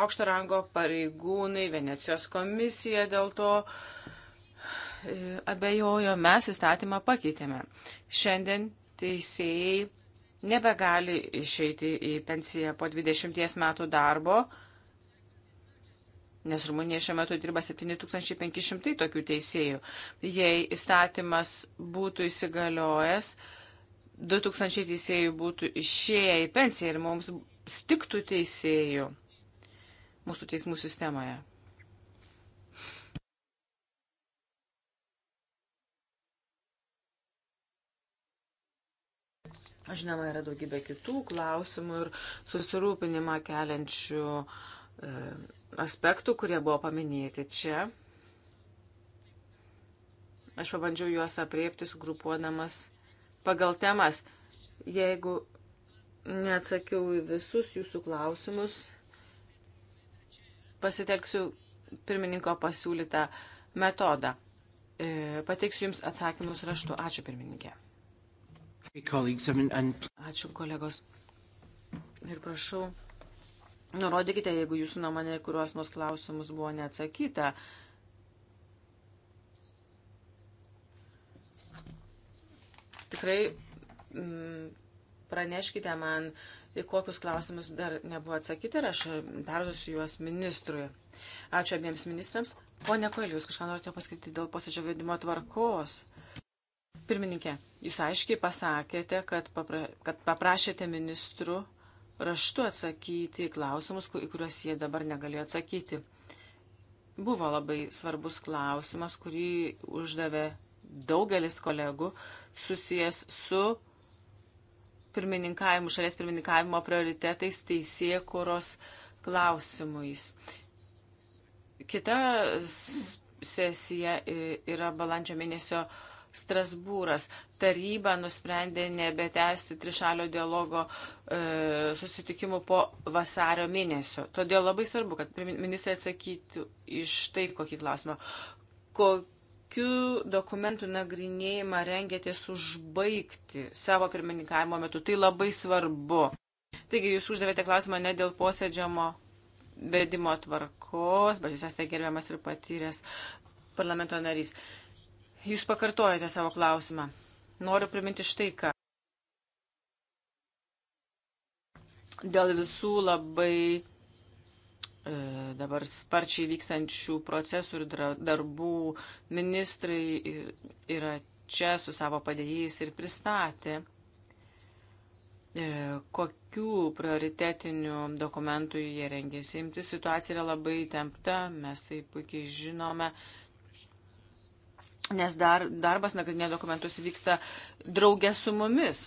aukšto rango pareigūnai, Venecijos komisija dėl to e, abejojo, mes įstatymą pakeitėme. Šiandien teisėjai nebegali išeiti į pensiją po 20 metų darbo, nes Rumunijoje šiuo metu dirba 7500 tokių teisėjų. Jei įstatymas būtų įsigaliojęs, 2000 teisėjų būtų išėję į pensiją ir mums stiktų teisėjų mūsų teismų sistemoje. Žinoma, yra daugybė kitų klausimų ir susirūpinimą keliančių e, aspektų, kurie buvo paminėti čia. Aš pabandžiau juos apriepti, sugrupuodamas pagal temas. Jeigu neatsakiau į visus jūsų klausimus, pasitelksiu pirmininko pasiūlytą metodą. E, pateiksiu Jums atsakymus raštu. Ačiū pirmininkė. Ačiū kolegos. Ir prašau Nurodykite, jeigu jūsų nuomonė, kuriuos nors klausimus buvo neatsakyta. Tikrai m, mm, praneškite man, į kokius klausimus dar nebuvo atsakyti ir aš perduosiu juos ministrui. Ačiū abiems ministrams. Pone Koilius, kažką norite pasakyti dėl posėdžio vedimo tvarkos? Pirmininkė, jūs aiškiai pasakėte, kad, papra kad paprašėte ministrų raštu atsakyti į klausimus, į kuriuos jie dabar negalėjo atsakyti. Buvo labai svarbus klausimas, kurį uždavė daugelis kolegų, susijęs su pirmininkavimu, šalies pirmininkavimo prioritetais teisėkuros klausimais. Kita sesija yra balandžio mėnesio Strasbūras taryba nusprendė nebetęsti trišalio dialogo e, susitikimų po vasario mėnesio. Todėl labai svarbu, kad ministrė atsakytų iš tai kokį klausimą. Kokiu dokumentų nagrinėjimą rengėtės užbaigti savo pirmininkavimo metu? Tai labai svarbu. Taigi, jūs uždavėte klausimą ne dėl posėdžiamo vedimo tvarkos, bet jūs esate gerbiamas ir patyręs parlamento narys. E, Jūs pakartojate savo klausimą. Noriu priminti štai ką. Dėl visų labai e, dabar sparčiai vykstančių procesų ir darbų ministrai yra čia su savo padėjėjais ir pristatė, e, kokių prioritetinių dokumentų jie rengėsi imti. Situacija yra labai tempta, mes tai puikiai žinome, nes dar, darbas nagrinė dokumentus vyksta draugė su mumis.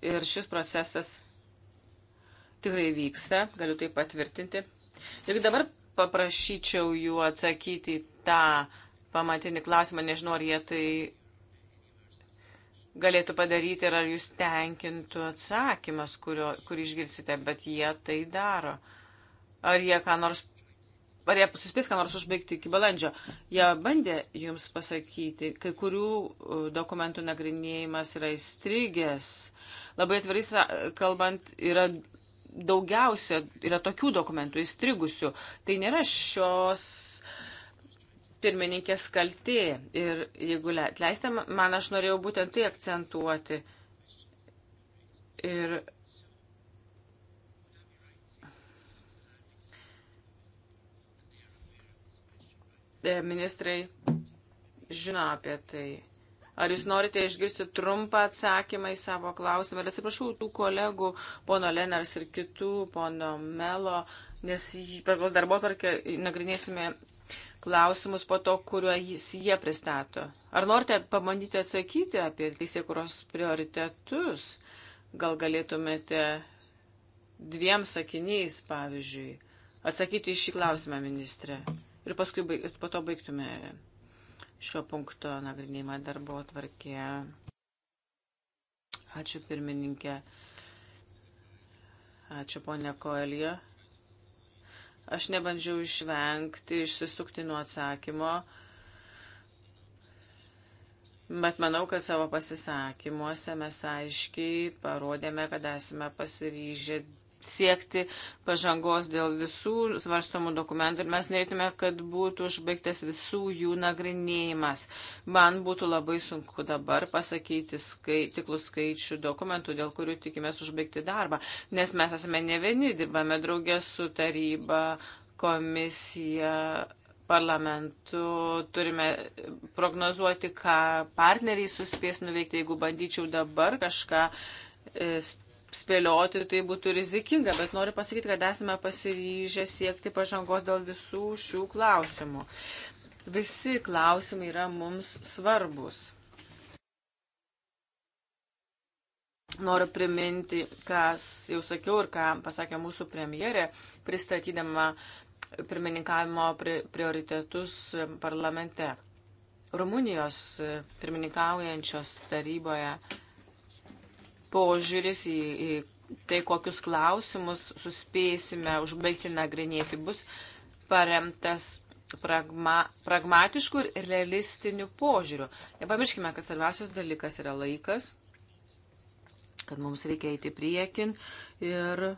Ir šis procesas tikrai vyksta, galiu tai patvirtinti. Ir dabar paprašyčiau jų atsakyti tą pamatinį klausimą, nežinau, ar jie tai galėtų padaryti ir ar jūs tenkintų atsakymas, kurio, kurį išgirsite, bet jie tai daro. Ar jie ką nors ar jie suspės ką nors užbaigti iki balandžio. Jie bandė jums pasakyti, kai kurių e, dokumentų nagrinėjimas yra įstrigęs. Labai atvirai kalbant, yra daugiausia, yra tokių dokumentų įstrigusių. Tai nėra šios pirmininkės kaltė. Ir jeigu leistė, man aš norėjau būtent tai akcentuoti. Ir E, ministrai žino apie tai. Ar jūs norite išgirsti trumpą atsakymą į savo klausimą? Ir atsiprašau tų kolegų, pono Lenars ir kitų, pono Melo, nes pagal darbo tvarkę nagrinėsime klausimus po to, kuriuo jis jie pristato. Ar norite pabandyti atsakyti apie teisėkuros prioritetus? Gal galėtumėte dviem sakiniais, pavyzdžiui, atsakyti į šį klausimą, ministrė? ir paskui baig, po to baigtume šio punkto nagrinėjimą darbo atvarkė. Ačiū pirmininkė. Ačiū ponia Koelija. Aš nebandžiau išvengti, išsisukti nuo atsakymo, bet manau, kad savo pasisakymuose mes aiškiai parodėme, kad esame pasiryžę siekti pažangos dėl visų svarstomų dokumentų ir mes norėtume, kad būtų užbaigtas visų jų nagrinėjimas. Man būtų labai sunku dabar pasakyti skai, tiklų skaičių dokumentų, dėl kurių tikimės užbaigti darbą, nes mes esame ne vieni, dirbame draugės su taryba, komisija, parlamentu, turime prognozuoti, ką partneriai suspės nuveikti, jeigu bandyčiau dabar kažką e, spėlioti, tai būtų rizikinga, bet noriu pasakyti, kad esame pasiryžę siekti pažangos dėl visų šių klausimų. Visi klausimai yra mums svarbus. Noriu priminti, kas jau sakiau ir ką pasakė mūsų premjerė, pristatydama pirmininkavimo prioritetus parlamente. Rumunijos pirmininkaujančios taryboje požiūris į, į tai, kokius klausimus suspėsime užbaigti nagrinėti, bus paremtas pragma, pragmatiškų ir realistinių požiūrių. Nepamirškime, kad svarbiausias dalykas yra laikas, kad mums reikia eiti priekin ir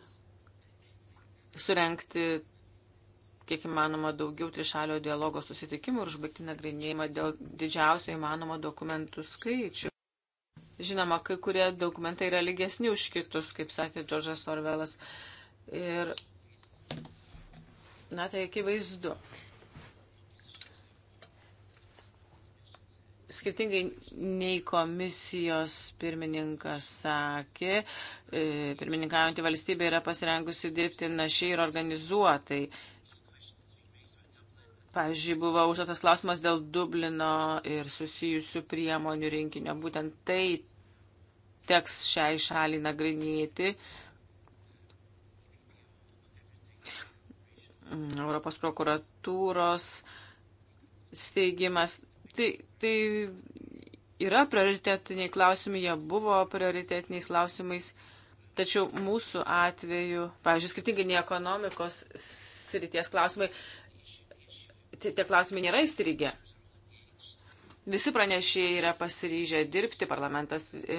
surenkti kiek įmanoma daugiau trišalio dialogo susitikimų ir užbaigti nagrinėjimą dėl didžiausio įmanomo dokumentų skaičių. Žinoma, kai kurie dokumentai yra lygesni už kitus, kaip sakė Džordžas Orvelas. Ir, na, tai akivaizdu. skirtingai nei komisijos pirmininkas sakė, e, pirmininkaujantį valstybę yra pasirengusi dirbti našiai ir organizuotai. Pavyzdžiui, buvo užduotas klausimas dėl Dublino ir susijusių priemonių rinkinio. Būtent tai teks šiai šaliai nagrinėti. Europos prokuratūros steigimas. Tai, tai yra prioritetiniai klausimai, jie buvo prioritetiniais klausimais, tačiau mūsų atveju, pavyzdžiui, skirtingai nei ekonomikos srities klausimai, tie klausimai nėra įstrigę. Visi pranešėjai yra pasiryžę dirbti, parlamentas e,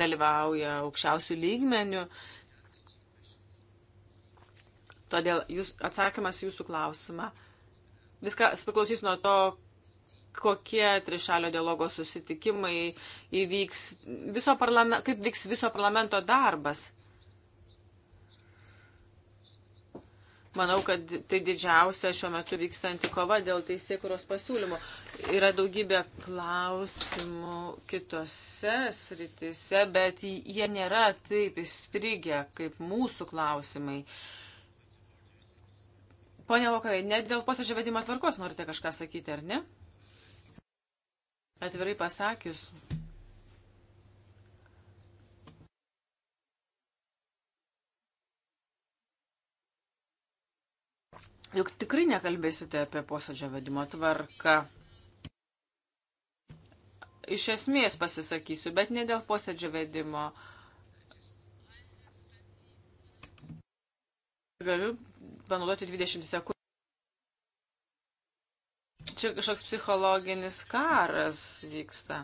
dalyvauja aukščiausių lygmenių. Todėl jūs, atsakymas jūsų klausimą. Viskas priklausys nuo to, kokie trišalio dialogo susitikimai įvyks, viso parlame, kaip vyks viso parlamento darbas. Manau, kad tai didžiausia šiuo metu vykstanti kova dėl teisėkuros pasiūlymų. Yra daugybė klausimų kitose sritise, bet jie nėra taip įstrigę kaip mūsų klausimai. Pone Vokarai, net dėl posėdžio vedimo tvarkos norite kažką sakyti, ar ne? Atvirai pasakius, Juk tikrai nekalbėsite apie posėdžio vedimo tvarką. Iš esmės pasisakysiu, bet ne dėl posėdžio vedimo. Galiu panaudoti 20 sekundžių. Čia kažkoks psichologinis karas vyksta.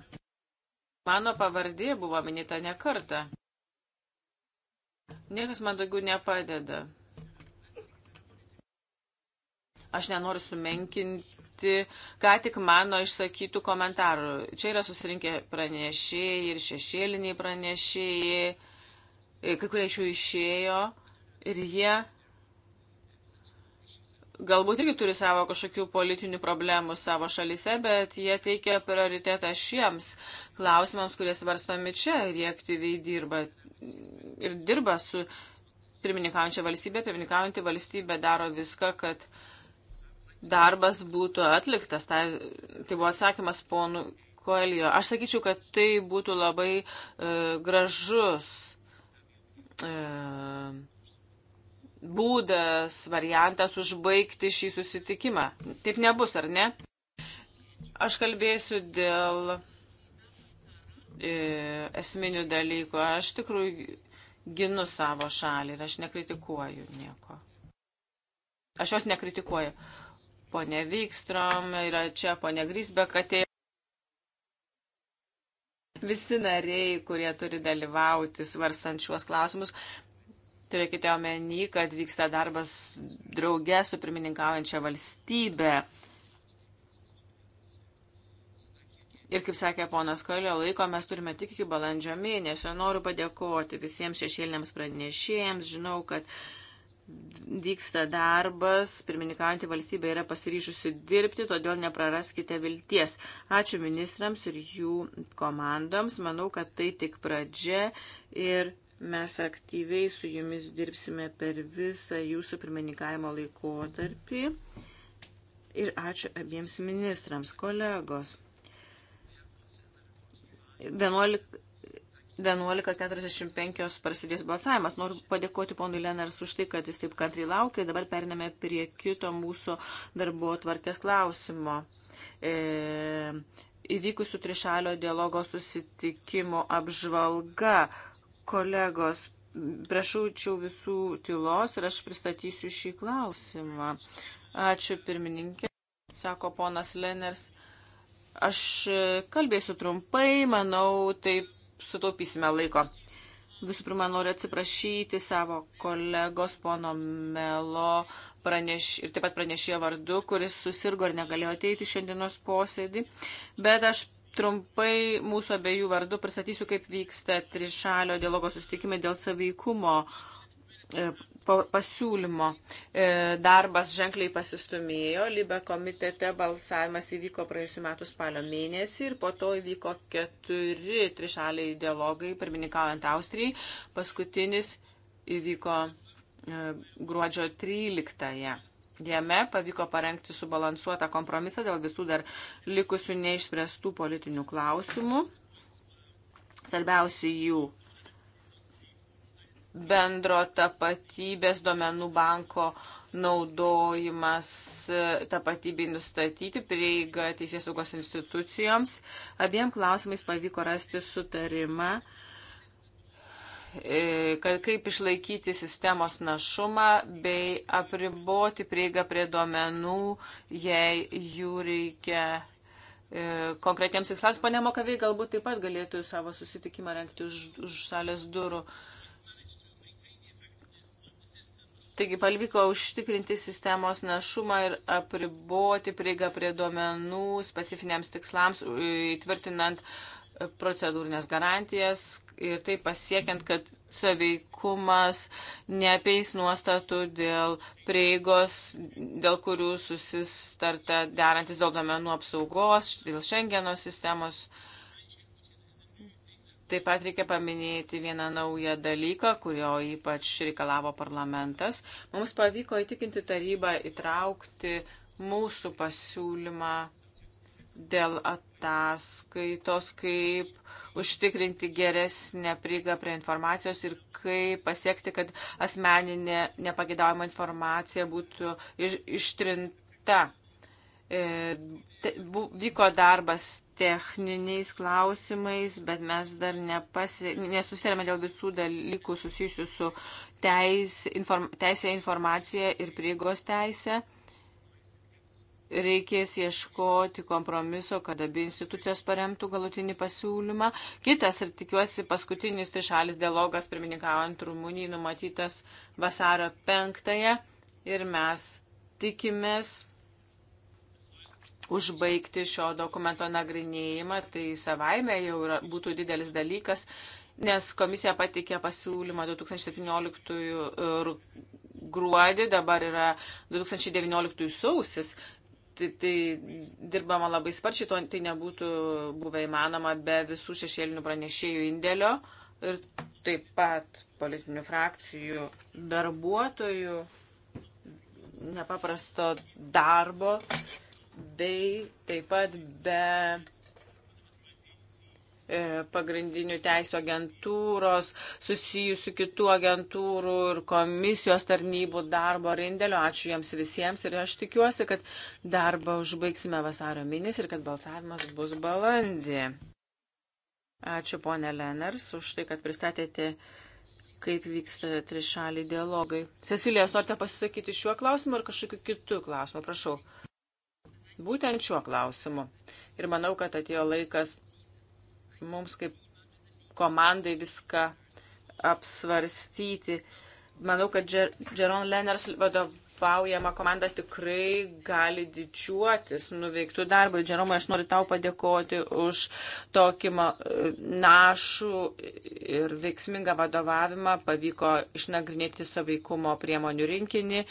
Mano pavardė buvo minėta ne kartą. Niekas man daugiau nepadeda. Aš nenoriu sumenkinti, ką tik mano išsakytų komentarų. Čia yra susirinkę pranešėjai ir šešėliniai pranešėjai, e, kai kurie iš jų išėjo ir jie galbūt irgi turi savo kažkokių politinių problemų savo šalise, bet jie teikia prioritetą šiems klausimams, kurie svarstomi čia ir jie aktyviai dirba ir dirba su pirmininkaujančia valstybė, pirmininkaujanti valstybė daro viską, kad uh, darbas būtų atliktas. Tai, tai buvo atsakymas ponų Koelio. Aš sakyčiau, kad tai būtų labai e, gražus e, būdas, variantas užbaigti šį susitikimą. Taip nebus, ar ne? Aš kalbėsiu dėl e, esminių dalykų. Aš tikrųjų ginu savo šalį ir aš nekritikuoju nieko. Aš jos nekritikuoju. Pone Vykstrom yra čia, pone Grisbek atėjo. Visi nariai, kurie turi dalyvauti svarstant šiuos klausimus, turėkite omeny, kad vyksta darbas drauge su pirmininkaujančia valstybė. Ir kaip sakė ponas Kalio, laiko mes turime tik iki balandžio mėnesio. Noriu padėkoti visiems šešėliniams pranešėjams. Žinau, kad uh, vyksta darbas, pirmininkaujantį valstybę yra pasiryžusi dirbti, todėl nepraraskite vilties. Ačiū ministrams ir jų komandoms. Manau, kad tai tik pradžia ir mes aktyviai su jumis dirbsime per visą jūsų pirmininkavimo laikotarpį. Ir ačiū abiems ministrams, kolegos. 11 11.45 prasidės balsavimas. Noriu padėkoti ponui Lenars už tai, kad jis taip kantriai laukia. Dabar periname prie kito mūsų darbo tvarkės klausimo. E, įvykusių trišalio dialogo susitikimo apžvalga. Kolegos, prašaučiau visų tylos ir aš pristatysiu šį klausimą. Ačiū pirmininkė, sako ponas Lenars. Aš kalbėsiu trumpai, manau, taip sutaupysime laiko. Visų pirma, noriu atsiprašyti savo kolegos pono Melo praneš, ir taip pat pranešėjo vardu, kuris susirgo ir negalėjo ateiti šiandienos posėdį. Bet aš trumpai mūsų abiejų vardu pristatysiu, kaip vyksta trišalio dialogo susitikimai dėl saveikumo uh, E, pasiūlymo e, darbas ženkliai pasistumėjo, Libe komitete balsavimas įvyko praėjusiu metu spalio mėnesį ir po to įvyko keturi trišaliai dialogai, pirmininkaujant Austrijai, paskutinis įvyko e, gruodžio 13-ąją. Jame pavyko parengti subalansuotą kompromisą dėl visų dar likusių neišspręstų politinių klausimų. Svarbiausi jų bendro tapatybės duomenų banko naudojimas e, tapatybei nustatyti prieigą teisės saugos institucijoms. Abiem klausimais pavyko rasti sutarimą, e, kad kaip išlaikyti sistemos našumą bei apriboti prieigą prie duomenų, jei jų reikia e, konkretiems tikslams. Pane Mokavai galbūt taip pat galėtų savo susitikimą renkti už, už salės durų. Uh, Taigi pavyko užtikrinti sistemos našumą ir apriboti prieigą prie duomenų specifiniams tikslams, įtvirtinant procedūrinės garantijas ir taip pasiekiant, kad saveikumas neapeis nuostatų dėl prieigos, dėl kurių susistarta derantis dėl domenų apsaugos, dėl Schengeno sistemos. Uh, Taip pat reikia paminėti vieną naują dalyką, kurio ypač reikalavo parlamentas. Mums pavyko įtikinti tarybą įtraukti mūsų pasiūlymą dėl ataskaitos, kaip užtikrinti geresnę prieigą prie informacijos ir kaip pasiekti, kad asmeninė nepagėdaujama informacija būtų iš, ištrinta. E, te, bu, vyko darbas techniniais klausimais, bet mes dar nepasi, nesusitėrėme dėl visų dalykų susijusių su teis, inform, teisė informacija ir prieigos teisė. Reikės ieškoti kompromiso, kad abi institucijos paremtų galutinį pasiūlymą. Kitas ir tikiuosi paskutinis tai šalis dialogas pirmininkaujant Rumunijai numatytas vasario penktąją ir mes tikimės užbaigti šio dokumento nagrinėjimą, tai savaime jau yra, būtų didelis dalykas, nes komisija pateikė pasiūlymą 2017 gruodį, dabar yra 2019 sausis. Tai, tai dirbama labai sparčiai, to tai nebūtų buvę įmanoma be visų šešėlinių pranešėjų indėlio ir taip pat politinių frakcijų darbuotojų nepaprasto darbo bei taip pat be e, pagrindinių teisų agentūros, susijusių kitų agentūrų ir komisijos tarnybų darbo rindelio. Ačiū jiems visiems ir aš tikiuosi, kad darbą užbaigsime vasario mėnesį ir kad balsavimas bus balandį. Ačiū ponė Lenars už tai, kad pristatėte, kaip vyksta trišaliai dialogai. Cecilija, jūs norite pasisakyti šiuo klausimu ar kažkokiu kitu klausimu? Prašau būtent šiuo klausimu. Ir manau, kad atėjo laikas mums kaip komandai viską apsvarstyti. Manau, kad Jeron Lenners vadovavo vadovaujama komanda tikrai gali didžiuotis nuveiktų darbų. Džeromai, aš noriu tau padėkoti už tokį našų ir veiksmingą vadovavimą. Pavyko išnagrinėti savaikumo priemonių rinkinį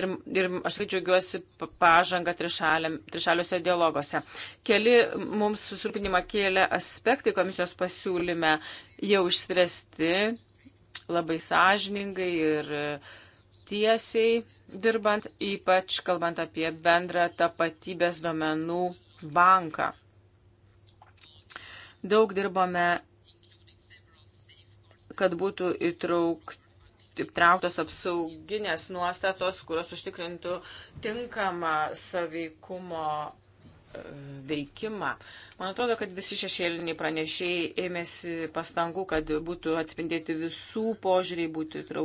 ir, ir aš tai džiaugiuosi pažanga trišaliuose dialoguose. Keli mums susirūpinimą kėlė aspektai komisijos pasiūlyme jau išspręsti labai sąžiningai ir uh, tiesiai dirbant, ypač kalbant apie bendrą tapatybės duomenų banką. Daug dirbome, kad būtų įtraukti įtrauktos apsauginės nuostatos, kurios užtikrintų tinkamą saveikumo veikimą. Man atrodo, kad visi šešėliniai pranešėjai ėmėsi pastangų, kad būtų atspindėti visų požiūriai, būtų trau,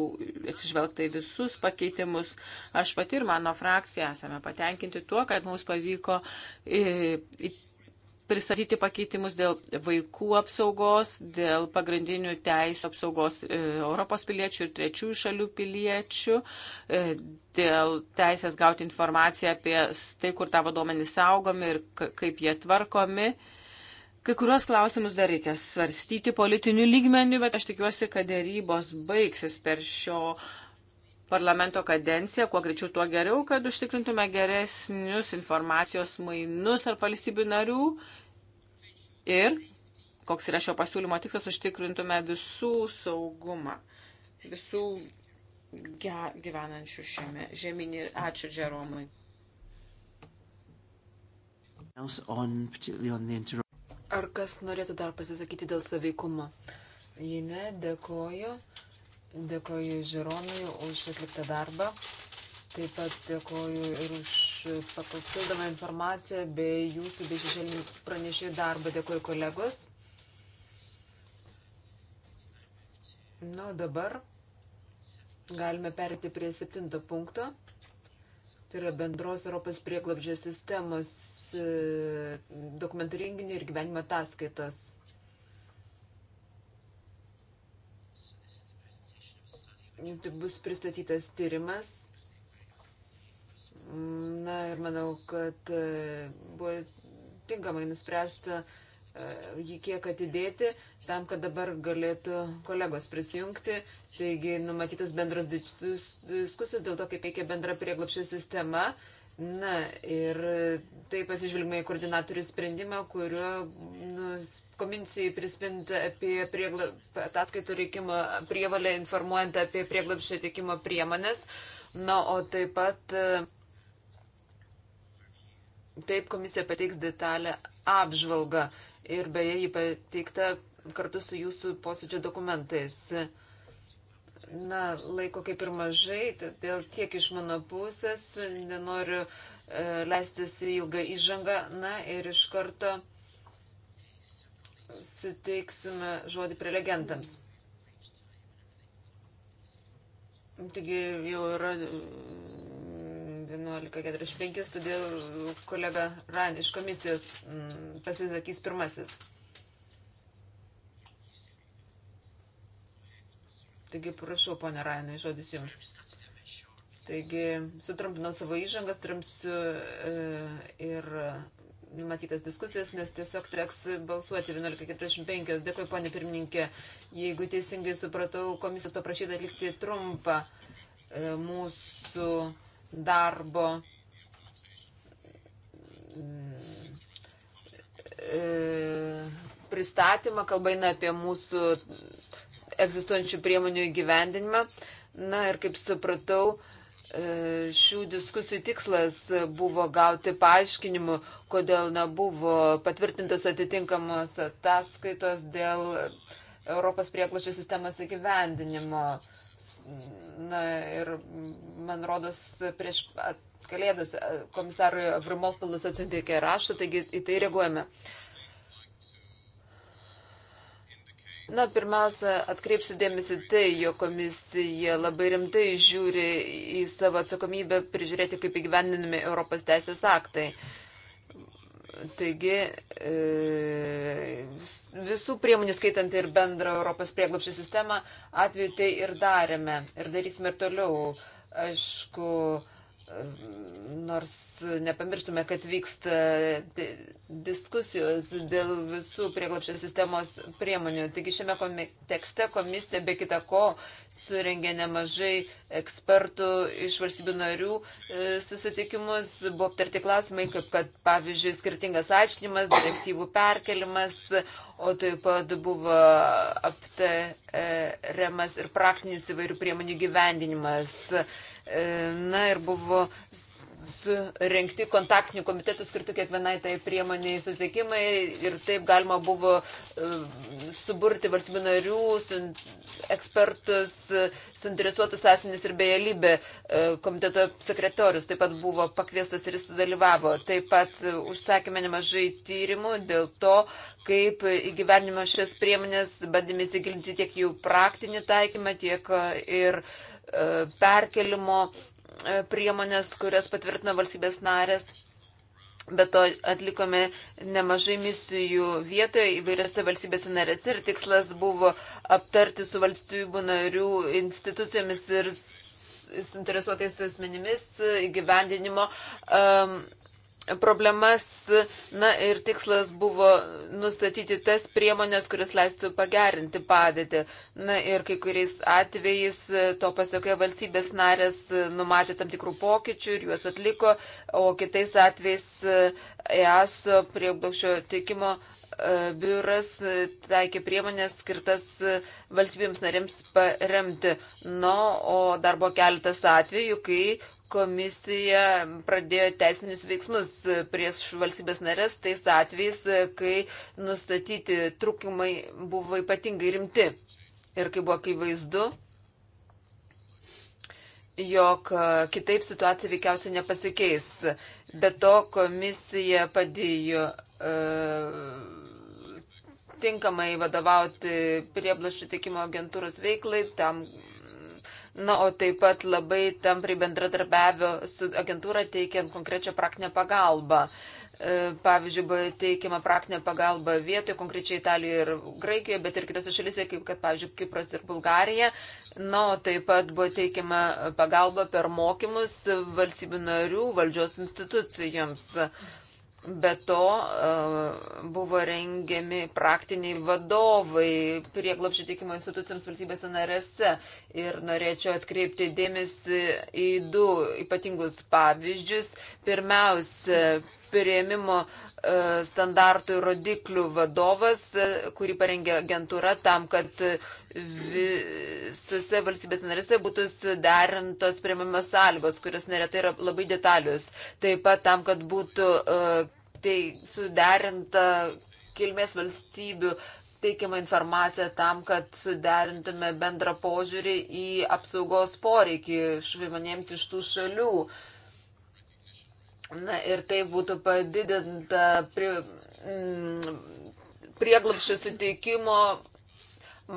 atsižvelgta į visus pakeitimus. Aš pati ir mano frakcija esame patenkinti tuo, kad mums pavyko e, pristatyti pakeitimus dėl vaikų apsaugos, dėl pagrindinių teisų apsaugos e, Europos piliečių ir trečiųjų šalių piliečių, e, dėl teisės gauti informaciją apie tai, kur tavo duomenys saugomi ir kaip jie tvarkomi. Kai kuriuos klausimus dar reikia svarstyti politiniu lygmeniu, bet aš tikiuosi, kad dėrybos baigsis per šio parlamento kadenciją, kuo greičiau, tuo geriau, kad užtikrintume geresnius informacijos mainus tarp valstybių narių ir, koks yra šio pasiūlymo tikslas, užtikrintume visų saugumą, visų gyvenančių šiame žemynį. Ačiū Džeromui. Ar kas norėtų dar pasisakyti dėl saveikumo? Ji ne, dėkoju. Dėkoju Žironui už atliktą darbą. Taip pat dėkoju ir už papildomą informaciją bei jūsų bei šešėlinių pranešėjų darbą. Dėkoju kolegos. Nu, dabar galime perėti prie septinto punkto. Tai yra bendros Europos prieglobžio sistemos e, dokumentų rinkinio ir gyvenimo ataskaitos. bus pristatytas tyrimas. Na ir manau, kad e, buvo tinkamai nuspręsta e, jį kiek atidėti, tam, kad dabar galėtų kolegos prisijungti. Taigi numatytos bendros diskusijos dėl to, kaip veikia bendra prieglapščio sistema. Uh, Na ir e, taip atsižvelgime į koordinatorių sprendimą, kuriuo nu, komisijai prispinta apie priegla... ataskaitų reikimo prievalę informuojant apie prieglapščio teikimo priemonės. Na, o taip pat e, taip komisija pateiks detalę apžvalgą ir beje jį pateikta kartu su jūsų posėdžio dokumentais na, laiko kaip ir mažai, todėl tiek iš mano pusės nenoriu e, leistis į ilgą įžangą. Na ir iš karto suteiksime žodį prelegentams. Taigi jau yra 11.45, mm, todėl kolega Ran iš komisijos mm, pasisakys pirmasis. Taigi, prašau, ponė Rainai, žodis jums. Taigi, sutrumpinau savo įžangą, trumpsiu e, ir numatytas diskusijas, nes tiesiog teks balsuoti 11.45. Dėkui, ponė pirmininkė. Jeigu teisingai supratau, komisijos paprašyta atlikti trumpą e, mūsų darbo mm, e, pristatymą, kalba eina apie mūsų egzistuojančių priemonių įgyvendinimą. Na ir kaip supratau, e, šių diskusijų tikslas buvo gauti paaiškinimų, kodėl nebuvo patvirtintos atitinkamos ataskaitos dėl Europos prieklaščių sistemos įgyvendinimo. Na ir man rodos prieš kalėdas komisarui Avramopolis atsintė raštą, taigi į tai reaguojame. Uh, Na, pirmiausia, atkreipsiu dėmesį tai, jo komisija labai rimtai žiūri į savo atsakomybę prižiūrėti, kaip įgyvendinami Europos teisės aktai. Taigi, e, visų priemonių, skaitant ir bendrą Europos prieglapščių sistemą, atveju tai ir darėme ir darysime ir toliau. Aišku, Nors nepamirštume, kad vyksta diskusijos dėl visų prieglapščio sistemos priemonių. Taigi šiame tekste komisija be kita ko surengė nemažai ekspertų iš valstybių narių e, susitikimus. Buvo aptarti klausimai, kaip kad, pavyzdžiui, skirtingas aiškinimas, direktyvų perkelimas, o taip pat buvo aptariamas ir praktinis įvairių priemonių gyvendinimas. E, na ir buvo surenkti kontaktinių komitetų skirtų kiekvienai tai priemoniai susiekimai ir taip galima buvo e, suburti valstybių narių, ekspertus, suinteresuotus asmenys ir beje lybė e, komiteto sekretorius taip pat buvo pakviestas ir jis sudalyvavo. Taip pat užsakėme nemažai tyrimų dėl to, kaip įgyvenimo šias priemonės bandėme įsigilinti tiek jų praktinį taikymą, tiek ir uh, E, perkelimo e, priemonės, kurias patvirtino valstybės narės. Bet to atlikome nemažai misijų vietoje įvairiose valstybėse narėse ir tikslas buvo aptarti su valstybių narių institucijomis ir suinteresuotais asmenimis įgyvendinimo um, problemas, na ir tikslas buvo nustatyti tas priemonės, kuris leistų pagerinti padėtį. Na ir kai kuriais atvejais to pasiekoje valstybės narės numatė tam tikrų pokyčių ir juos atliko, o kitais atvejais EASO prieblokščio teikimo e, biuras taikė priemonės skirtas valstybėms narėms paremti. Na, no, o dar buvo keletas atvejų, kai komisija pradėjo teisinius veiksmus prieš valstybės narės tais atvejais, kai nustatyti trūkumai buvo ypatingai rimti. Ir kai buvo akivaizdu, jog kitaip situacija veikiausiai nepasikeis. Be to komisija padėjo e, tinkamai vadovauti prieblašų tikimo agentūros veiklai, tam Na, o taip pat labai tampri bendradarbiavio su agentūra teikiant konkrečią praktinę pagalbą. E, pavyzdžiui, buvo teikiama praktinė pagalba vietoje, konkrečiai Italijoje ir Graikijoje, bet ir kitose šalise, kaip kad, pavyzdžiui, Kipras ir Bulgarija. Na, o taip pat buvo teikiama pagalba per mokymus valstybių narių valdžios institucijoms. Mhm. Be to e, buvo rengiami praktiniai vadovai prieglopšio teikimo institucijams valstybėse narėse. Ir norėčiau atkreipti dėmesį į du ypatingus pavyzdžius. Pirmiausia, prieimimo e, standartų ir rodiklių vadovas, e, kurį parengė agentūra tam, kad visose valstybės narėse būtų suderintos prieimimas sąlygos, kurios neretai yra labai detalius. Taip pat tam, kad būtų e, tai suderinta kilmės valstybių teikiamą informaciją tam, kad suderintume bendrą požiūrį į apsaugos poreikį žmonėms iš tų šalių. Uh, Na ir tai būtų padidinta prie, m, mm, prieglapščio suteikimo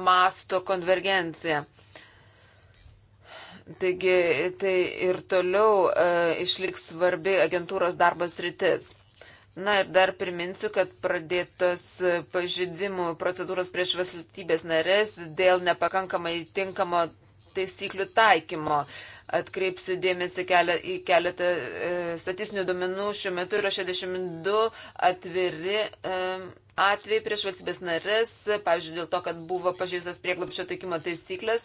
masto konvergencija. Taigi tai ir toliau e, išliks svarbi agentūros darbos rytis. Na ir dar priminsiu, kad pradėtos pažydimų procedūros prieš valstybės narės dėl nepakankamai tinkamo taisyklių taikymo. Atkreipsiu dėmesį kelia, į keletą e, statistinių duomenų. Šiuo metu yra 62 atviri e, atvejai prieš valstybės narės, pavyzdžiui, dėl to, kad buvo pažeistos prieglapšio taikimo taisyklės.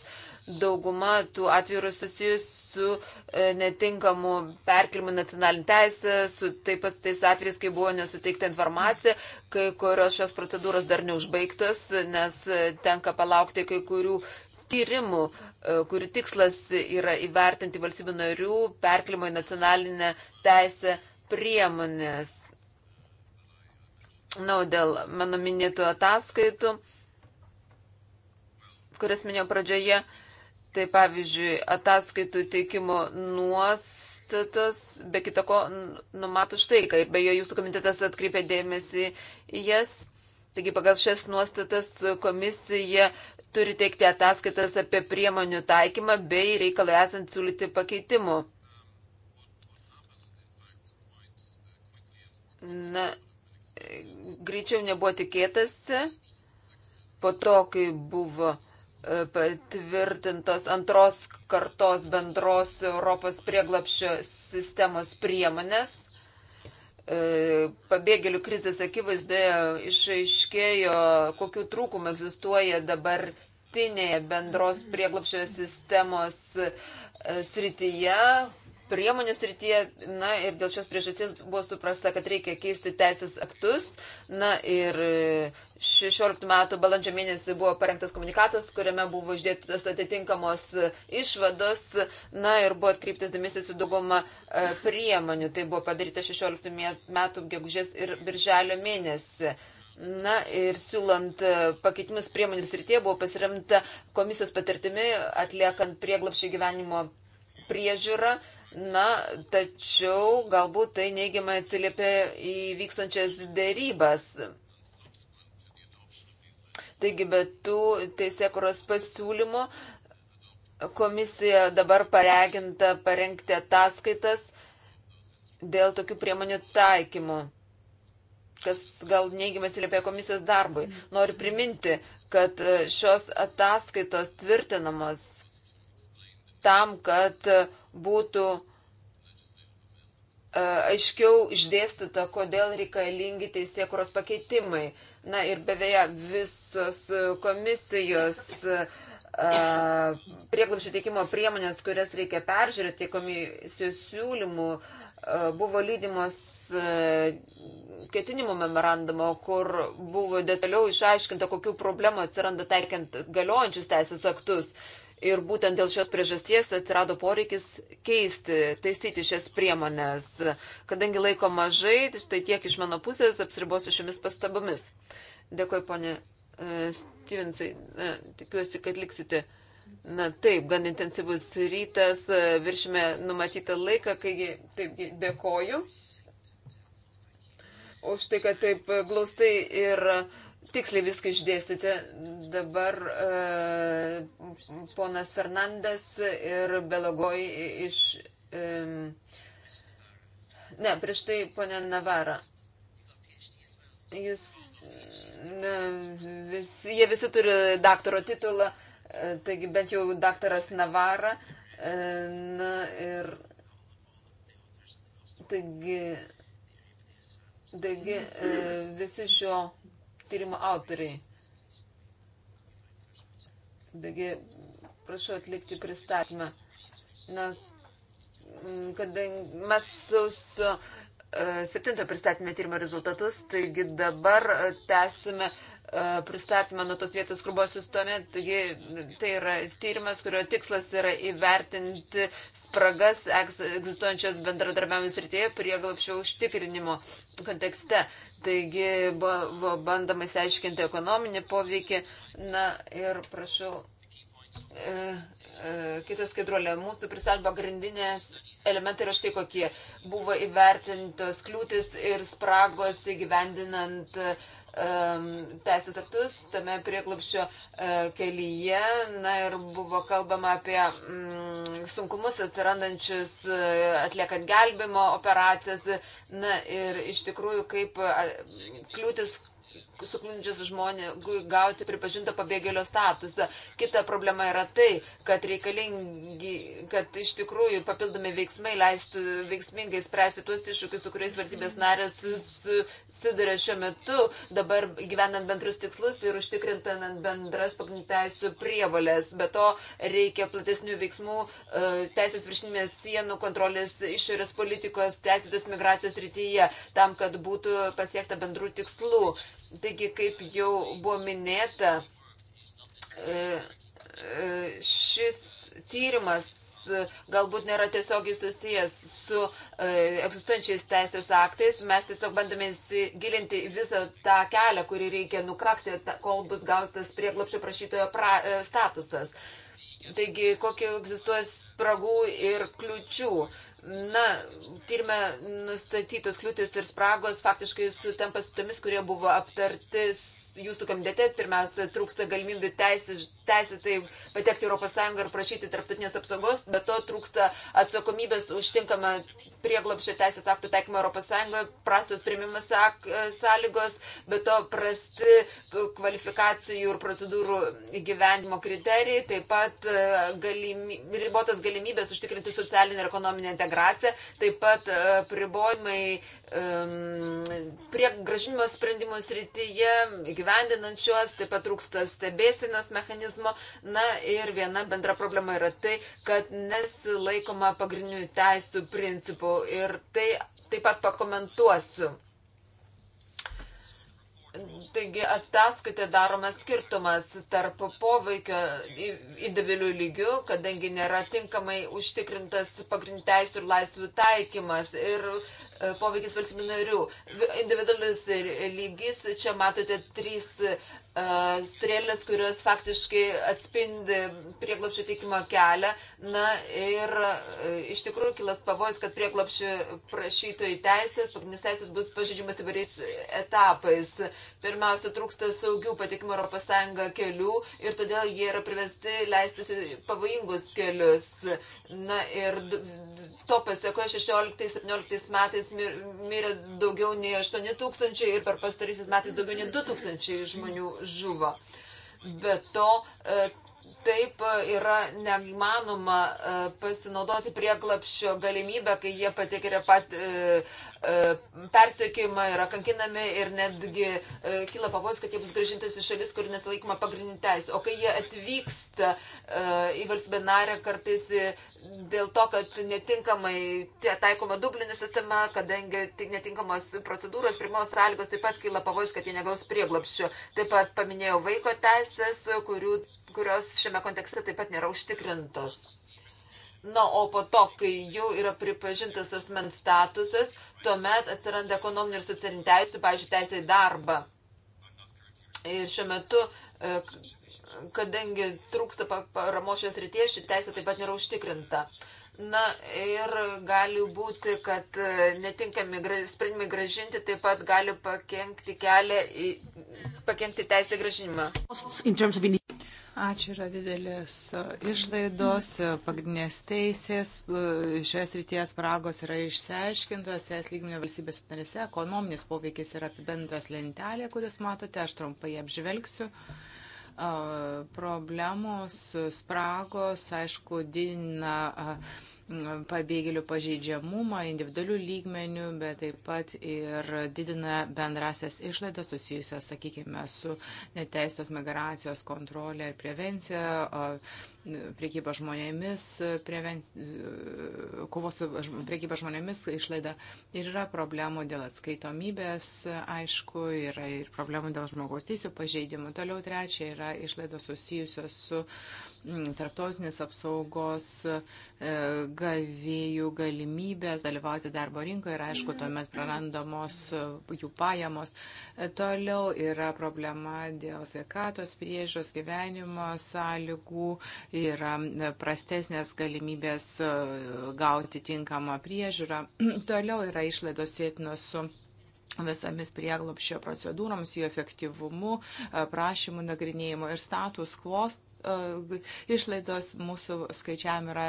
Dauguma tų atvejų yra susijusi su e, netinkamu perkelimu nacionalinį teisę, su taip pat tais atvejais, kai buvo nesuteikta informacija, kai kurios šios procedūros dar neužbaigtos, nes e, tenka palaukti kai kurių tyrimų, e, kurių tikslas yra įvertinti valstybių narių perkelimo į nacionalinę teisę priemonės. Na, o dėl mano minėtų ataskaitų, kurias minėjau pradžioje, tai pavyzdžiui, ataskaitų teikimo nuostatos, be kitako, numato štai ką ir beje, jūsų komitetas atkreipė dėmesį į jas. Taigi pagal šias nuostatas komisija turi teikti ataskaitas apie priemonių taikymą bei reikalai esant siūlyti pakeitimų. Na, greičiau nebuvo tikėtasi, po to, kai buvo e, patvirtintos antros kartos bendros Europos prieglapščio sistemos priemonės E, pabėgėlių krizės akivaizdoje išaiškėjo, kokiu trūkumu egzistuoja dabartinėje bendros prieglapšio sistemos e, srityje, priemonės rytyje, na ir dėl šios priežasties buvo suprasta, kad reikia keisti teisės aktus, na ir 16 e, metų balandžio mėnesį buvo parengtas komunikatas, kuriame buvo išdėtos atitinkamos e, išvados, na ir buvo atkreiptas dėmesys į daugumą e, priemonių, tai buvo padaryta 16 metų gegužės ir birželio mėnesį. Na ir siūlant pakeitimus priemonės rytie buvo pasiremta komisijos patirtimi atliekant prieglapšį gyvenimo priežiūra, na, tačiau galbūt tai neigiamai atsiliepia į vykstančias dėrybas. Taigi, bet tų teisėkuros pasiūlymų komisija dabar pareginta parengti ataskaitas dėl tokių priemonių taikymų kas gal neigiamai atsiliepia komisijos darbui. Noriu priminti, kad e, šios ataskaitos tvirtinamos tam, kad e, būtų e, aiškiau išdėstyta, kodėl reikalingi teisėkuros pakeitimai. Na ir beveja visos komisijos e, prieglapšio teikimo priemonės, kurias reikia peržiūrėti komisijų siūlymų, buvo lydimos ketinimo memorandumo, kur buvo detaliau išaiškinta, kokių problemų atsiranda taikiant galiojančius teisės aktus. Ir būtent dėl šios priežasties atsirado poreikis keisti, taisyti šias priemonės. Kadangi laiko mažai, tai tiek iš mano pusės apsiribosiu šiomis pastabomis. Dėkuoju, ponė e, Stevensai, e, tikiuosi, kad liksite. Na taip, gan intensyvus rytas, e, viršime numatytą laiką, kai taip dėkoju už tai, kad taip glaustai ir uh, tiksliai viską išdėstėte. Dabar e, ponas Fernandas ir Belagoj iš. E, ne, prieš tai ponė Navara. Jūs. Ne, vis, jie visi turi daktaro titulą, e, taigi bent jau daktaras Navara. E, na ir. Taigi. Taigi e, visi šio tyrimo autoriai. Taigi, prašau atlikti pristatymą. Na, kadangi mes sausio e, septinto pristatėme tyrimo rezultatus, taigi dabar e, tęsime e, pristatymą nuo tos vietos, kur buvo sustomė. Taigi tai yra tyrimas, kurio tikslas yra įvertinti spragas egzistuojančios bendradarbiavimus rytėje prieglapščio užtikrinimo kontekste. Taigi buvo bandama įsiaiškinti ekonominį poveikį. Na ir prašau, e, e, kitas skaidruolė, mūsų prisalba grindinės elementai yra štai kokie. Buvo įvertintos kliūtis ir spragos įgyvendinant Ehm, teisės aktus tame prieglapščio eh, kelyje. Na ir buvo kalbama apie mm, sunkumus atsirandančius eh, atliekant gelbimo operacijas. Na ir iš tikrųjų, kaip kliūtis suklinčius žmonės gauti pripažinto pabėgėlio statusą. Kita problema yra tai, kad reikalingi, kad iš tikrųjų papildomi veiksmai leistų veiksmingai spręsti tuos iššūkius, su kuriais valstybės narės susiduria šiuo metu, dabar gyvenant bendrus tikslus ir užtikrintant bendras pagrindinteisių prievalės. Be to reikia platesnių veiksmų e, teisės viršinimės sienų kontrolės išorės politikos teisėtos migracijos rytyje, tam, kad būtų pasiekta bendrų tikslų. Tai Taigi, kaip jau buvo minėta, e, e, šis tyrimas galbūt nėra tiesiogiai susijęs su e, egzistuojančiais teisės aktais. Mes tiesiog bandome įsigilinti visą tą kelią, kurį reikia nukakti, kol bus gaustas prieglopšio prašytojo pra, statusas. Taigi, kokie egzistuoja spragų ir kliučių. Na, tyrime nustatytos kliūtis ir spragos faktiškai sutampa su tomis, kurie buvo aptartis jūsų komitete pirmiausia trūksta galimybių teisėtai patekti Europos Sąjungą ir prašyti tarptautinės apsaugos, bet to trūksta atsakomybės užtinkamą prieglapščio teisės aktų taikymą Europos Sąjungoje, prastos primimas sąlygos, bet to prasti kvalifikacijų ir procedūrų gyvenimo kriterijai, taip pat e, galimy, ribotos galimybės užtikrinti socialinę ir ekonominę integraciją, taip pat e, pribojimai Ehm, prie gražinimo sprendimų srityje, gyvendinančios, taip pat trūksta stebėsinos mechanizmo. Na ir viena bendra problema yra tai, kad nesilaikoma pagrindinių teisų principų ir tai taip pat pakomentuosiu. Taigi ataskaitė daromas skirtumas tarp poveikio individualių lygių, kadangi nėra tinkamai užtikrintas pagrindinių teisų ir laisvių taikymas ir e, poveikis valstybių narių. Individualius lygis, čia matote trys strėlės, kurios faktiškai atspindi prieglopščių teikimo kelią. Na ir e, iš tikrųjų kilas pavojus, kad prieglopščių prašytojų teisės, pagrindinės teisės bus pažydžiamas įvairiais etapais. Pirmiausia, trūksta saugių patikimo ES kelių ir todėl jie yra privesti leistis pavojingus kelius. Na ir to pasiekoje 16-17 metais mirė daugiau nei 8 tūkstančiai ir per pastarysis metais daugiau nei 2 tūkstančiai žmonių žuvo. Be to, e, taip e, yra neįmanoma e, pasinaudoti prieglapščio galimybę, kai jie patikė pat, E, persiekimą, yra kankinami ir netgi e, kyla pavojus, kad jie bus gražintas į šalis, kur nesilaikoma pagrindinių teisų. O kai jie atvyksta e, į valstybę narę kartais dėl to, kad netinkamai taikoma dublinė sistema, kadangi netinkamos procedūros, pirmos sąlygos, taip pat kyla pavojus, kad jie negaus prieglapščio. Taip pat paminėjau vaiko teisės, kurių, kurios šiame kontekste taip pat nėra užtikrintos. Na, o po to, kai jau yra pripažintas asmens statusas, tuomet atsiranda ekonominių ir socialinių teisų, pavyzdžiui, teisė į darbą. Ir šiuo metu, e, kadangi trūksta paramos šios ryties, ši teisė taip pat nėra užtikrinta. Na ir gali būti, kad e, netinkami sprendimai gražinti taip pat gali pakengti kelią į pakengti teisę gražinimą. Ačiū, yra didelės e, išlaidos, e, pagrindinės teisės, e, šios ryties spragos yra išsiaiškintos, es lygminio valstybės narėse, ekonominis poveikis yra apibendras lentelė, kuris matote, aš trumpai apžvelgsiu. Problemos, spragos, aišku, didina pabėgėlių pažeidžiamumą individualių lygmenių, bet taip pat ir didina bendrasias išlaidas susijusias, sakykime, su neteistos migracijos kontrolė ir prevencija, priekyba žmonėmis, preven... kovos su priekyba žmonėmis išlaida. Ir yra problemų dėl atskaitomybės, aišku, yra ir problemų dėl žmogaus teisų pažeidimų. Toliau trečia yra išlaidos susijusios su uh, Mm, tarptautinės apsaugos e, gavėjų galimybės dalyvauti darbo rinkoje ir aišku, tuomet prarandamos e, jų pajamos. E, toliau yra problema dėl sveikatos priežos gyvenimo sąlygų, yra prastesnės galimybės gauti tinkamą priežiūrą. Toliau yra išlaidos sėtinos su visomis prieglopščio procedūroms, jų efektyvumu, prašymų nagrinėjimo ir status quo išlaidos mūsų skaičiavim yra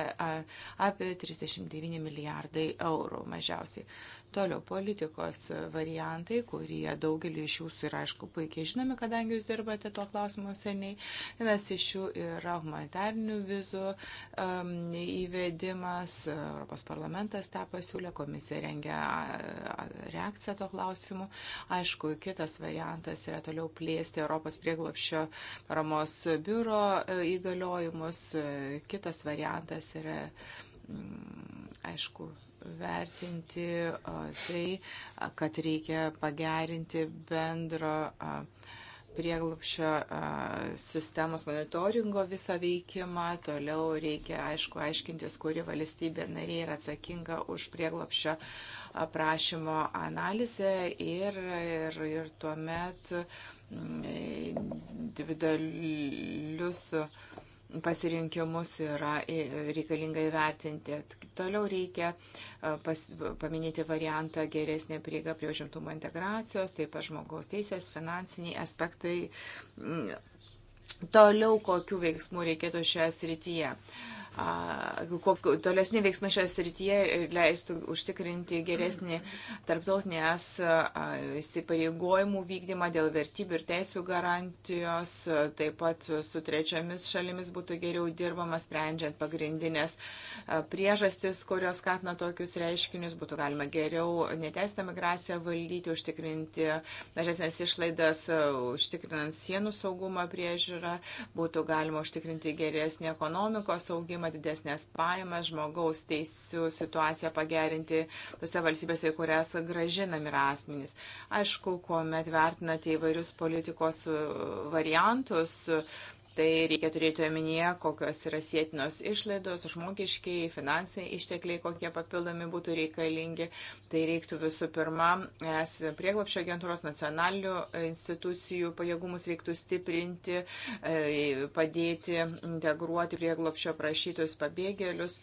apie 39 milijardai eurų mažiausiai. Toliau politikos variantai, kurie daugelį iš jūsų yra aišku puikiai žinomi, kadangi jūs dirbate tuo klausimu seniai. Vienas iš jų yra humanitarnių vizų um, įvedimas. Europos parlamentas tą pasiūlė, komisija rengia reakciją tuo klausimu. Aišku, kitas variantas yra toliau plėsti Europos prieglopščio paramos biuro e, įgaliojimus. Kitas variantas yra, mm, aišku, vertinti tai, kad reikia pagerinti bendro prieglupščio sistemos monitoringo visą veikimą. Toliau reikia, aišku, aiškintis, kuri valstybė narė yra atsakinga už prieglupščio prašymo analizę ir, ir, ir tuomet individualius pasirinkimus yra reikalinga įvertinti. Toliau reikia e, pas, paminėti variantą geresnė prieiga prie užimtumo integracijos, taip pat žmogaus teisės, finansiniai aspektai. Mm, toliau kokių veiksmų reikėtų šioje srityje. Uh, tolesni veiksmai šioje srityje leistų užtikrinti geresnį tarptautinės įsipareigojimų vykdymą dėl vertybių ir teisų garantijos, taip pat su trečiamis šalimis būtų geriau dirbama, sprendžiant pagrindinės priežastis, kurios skatina tokius reiškinius, būtų galima geriau neteistą migraciją valdyti, užtikrinti mažesnės išlaidas, užtikrinant sienų saugumą priežiūrą, būtų galima užtikrinti geresnį ekonomikos augimą užima didesnės pajamas, žmogaus teisų situaciją pagerinti tose valstybėse, į kurias gražinami yra asmenys. Aišku, kuomet vertinate įvairius politikos variantus, Tai reikia turėti omenyje, kokios yra sėtinos išlaidos, žmogiškiai, finansiniai ištekliai, kokie papildomi būtų reikalingi. Tai reiktų visų pirma, es prieglapšio agentūros nacionalinių institucijų pajėgumus reiktų stiprinti, e, padėti integruoti prieglapšio prašytus pabėgėlius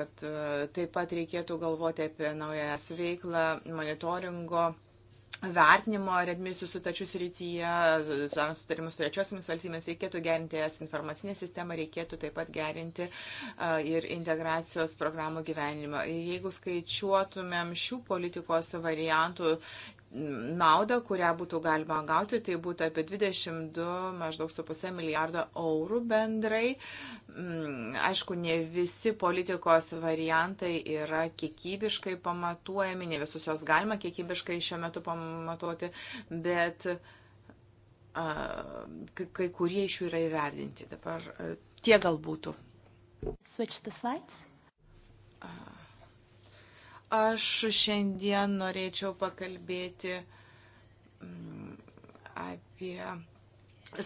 kad e, taip pat reikėtų galvoti apie naujas veiklą monitoringo vertinimo redmisijų sutačių srityje, zonų sutarimus su trečiosiamis valstybėmis reikėtų gerinti es informacinę sistemą, reikėtų taip pat gerinti ir integracijos programų gyvenimą. Ir jeigu skaičiuotumėm šių politikos variantų naudą, kurią būtų galima gauti, tai būtų apie 22 maždaug su pusė milijardo eurų bendrai. Mm, aišku, ne visi politikos variantai yra kiekybiškai pamatuojami, ne visus jos galima kiekybiškai šiuo metu pamatuoti, bet kai kurie iš jų yra įverdinti. Dabar tie gal būtų. Switch the slides. Uh. Aš šiandien norėčiau pakalbėti mm, apie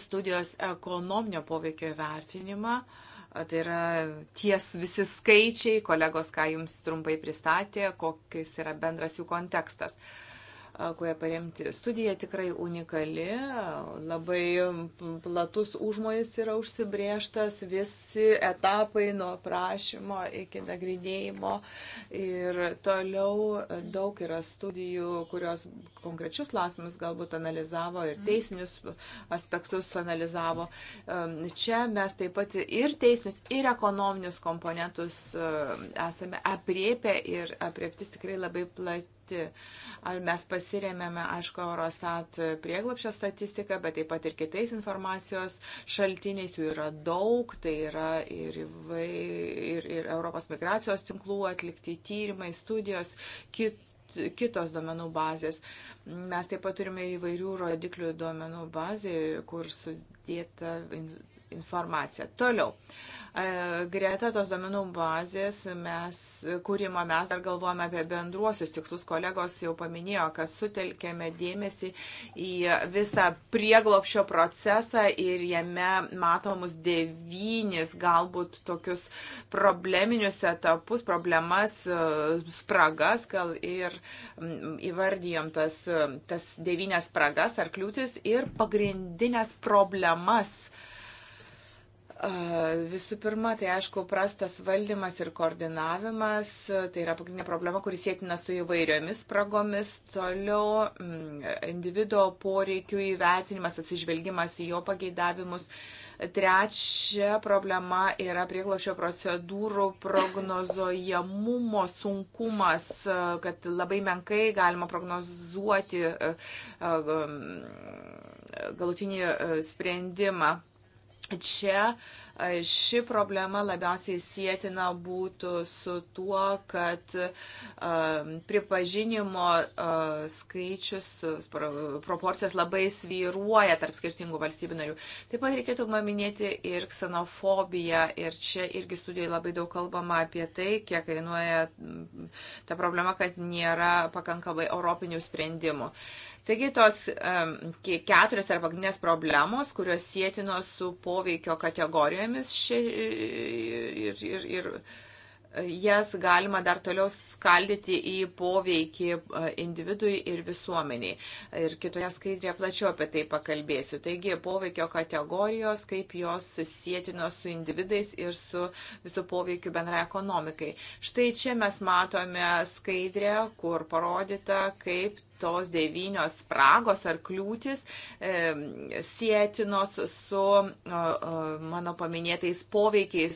studijos ekonominio poveikio įvertinimą. Tai yra ties visi skaičiai, kolegos, ką jums trumpai pristatė, kokiais yra bendras jų kontekstas. Uh, kurie paremti. Studija tikrai unikali, labai platus užmojas yra užsibrieštas, visi etapai nuo prašymo iki nagrinėjimo ir toliau daug yra studijų, kurios konkrečius klausimus galbūt analizavo ir mhm. teisinius aspektus analizavo. Čia mes taip pat ir teisinius, ir ekonominius komponentus esame apriepę ir apriptis tikrai labai plati atlikti. Ar mes pasiremėme, aišku, Eurostat prieglapšio statistiką, bet taip pat ir kitais informacijos šaltiniais jų yra daug, tai yra ir, vai, ir, ir Europos migracijos tinklų atlikti tyrimai, studijos, kit, kitos domenų bazės. Mes taip pat turime ir įvairių rodiklių domenų bazė, kur sudėta informaciją. Toliau. E, greta tos domenų bazės mes kūrimo mes dar galvojame apie bendruosius tikslus. Kolegos jau paminėjo, kad sutelkėme dėmesį į visą prieglopšio procesą ir jame matomus devynis galbūt tokius probleminius etapus, problemas, e, spragas, gal ir įvardyjom tas, tas devynias spragas ar kliūtis ir pagrindinės problemas. Uh, Visų pirma, tai aišku, prastas valdymas ir koordinavimas, tai yra pagrindinė problema, kuris sėtina su įvairiomis spragomis, toliau mm, individuo poreikių įvertinimas, atsižvelgimas į jo pageidavimus. Trečia problema yra prieglaušio procedūrų prognozojamumo sunkumas, kad labai menkai galima prognozuoti e, e, galutinį e, sprendimą. Čia e, ši problema labiausiai sėtina būtų su tuo, kad e, pripažinimo e, skaičius, proporcijos labai svyruoja tarp skirtingų valstybių narių. Taip pat reikėtų paminėti ir ksenofobiją. Ir čia irgi studijoje labai daug kalbama apie tai, kiek kainuoja ta problema, kad nėra pakankamai europinių sprendimų. Taigi tos um, keturios ar pagrindinės problemos, kurios sėtino su poveikio kategorijomis ši, ir, ir, ir jas galima dar toliau skaldyti į poveikį e, individui ir visuomeniai. Ir kitoje skaidrėje plačiau apie tai pakalbėsiu. Taigi, poveikio kategorijos, kaip jos sėtino su individais ir su visų poveikiu bendrai ekonomikai. Štai čia mes matome skaidrę, kur parodyta, kaip tos devynios spragos ar kliūtis e, sėtinos su e, mano paminėtais poveikiais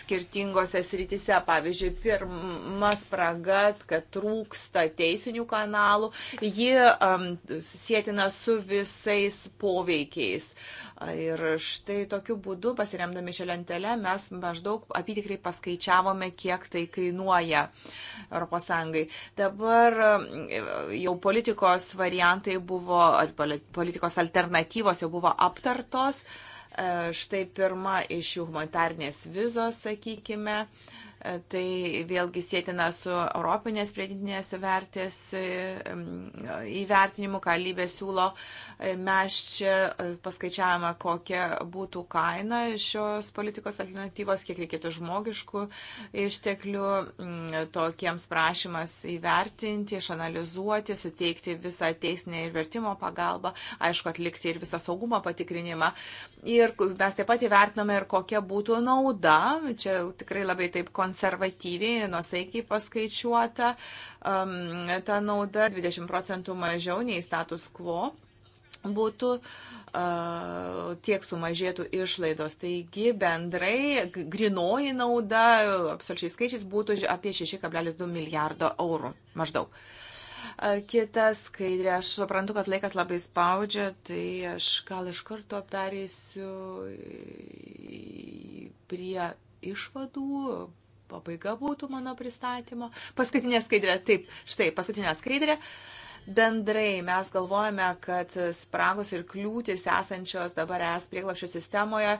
skirtingose sritise. Pavyzdžiui, pirma spraga, kad trūksta teisinių kanalų, ji e, sėtina su visais poveikiais. E, Ir štai tokiu būdu, pasiremdami šią lentelę, mes maždaug apitikrai paskaičiavome, kiek tai kainuoja ES. Dabar e, jau politikos variantai buvo, politikos alternatyvos jau buvo aptartos. E, štai pirma iš jų humanitarnės vizos, sakykime. Uh, Tai vėlgi sėtina su Europinės pridėtinės vertės įvertinimu, ką lybė siūlo. Mes čia e, paskaičiavome, kokia būtų kaina šios politikos alternatyvos, kiek reikėtų žmogiškų išteklių tokiems prašymas įvertinti, išanalizuoti, suteikti visą teisinę ir vertimo pagalbą, aišku, atlikti ir visą saugumo patikrinimą. Ir mes taip pat įvertinome ir kokia būtų nauda, čia tikrai labai taip konservatyviai, nusaikiai paskaičiuota, um, ta nauda 20 procentų mažiau nei status quo būtų uh, tiek sumažėtų išlaidos. Taigi bendrai grinoji nauda absoliučiai skaičiais būtų apie 6,2 milijardo eurų maždaug. Uh, Kitas skaidrė, aš suprantu, kad laikas labai spaudžia, tai aš gal iš karto pereisiu prie išvadų. Pabaiga būtų mano pristatymo. Paskutinė skaidrė, taip, štai paskutinė skaidrė. Uh, Bendrai mes galvojame, kad spragos ir kliūtis esančios dabar es prieglapščio sistemoje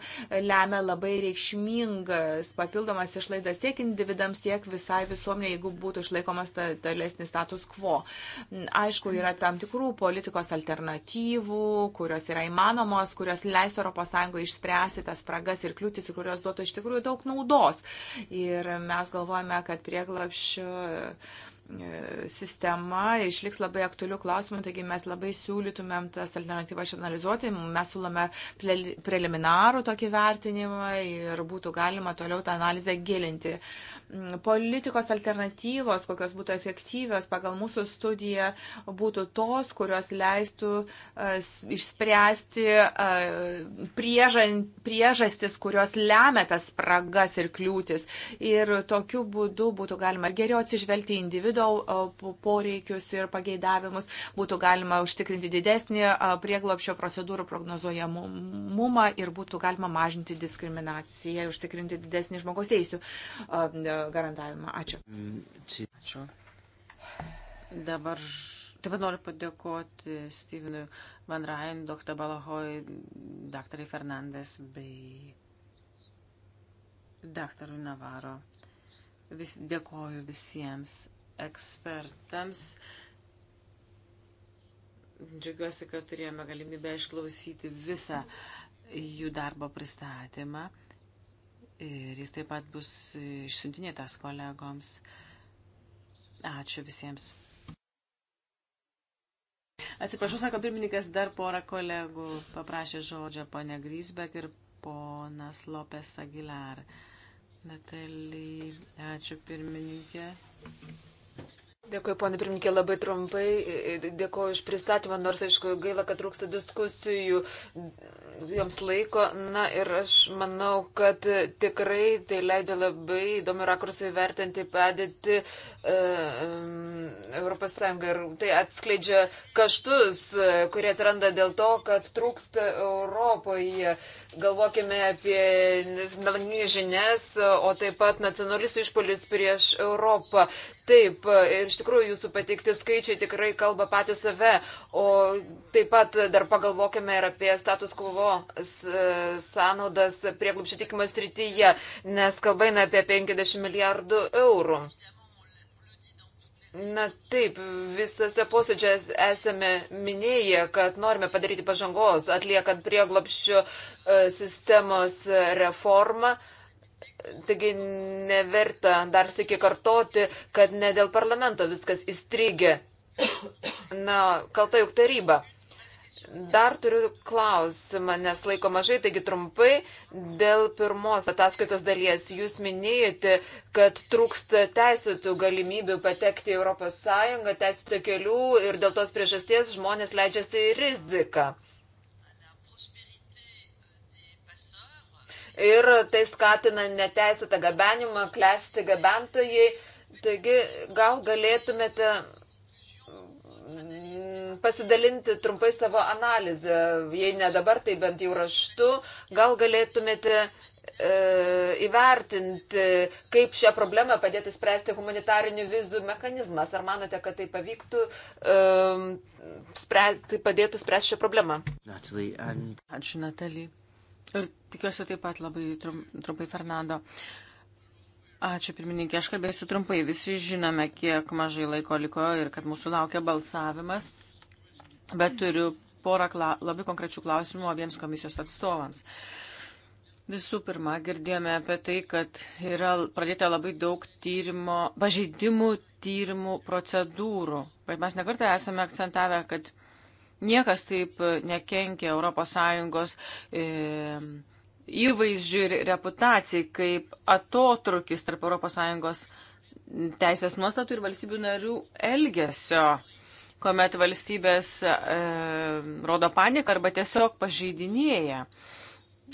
lemia labai reikšmingas papildomas išlaidas tiek individams, tiek visai visuomenė, jeigu būtų išlaikomas talesnis status quo. Aišku, yra tam tikrų politikos alternatyvų, kurios yra įmanomos, kurios leis ES išspręsti tas spragas ir kliūtis, kurios duotų iš tikrųjų daug naudos. Ir mes galvojame, kad prieglapščio E, sistema išliks labai aktualių klausimų, taigi mes labai siūlytumėm tas alternatyvas išanalizuoti, mes siūlome preliminarų tokį vertinimą ir būtų galima toliau tą analizę gilinti. Mm, politikos alternatyvos, kokios būtų efektyvios pagal mūsų studiją, būtų tos, kurios leistų e, išspręsti e, priežastis, kurios lemia tas spragas ir kliūtis. Ir tokiu būdu būtų galima geriau atsižvelgti individuo pagal poreikius ir pageidavimus, būtų galima užtikrinti didesnį prieglopšio procedūrų prognozuojamumą ir būtų galima mažinti diskriminaciją, užtikrinti didesnį žmogaus teisų garantavimą. Ačiū. Ačiū. Dabar Taip pat noriu padėkoti Stevenui Van Ryan, dr. Balahoj, dr. Fernandes bei dr. Navaro. Vis, dėkoju visiems ekspertams. Džiugiuosi, kad turėjome galimybę išklausyti visą jų darbo pristatymą. Ir jis taip pat bus išsiuntinėtas kolegoms. Ačiū visiems. Atsiprašau, sako pirmininkas, dar porą kolegų paprašė žodžio ponia Grisbek ir ponas Lopes Aguilar. Natalija, ačiū pirmininkė. Dėkuoju, ponė pirmininkė, labai trumpai. Dėkuoju už pristatymą, nors aišku gaila, kad trūksta diskusijų, joms laiko. Na ir aš manau, kad tikrai tai leidžia labai įdomi rakursai vertinti padėti E, Europos Sąjunga ir tai atskleidžia kaštus, e, kurie atranda dėl to, kad trūksta Europoje. Galvokime apie melaninį žinias, o taip pat nacionalistų išpolius prieš Europą. Taip, e, ir iš tikrųjų jūsų pateikti skaičiai tikrai kalba patį save, o taip pat dar pagalvokime ir apie status quo sąnaudas prieglupščių tikimas rytyje, nes kalba eina apie 50 milijardų eurų. Na taip, visose posėdžiuose esame minėję, kad norime padaryti pažangos, atliekant prieglopščių e, sistemos e, reformą. Taigi neverta dar sėki kartoti, kad ne dėl parlamento viskas įstrigė. Na, kalta juk taryba. Dar turiu klausimą, nes laiko mažai, taigi trumpai dėl pirmos ataskaitos dalies. Jūs minėjote, kad trūksta teisėtų galimybių patekti į ES, teisėtų kelių ir dėl tos priežasties žmonės leidžiasi į riziką. Ir tai skatina neteisėtą gabenimą, klesti gabentojai. Taigi gal galėtumėte pasidalinti trumpai savo analizę. Jei ne dabar, tai bent jau raštu. Gal galėtumėte e, įvertinti, kaip šią problemą padėtų spręsti humanitarinių vizų mechanizmas. Ar manote, kad tai pavyktų, um, e, spręs, tai padėtų spręsti šią problemą? Natalie and... Ačiū, Natalija. Ir tikiuosi taip pat labai trum, trumpai, Fernando. Ačiū pirmininkė, aš kalbėsiu trumpai. Visi žinome, kiek mažai laiko liko ir kad mūsų laukia balsavimas bet turiu porą kla... labai konkrečių klausimų abiems komisijos atstovams. Visų pirma, girdėjome apie tai, kad yra pradėta labai daug tyrimo, pažeidimų tyrimų procedūrų. Bet mes nekartą esame akcentavę, kad niekas taip nekenkia ES e, įvaizdžiui ir reputacijai, kaip atotrukis tarp ES teisės nuostatų ir valstybių narių elgesio kuomet valstybės e, rodo paniką arba tiesiog pažeidinėja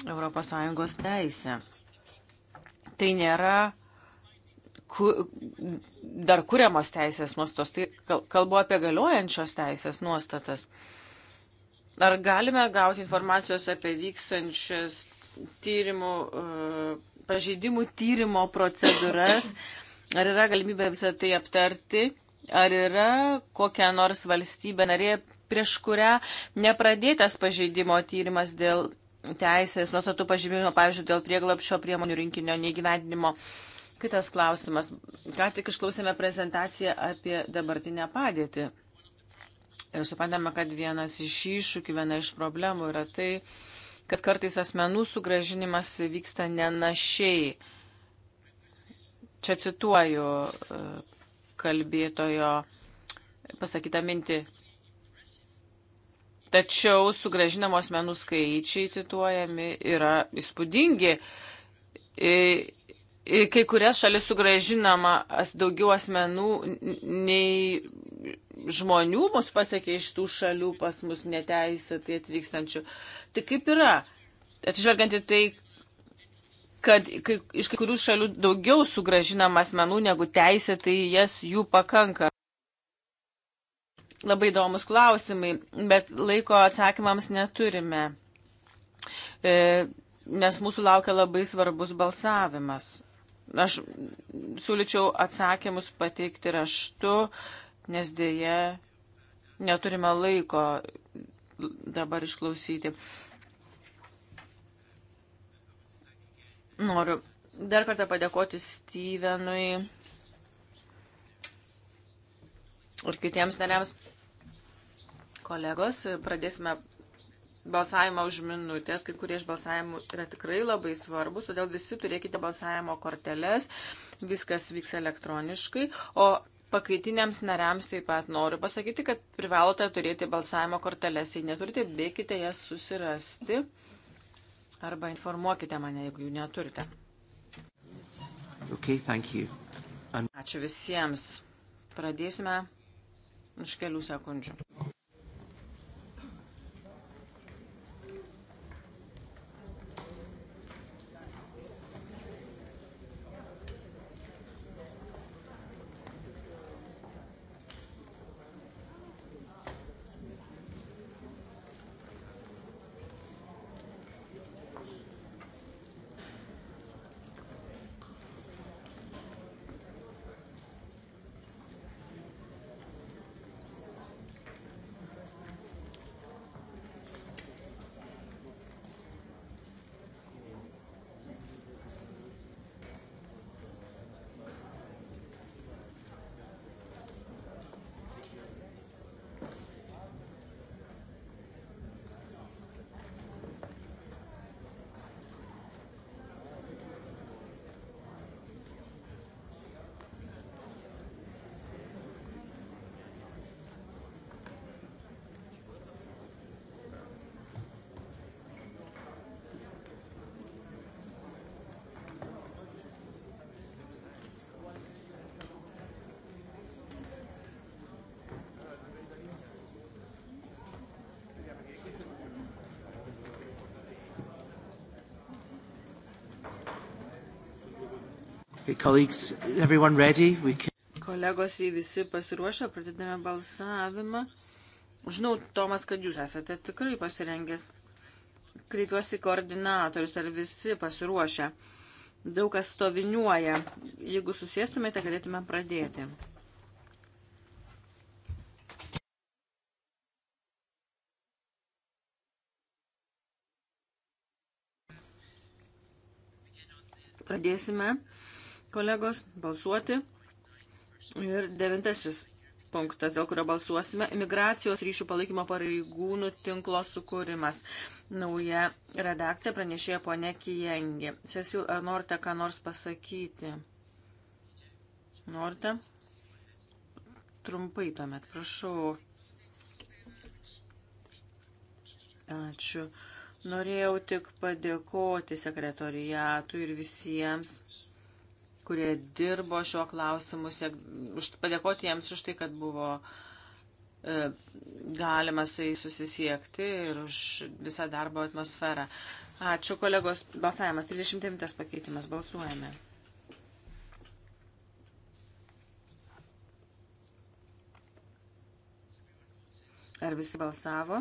ES teisę. Tai nėra ku, dar kuriamos teisės nuostos, tai kalbu apie galiojančios teisės nuostatas. Ar galime gauti informacijos apie vykstančias tyrimų, e, pažeidimų tyrimo procedūras? Ar yra galimybė visą tai aptarti? Ar yra kokia nors valstybė narė, prieš kurią nepradėtas pažeidimo tyrimas dėl teisės nuostatų pažymėjimo, pavyzdžiui, dėl prieglapšio priemonių rinkinio neįgyvendinimo? Kitas klausimas. Ką tik išklausėme prezentaciją apie dabartinę padėtį. Ir suprantame, kad vienas iš iššūkių, viena iš problemų yra tai, kad kartais asmenų sugražinimas vyksta nenašiai. Čia cituoju kalbėtojo pasakytą mintį. Tačiau sugražinamos menų skaičiai cituojami yra įspūdingi. Į kai kurias šalis sugražinama daugiau asmenų nei žmonių mus pasiekia iš tų šalių pas mus neteisėtai atvykstančių. Tai kaip yra? Atžvelgiant į tai, kad kai, iš kai kurių šalių daugiau sugražinama asmenų negu teisė, tai jas jų pakanka. Labai įdomus klausimai, bet laiko atsakymams neturime, e, nes mūsų laukia labai svarbus balsavimas. Aš siūlyčiau atsakymus pateikti raštu, nes dėje neturime laiko dabar išklausyti. Noriu dar kartą padėkoti Stevenui ir kitiems nariams kolegos. Pradėsime balsavimą už minutės, kai kurie iš balsavimų yra tikrai labai svarbus, todėl visi turėkite balsavimo korteles, viskas vyks elektroniškai, o pakaitiniams nariams taip pat noriu pasakyti, kad privalote turėti balsavimo korteles, jei neturite, bėkite jas susirasti. Arba informuokite mane, jeigu jų neturite. Okay, thank you. Ačiū visiems. Pradėsime už kelių sekundžių. colleagues, everyone ready? We can... Kolegos, jį visi pasiruošę, pradedame balsavimą. Žinau, Tomas, kad jūs esate tikrai pasirengęs. Kreipiuosi koordinatorius, ar visi pasiruošę. Daug kas stoviniuoja. Jeigu susėstumėte, galėtume pradėti. pradėsime kolegos, balsuoti. Ir devintasis punktas, dėl kurio balsuosime, imigracijos ryšių palaikymo pareigūnų tinklo sukūrimas. Nauja redakcija pranešėjo ponė Kijengi. Cecil, ar norite ką nors pasakyti? Norite? Trumpai tuomet, prašau. Ačiū. Norėjau tik padėkoti sekretoriatui ir visiems kurie dirbo šiuo klausimu, siek, už, padėkoti jiems už tai, kad buvo e, galima su jais susisiekti ir už visą darbo atmosferą. Ačiū, kolegos. Balsavimas 39 pakeitimas. Balsuojame. Ar visi balsavo?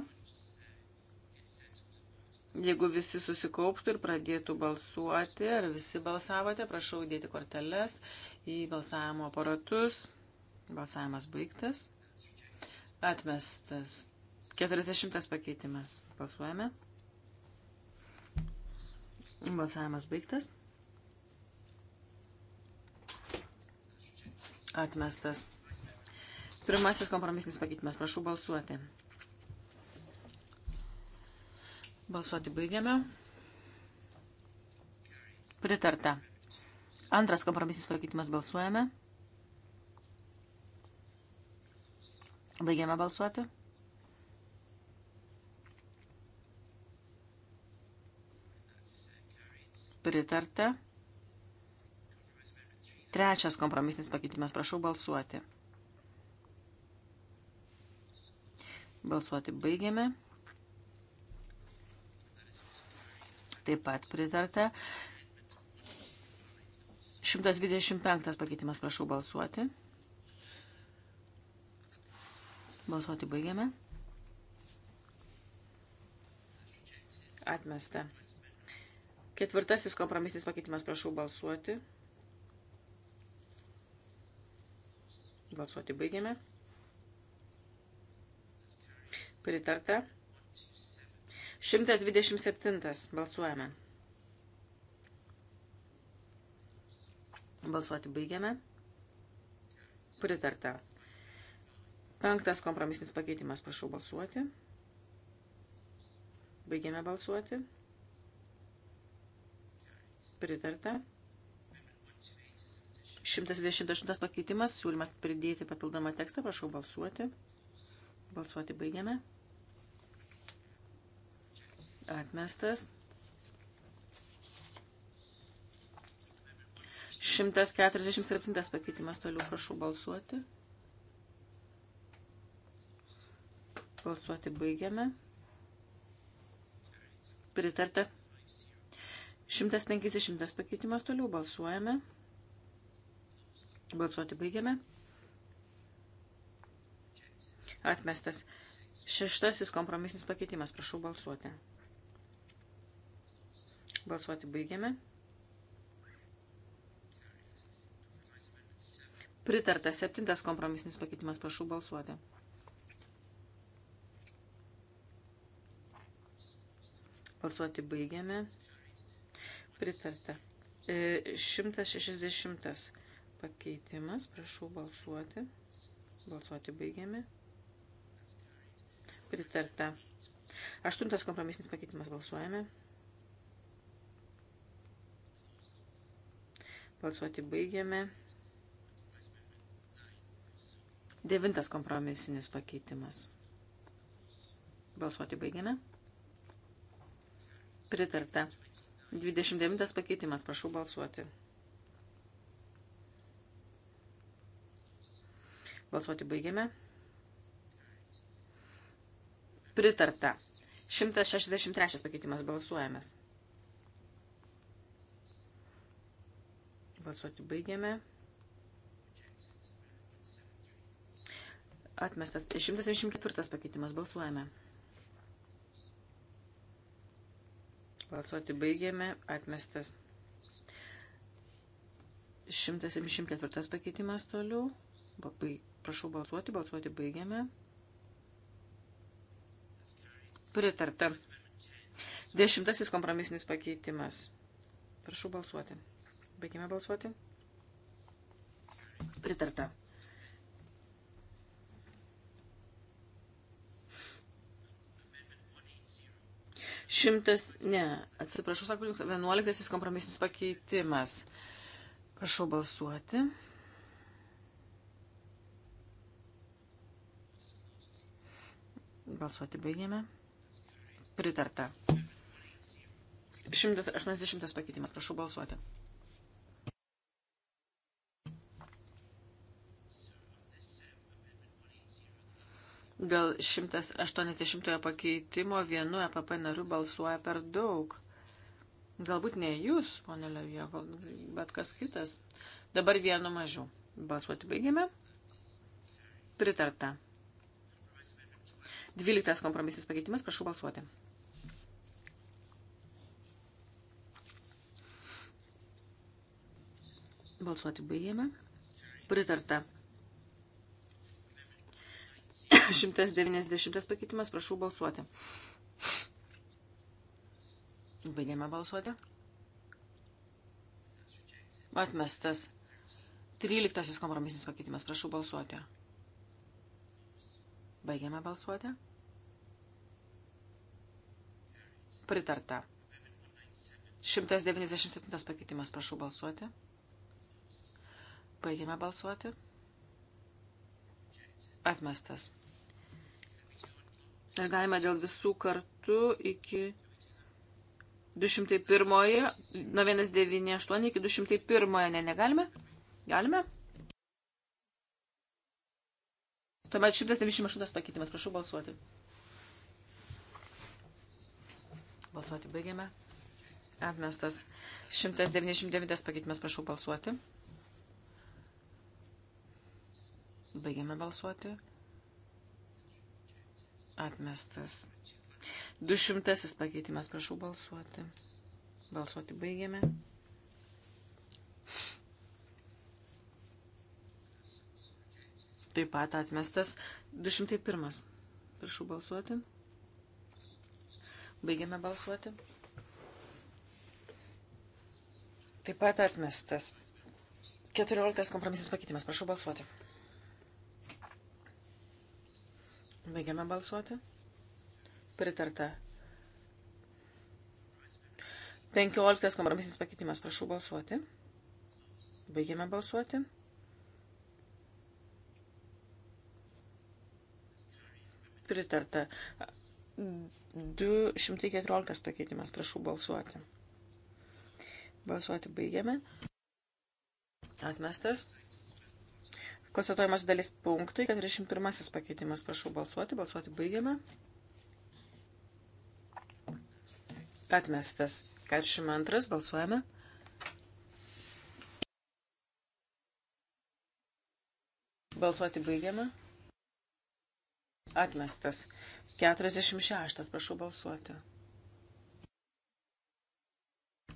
Jeigu visi susikauptų ir pradėtų balsuoti, ar visi balsavote, prašau dėti korteles į balsavimo aparatus. Balsavimas baigtas. Atmestas. 40 pakeitimas. Balsuojame. Balsavimas baigtas. Atmestas. Pirmasis kompromisinis pakeitimas. Prašau balsuoti. Balsuoti baigiame. Pritarta. Antras kompromisis pakeitimas balsuojame. Baigiame balsuoti. Pritarta. Trečias kompromisinis pakeitimas. Prašau balsuoti. Balsuoti baigiame. taip pat pritarta. 125 pakeitimas, prašau balsuoti. Balsuoti baigiame. Atmesta. Ketvirtasis kompromisinis pakeitimas, prašau balsuoti. Balsuoti baigiame. Pritarta. 127. Balsuojame. Balsuoti baigiame. Pritarta. Penktas kompromisinis pakeitimas. Prašau balsuoti. Baigiame balsuoti. Pritarta. 128 pakeitimas. Siūlymas pridėti papildomą tekstą. Prašau balsuoti. Balsuoti baigiame atmestas. 147 pakeitimas toliau prašau balsuoti. Balsuoti baigiame. Pritarta. 150 pakeitimas toliau balsuojame. Balsuoti baigiame. Atmestas. Šeštasis kompromisinis pakeitimas. Prašau balsuoti. Balsuoti baigiame. Pritarta septintas kompromisinis pakeitimas, prašau balsuoti. Balsuoti baigiame. Pritarta. 160 e, pakeitimas, prašau balsuoti. Balsuoti baigiame. Pritarta. Aštuntas kompromisinis pakeitimas balsuojame. Balsuoti baigiame. Devintas kompromisinis pakeitimas. Balsuoti baigiame. Pritarta. 29 pakeitimas, prašau balsuoti. Balsuoti baigiame. Pritarta. 163 pakeitimas balsuojamas. Balsuoti baigiame. Atmestas 174 pakeitimas. Balsuojame. Balsuoti baigėme. Atmestas 174 pakeitimas toliau. Prašau balsuoti. Balsuoti baigėme. Pritarta. Dešimtasis kompromisinis pakeitimas. Prašau balsuoti. Baigime balsuoti. Pritarta. Šimtas, ne, atsiprašau, sakau, jums vienuoliktasis kompromisinis pakeitimas. Prašau balsuoti. Balsuoti baigėme. Pritarta. 180 pakeitimas, prašau balsuoti. Dėl 180 pakeitimo vienu EPP nariu balsuoja per daug. Galbūt ne jūs, ponė Levija, bet kas kitas. Dabar vienu mažiau. Balsuoti baigėme. Pritarta. Dvyliktas kompromisis pakeitimas, prašau balsuoti. Balsuoti baigėme. Pritarta. 190 pakeitimas, prašau balsuoti. Baigėme balsuoti. Atmestas. 13 kompromisinis pakeitimas, prašau balsuoti. Baigėme balsuoti. Pritarta. 197 pakeitimas, prašau balsuoti. Baigėme balsuoti. Atmestas. Ir galima dėl visų kartų iki 201, nuo 198 iki 201, ne, negalime? Galime? Tuomet 198 pakeitimas, prašau balsuoti. Balsuoti baigiame. Atmestas 199 pakeitimas, prašau balsuoti. Baigiame balsuoti. Atmestas. 200 pakeitimas, prašau balsuoti. Balsuoti baigiame. Taip pat atmestas 201. Prašau balsuoti. Baigiame balsuoti. Taip pat atmestas 14 kompromisinis pakeitimas. Prašau balsuoti. Baigiame balsuoti. Pritarta. 15 kompromisinis pakeitimas. Prašau balsuoti. Baigiame balsuoti. Pritarta. 214 pakeitimas. Prašau balsuoti. Balsuoti baigiame. Atmestas. Konstatuojamas dalis punktui. 41 pakeitimas. Prašau balsuoti. Balsuoti baigiame. Atmestas. 42. Balsuojame. Balsuoti baigiame. Atmestas. 46. Prašau balsuoti.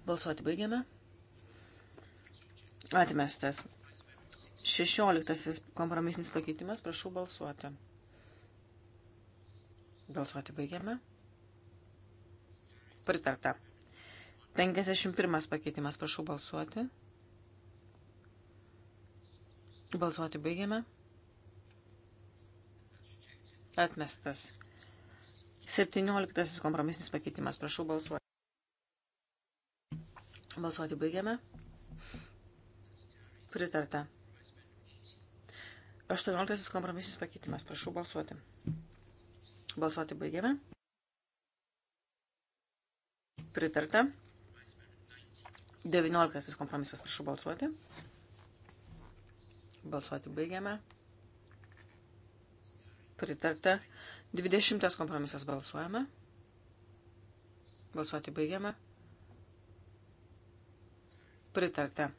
Balsuoti baigiame. Atmestas. Šešioliktasis kompromisinis pakeitimas, prašau balsuoti. Balsuoti baigiame. Pritarta. 51 pakeitimas, prašau balsuoti. Balsuoti baigiame. Atmestas. 17 kompromisinis pakeitimas, prašau balsuoti. Balsuoti baigiame. Pritarta. 18 kompromisinis pakeitimas. Prašau balsuoti. Balsuoti baigiame. Pritarta. 19 kompromisas. Prašau balsuoti. Balsuoti baigiame. Pritarta. 20 kompromisas balsuojame. Balsuoti baigiame. Pritarta.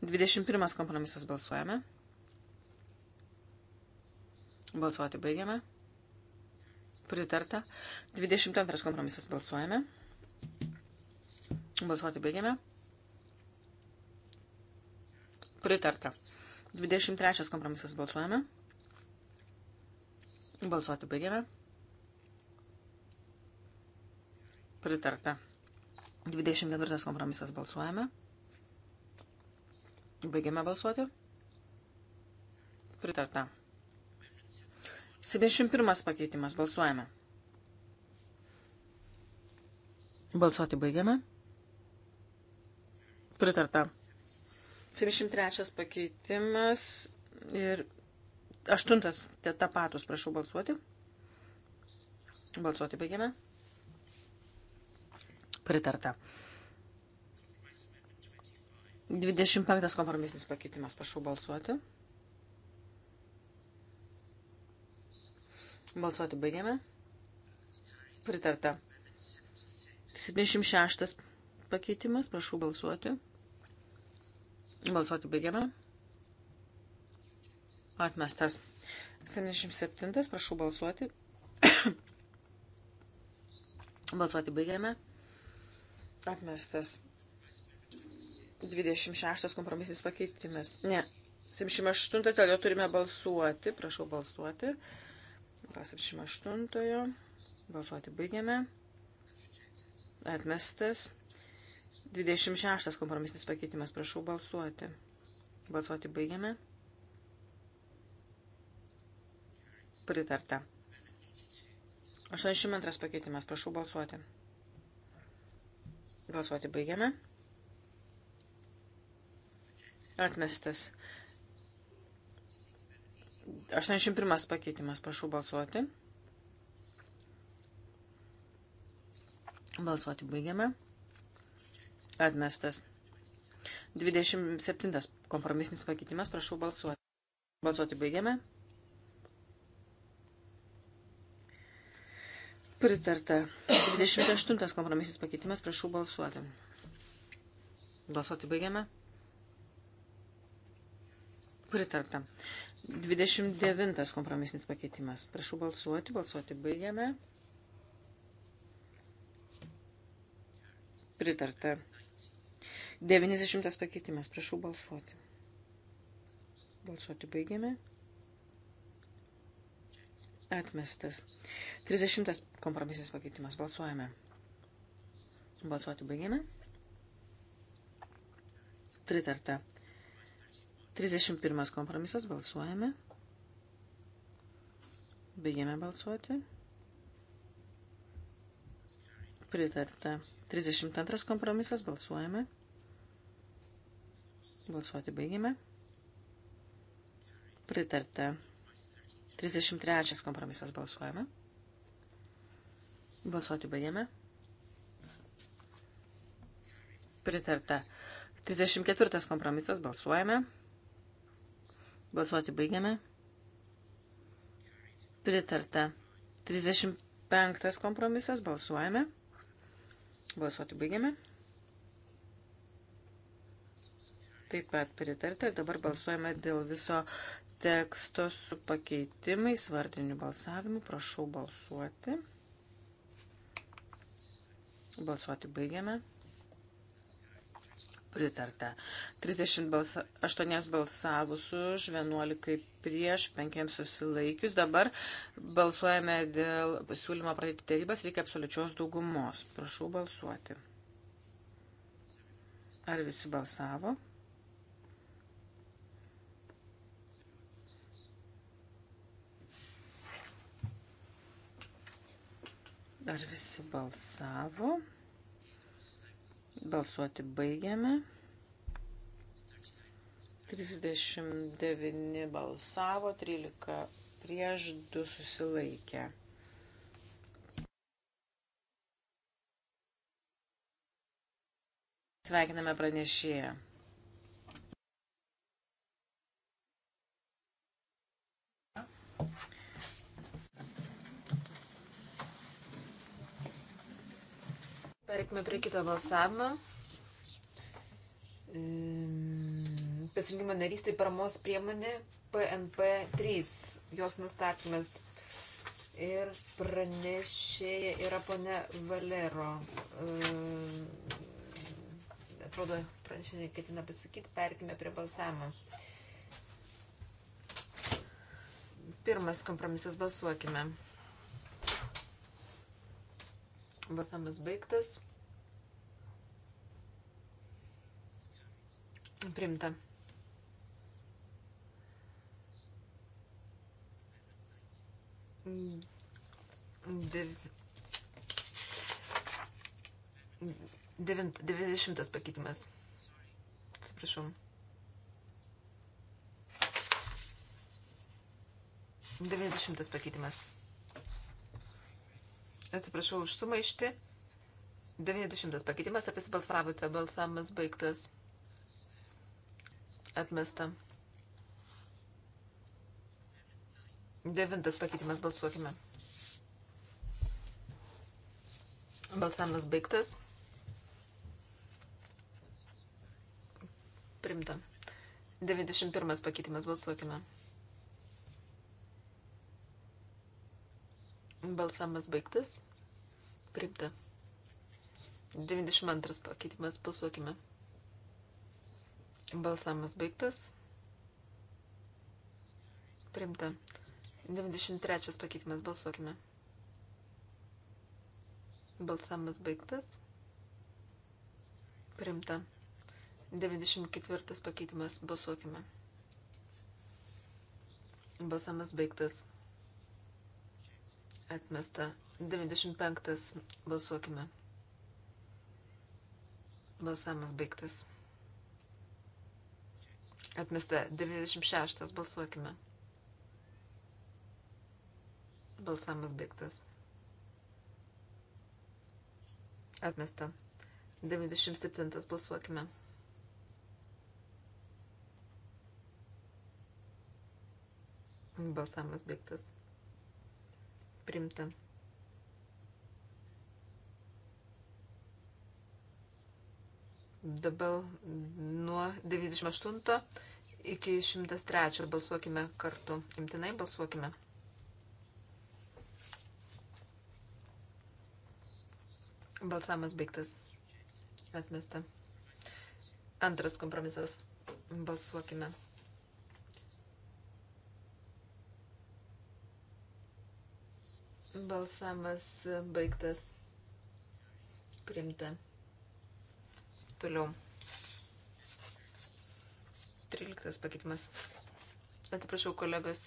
21 kompromisas balsuojame. Balsuoti baigiame. Pritarta. 22 kompromisas balsuojame. Balsuoti baigiame. Pritarta. 23 kompromisas balsuojame. Balsuoti baigiame. Pritarta. 24 kompromisas balsuojame. Baigiame balsuoti. Pritarta. 71 pakeitimas. Balsuojame. Balsuoti baigiame. Pritarta. 73 pakeitimas ir 8 tapatus, prašau balsuoti. Balsuoti baigiame. Pritarta. 25 kompromisinis pakeitimas, prašau balsuoti. Balsuoti baigiame. Pritarta. 76 pakeitimas, prašau balsuoti. Balsuoti baigiame. Atmestas. 77, prašau balsuoti. balsuoti baigiame. Atmestas. 26 kompromisinis pakeitimas. Ne. 78, todėl turime balsuoti. Prašau balsuoti. Balsuoti. 78. Balsuoti baigiame. Atmestas. 26 kompromisinis pakeitimas. Prašau balsuoti. Balsuoti baigiame. Pritarta. 82 pakeitimas. Prašau balsuoti. Balsuoti baigiame. Atmestas. 81 pakeitimas, prašau balsuoti. Balsuoti baigiame. Atmestas. 27 kompromisinis pakeitimas, prašau balsuoti. Balsuoti baigiame. Pritarta. 28 kompromisinis pakeitimas, prašau balsuoti. Balsuoti baigiame. Pritarta. 29 kompromisinis pakeitimas. Prašau balsuoti, balsuoti baigiame. Pritarta. 90 pakeitimas. Prašau balsuoti. Balsuoti baigiame. Atmestas. 30 kompromisinis pakeitimas. Balsuojame. Balsuoti baigiame. Pritarta. 31 kompromisas balsuojame. Baigėme balsuoti. Pritarta. 32 kompromisas balsuojame. Balsuoti baigėme. Pritarta. 33 kompromisas balsuojame. Balsuoti baigėme. Pritarta. 34 kompromisas balsuojame. Balsuoti baigiame. Pritarta. 35 kompromisas. Balsuojame. Balsuoti baigiame. Taip pat pritarta ir dabar balsuojame dėl viso teksto su pakeitimais, vardiniu balsavimu. Prašau balsuoti. Balsuoti baigiame pritarta. 38 balsavus už, 11 prieš, 5 susilaikius. Dabar balsuojame dėl pasiūlymo pradėti tarybas, reikia absoliučios daugumos. Prašau balsuoti. Ar visi balsavo? Ar visi balsavo? Balsuoti baigiame. 39 balsavo, 13 prieš 2 susilaikė. Sveikiname pranešėją. Perėkime prie kito balsavimo. Pasirinkimo narystai paramos priemonė PNP 3, jos nustatymas. Ir pranešėja yra ponė Valero. Atrodo, pranešėja ketina pasakyti, perkime prie balsavimo. Pirmas kompromisas balsuokime. Balsamas baigtas. Primta. Dev... 90 pakeitimas. Atsiprašau. 90 pakeitimas atsiprašau už sumaištį. 90 pakeitimas, ar visi balsavote, balsavimas baigtas. Atmesta. Devintas pakeitimas, balsuokime. Balsavimas baigtas. Primta. 91 pakeitimas, balsuokime. Balsamas baigtas. Primta. 92 pakeitimas. Balsuokime. Balsamas baigtas. Primta. 93 pakeitimas. Balsuokime. Balsamas baigtas. Primta. 94 pakeitimas. Balsuokime. Balsamas baigtas. Atmesta. 95. Balsuokime. Balsamas baigtas. Atmesta. 96. Balsuokime. Balsamas baigtas. Atmesta. 97 balsuokime. Balsamas baigtas primta. Dabar nuo 98 iki 103 balsuokime kartu. Imtinai balsuokime. Balsamas baigtas. Atmesta. Antras kompromisas. Balsuokime. Balsuokime. Balsamas baigtas. Primta. Toliau. 13 pakeitimas. Atsiprašau, kolegos.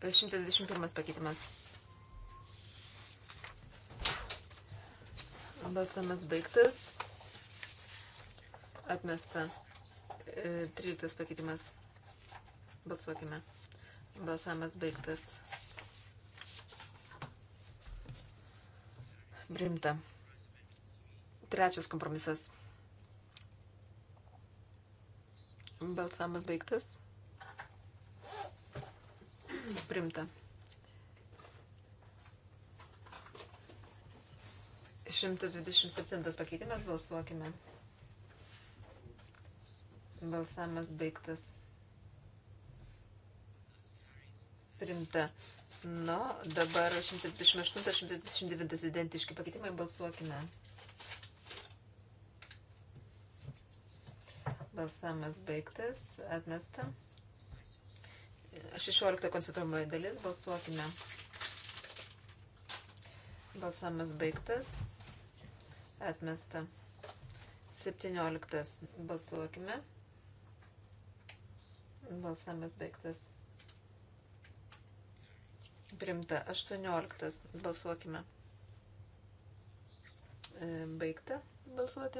121 e, e, pakeitimas. Balsamas baigtas. Atmesta. 13 e, pakeitimas. Balsuokime. Balsavimas baigtas. Primta. Trečias kompromisas. Balsavimas baigtas. Primta. 127 pakeitimas balsuokime. Balsavimas baigtas. primta. Nu, dabar 128-129 identiški pakeitimai balsuokime. Balsavimas baigtas, atmesta. 16 konstituojamoji dalis, balsuokime. Balsavimas baigtas, atmesta. 17 balsuokime. Balsavimas baigtas Primta 18. Balsuokime. E, baigta balsuoti.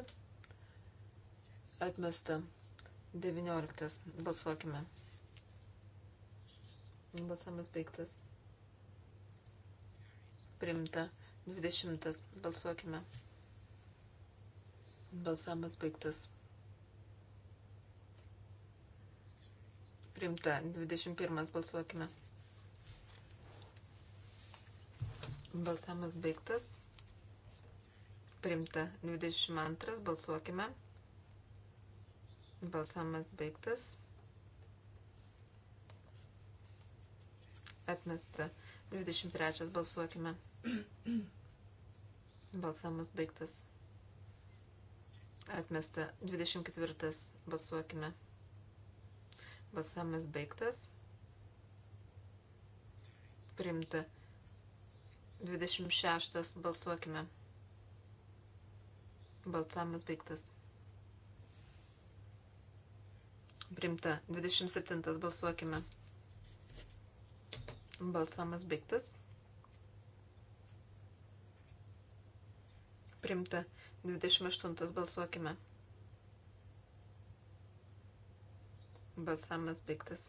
Atmesta 19. Balsuokime. Balsamas baigtas. Primta 20. Balsuokime. Balsamas baigtas. Primta 21. Balsuokime. Balsamas baigtas. Primta 22. Balsuokime. Balsamas baigtas. Atmesta 23. Balsuokime. Balsamas baigtas. Atmesta 24. Balsuokime. Balsamas baigtas. Primta 24. 26 balsuokime. Balsavimas baigtas. Primta. 27 balsuokime. Balsavimas baigtas. Primta. 28 balsuokime. Balsavimas baigtas.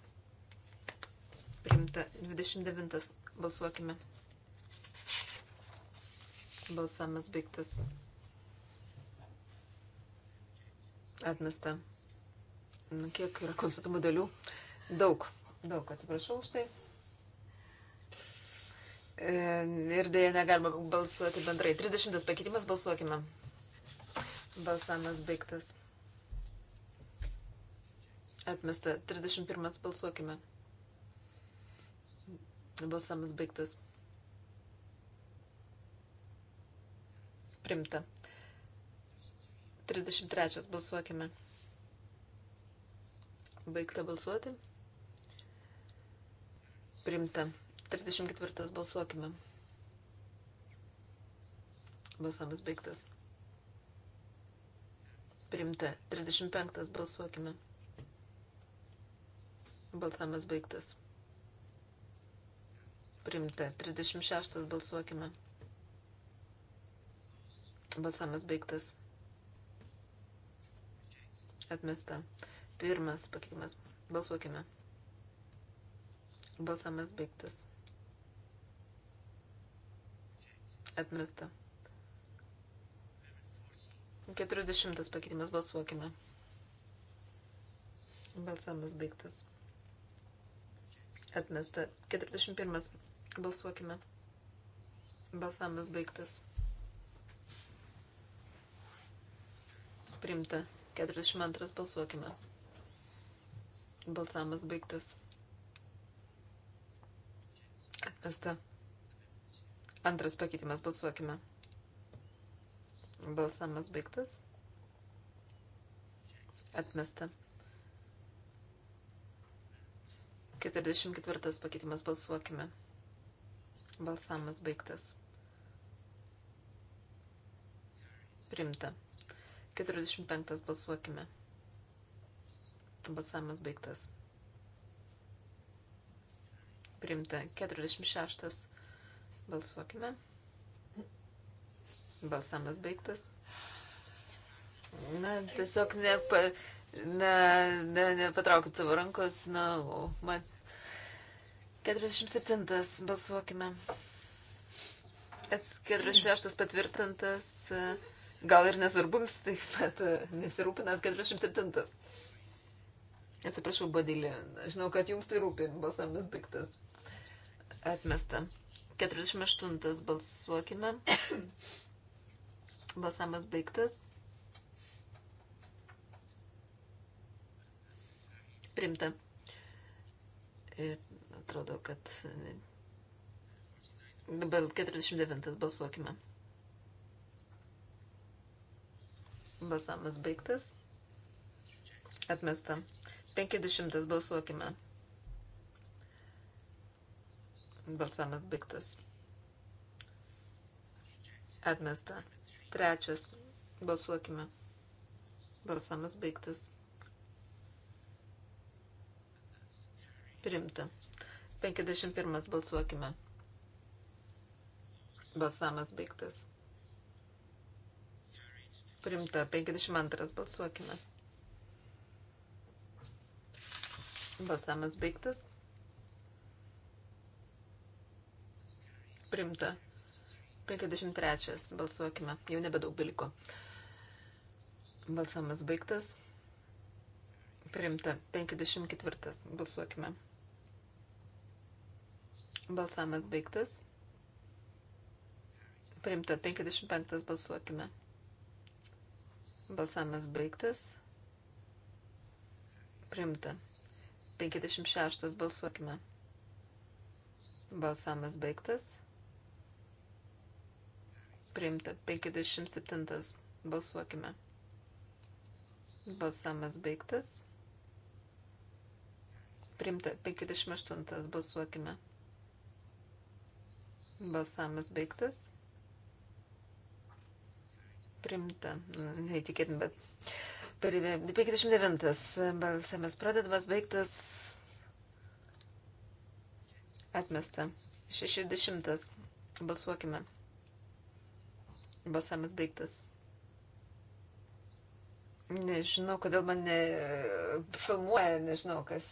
Primta. 29 balsuokime. Balsamas baigtas. Atmesta. Nu, kiek yra konstatumų dalių? Daug. Daug, atsiprašau už tai. E, ir dėja negalima balsuoti bendrai. 30 pakeitimas balsuokime. Balsamas baigtas. Atmesta. 31 balsuokime. Balsamas baigtas. Primta. 33. Balsuokime. Baigta balsuoti. Primta. 34. Balsuokime. Balsamas baigtas. Primta. 35. Balsuokime. Balsamas baigtas. Primta. 36. Balsuokime. Balsavimas baigtas. Atmesta. Pirmas pakeitimas. Balsuokime. Balsavimas baigtas. Atmesta. 40 pakeitimas. Balsuokime. Balsavimas baigtas. Atmesta. 41. Balsuokime. Balsavimas baigtas. primta. 42 balsuokime. Balsavimas baigtas. Atmesta. Antras pakeitimas balsuokime. Balsavimas baigtas. Atmesta. 44 pakeitimas balsuokime. Balsavimas baigtas. Primta. 45 balsuokime. Balsavimas baigtas. Primta 46 balsuokime. Balsavimas baigtas. Na, tiesiog nepa, ne, ne, nepatraukit savo rankos. Na, o, man. 47 balsuokime. 48 patvirtintas. Uh, gal ir nesvarbums, taip pat e, nesirūpinat 47. Atsiprašau, badylė. Žinau, kad jums tai rūpi. Balsavimas baigtas. Atmesta. 48 balsuokime. Balsavimas baigtas. Primta. Ir atrodo, kad e, dabar 49 balsuokime. Balsavimas baigtas. Atmesta. 50 balsuokime. Balsavimas baigtas. Atmesta. Trečias. Balsuokime. Balsavimas baigtas. Primta. 51 balsuokime. Balsavimas baigtas. Primta 52. Balsuokime. Balsamas baigtas. Primta 53. Balsuokime. Jau nebedaug beliko. Balsamas baigtas. Primta 54. Balsuokime. Balsamas baigtas. Primta 55. Balsuokime. Balsavimas baigtas. Primta. 56 balsuokime. Balsavimas baigtas. Primta. 57 balsuokime. Balsavimas baigtas. Primta. 58 balsuokime. Balsavimas baigtas primta. Neįtikėtina, bet. 59 balsamas pradedamas, baigtas atmesta. 60 balsuokime. Balsamas baigtas. Nežinau, kodėl man ne filmuoja, nežinau, kas.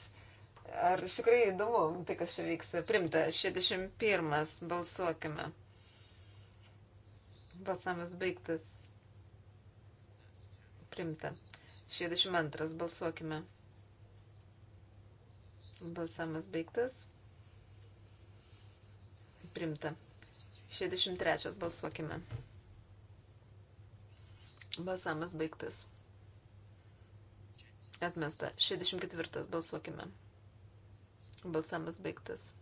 Ar iš tikrųjų įdomu, tai kas čia vyks. Primta, 61 balsuokime. Balsamas baigtas. Primta. 62. Balsuokime. Balsamas baigtas. Primta. 63. Balsuokime. Balsamas baigtas. Atmesta. 64. Balsuokime. Balsamas baigtas.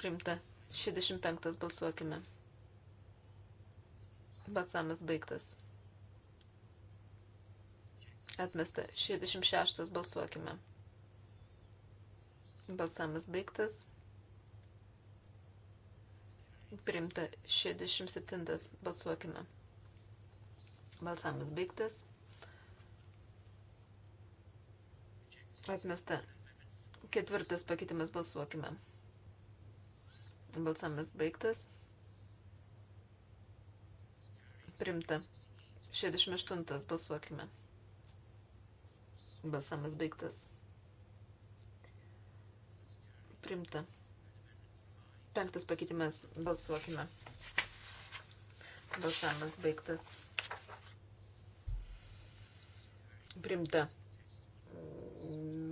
Primta. 65. Balsuokime. Balsavimas baigtas. Atmesta 66 balsuokime. Balsavimas baigtas. Priimta 67 balsuokime. Balsavimas baigtas. Atmesta ketvirtas pakeitimas balsuokime. Balsavimas baigtas primta. 68 balsuokime. Balsamas baigtas. Primta. Penktas pakeitimas. Balsuokime. Balsamas baigtas. Primta.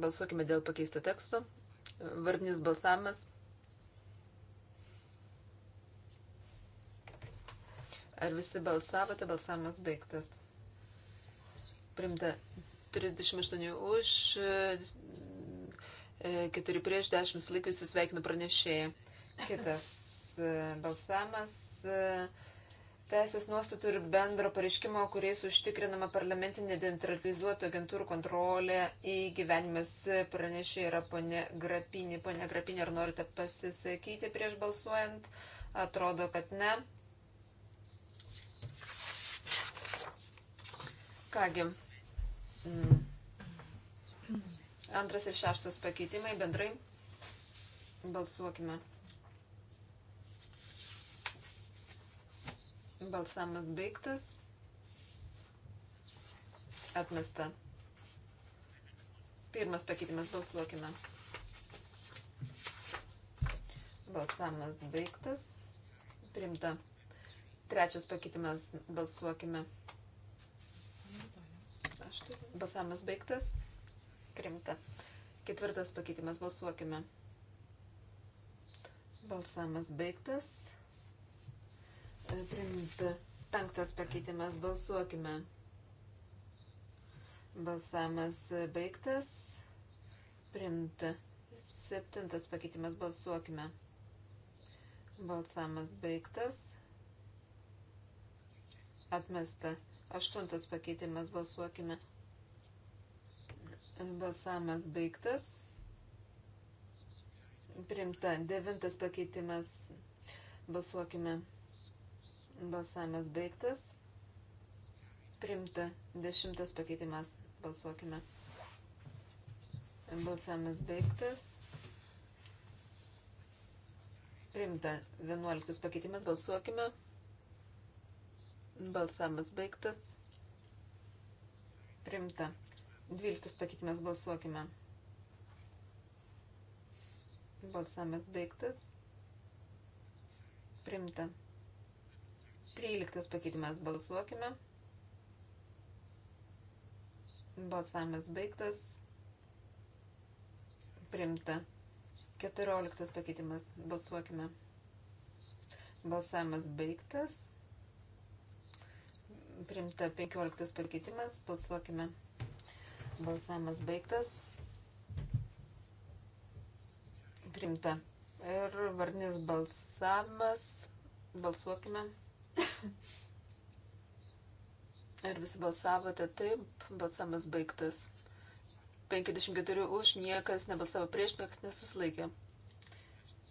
Balsuokime dėl pakeisto teksto. Vardinis balsamas. Ar visi balsavote? Balsavimas baigtas. Primta 38 už, 4 e, prieš 10 laikus sveikinu pranešėją. Kitas e, balsavimas. E, teisės nuostatų ir bendro pareiškimo, kuriais užtikrinama parlamentinė decentralizuotų agentūrų kontrolė įgyvenimas pranešė yra ponė Grapinė. Pone Grapinė, ar norite pasisakyti prieš balsuojant? Atrodo, kad ne. Kągi, mm. antras ir šeštas pakeitimai bendrai. Balsuokime. Balsamas baigtas. Atmesta. Pirmas pakeitimas balsuokime. Balsamas baigtas. Primta. Trečias pakeitimas balsuokime. Balsuokime. Balsavimas baigtas. Krimta. Ketvirtas pakeitimas. Balsuokime. Balsavimas baigtas. Primta. Penktas pakeitimas. Balsuokime. Balsavimas baigtas. Primta. Septintas pakeitimas. Balsuokime. Balsavimas baigtas. Atmesta. Aštuntas pakeitimas balsuokime. Balsavimas baigtas. Primta. Devintas pakeitimas. Balsuokime. Balsavimas baigtas. Primta. Dešimtas pakeitimas. Balsuokime. Balsavimas baigtas. Primta. Vienuoliktas pakeitimas. Balsuokime. Balsuokime. Balsavimas baigtas. Primta. 12 pakeitimas balsuokime. Balsavimas baigtas. Primta. 13 pakeitimas balsuokime. Balsavimas baigtas. Primta. 14 pakeitimas balsuokime. Balsavimas baigtas. Primta 15 pakeitimas. Balsuokime. Balsavimas baigtas. Primta. Ir varnis balsavimas. Balsuokime. Ir visi balsavote taip. Balsavimas baigtas. 54 už, niekas nebalsavo prieš, niekas nesusilaikė.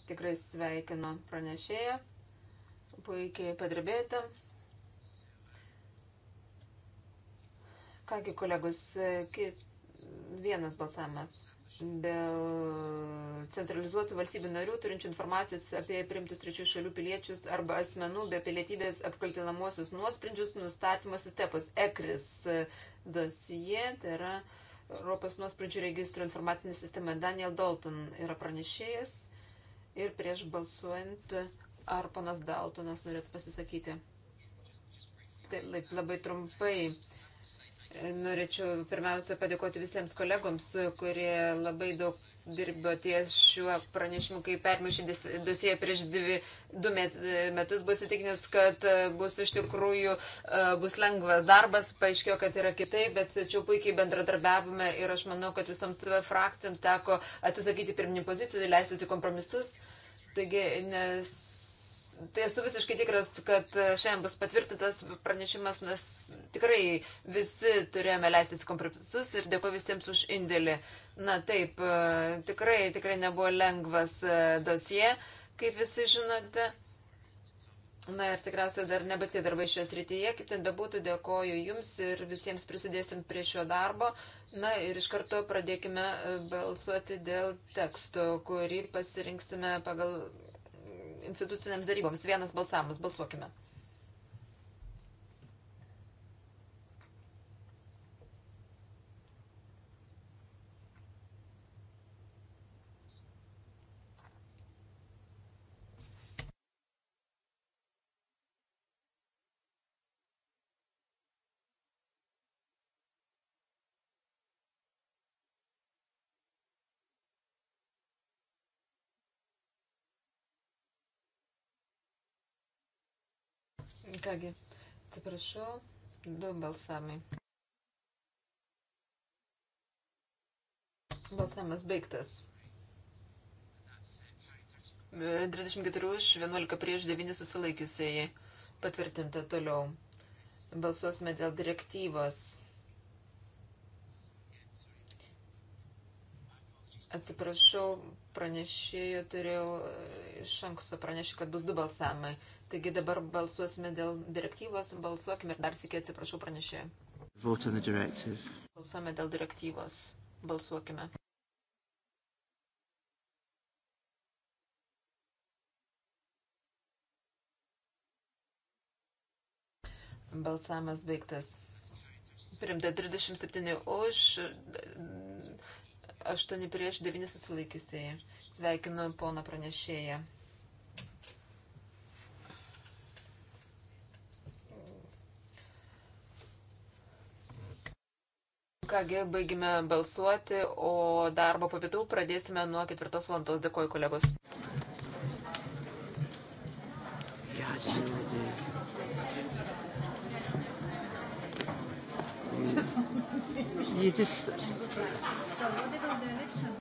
Tikrai sveikinu pranešėją. Puikiai padirbėjote. Kągi, kolegos, vienas balsavimas dėl centralizuotų valstybių narių turinčių informacijos apie primtus trečių šalių piliečius arba asmenų be pilietybės apkaltinamosius nuosprendžius nustatymo sistemos ECRIS dosie, tai yra Europos nuosprendžių registro informacinė sistema. Daniel Dalton yra pranešėjas ir prieš balsuojant, ar panas Daltonas norėtų pasisakyti. Taip, labai trumpai. Norėčiau pirmiausia padėkoti visiems kolegoms, kurie labai daug dirbo ties šiuo pranešimu, kai permišė dosiją prieš dvi, du met, metus, bus įtikinęs, kad e, bus iš tikrųjų e, bus lengvas darbas, paaiškėjo, kad yra kitaip, bet čia puikiai bendradarbiavome ir aš manau, kad visoms frakcijoms teko atsisakyti pirminių pozicijų ir leistis į kompromisus. Taigi, nes Tai esu visiškai tikras, kad e, šiandien bus patvirtintas pranešimas, nes tikrai visi turėjome leistis kompromisus ir dėkuoju visiems už indėlį. Na taip, e, tikrai, tikrai nebuvo lengvas e, dosie, kaip visi žinote. Na ir tikriausiai dar nebati darbai šioje srityje, kaip ten bebūtų, dėkoju Jums ir visiems prisidėsim prie šio darbo. Na ir iš karto pradėkime balsuoti dėl teksto, kurį pasirinksime pagal institucinėms daryboms. Vienas balsavimas, balsuokime. Kągi, atsiprašau, du balsavimai. Balsavimas baigtas. 34 už, 11 prieš 9 susilaikiusiai. Patvirtinta toliau. Balsuosime dėl direktyvos. Atsiprašau, pranešėjo turėjau e, iš anksto pranešti, kad bus du balsavimai. Taigi dabar balsuosime dėl direktyvos, balsuokime ir dar sėkiai atsiprašau pranešėjo. Balsuojame dėl direktyvos. Balsuokime. Balsavimas baigtas. Primta 37 už, 8 prieš 9 susilaikiusieji. Sveikinu pono pranešėją. Kągi, baigime balsuoti, o darbo po pietų pradėsime nuo 4 valandos. Dėkuoju, kolegos. Ja, Just You just.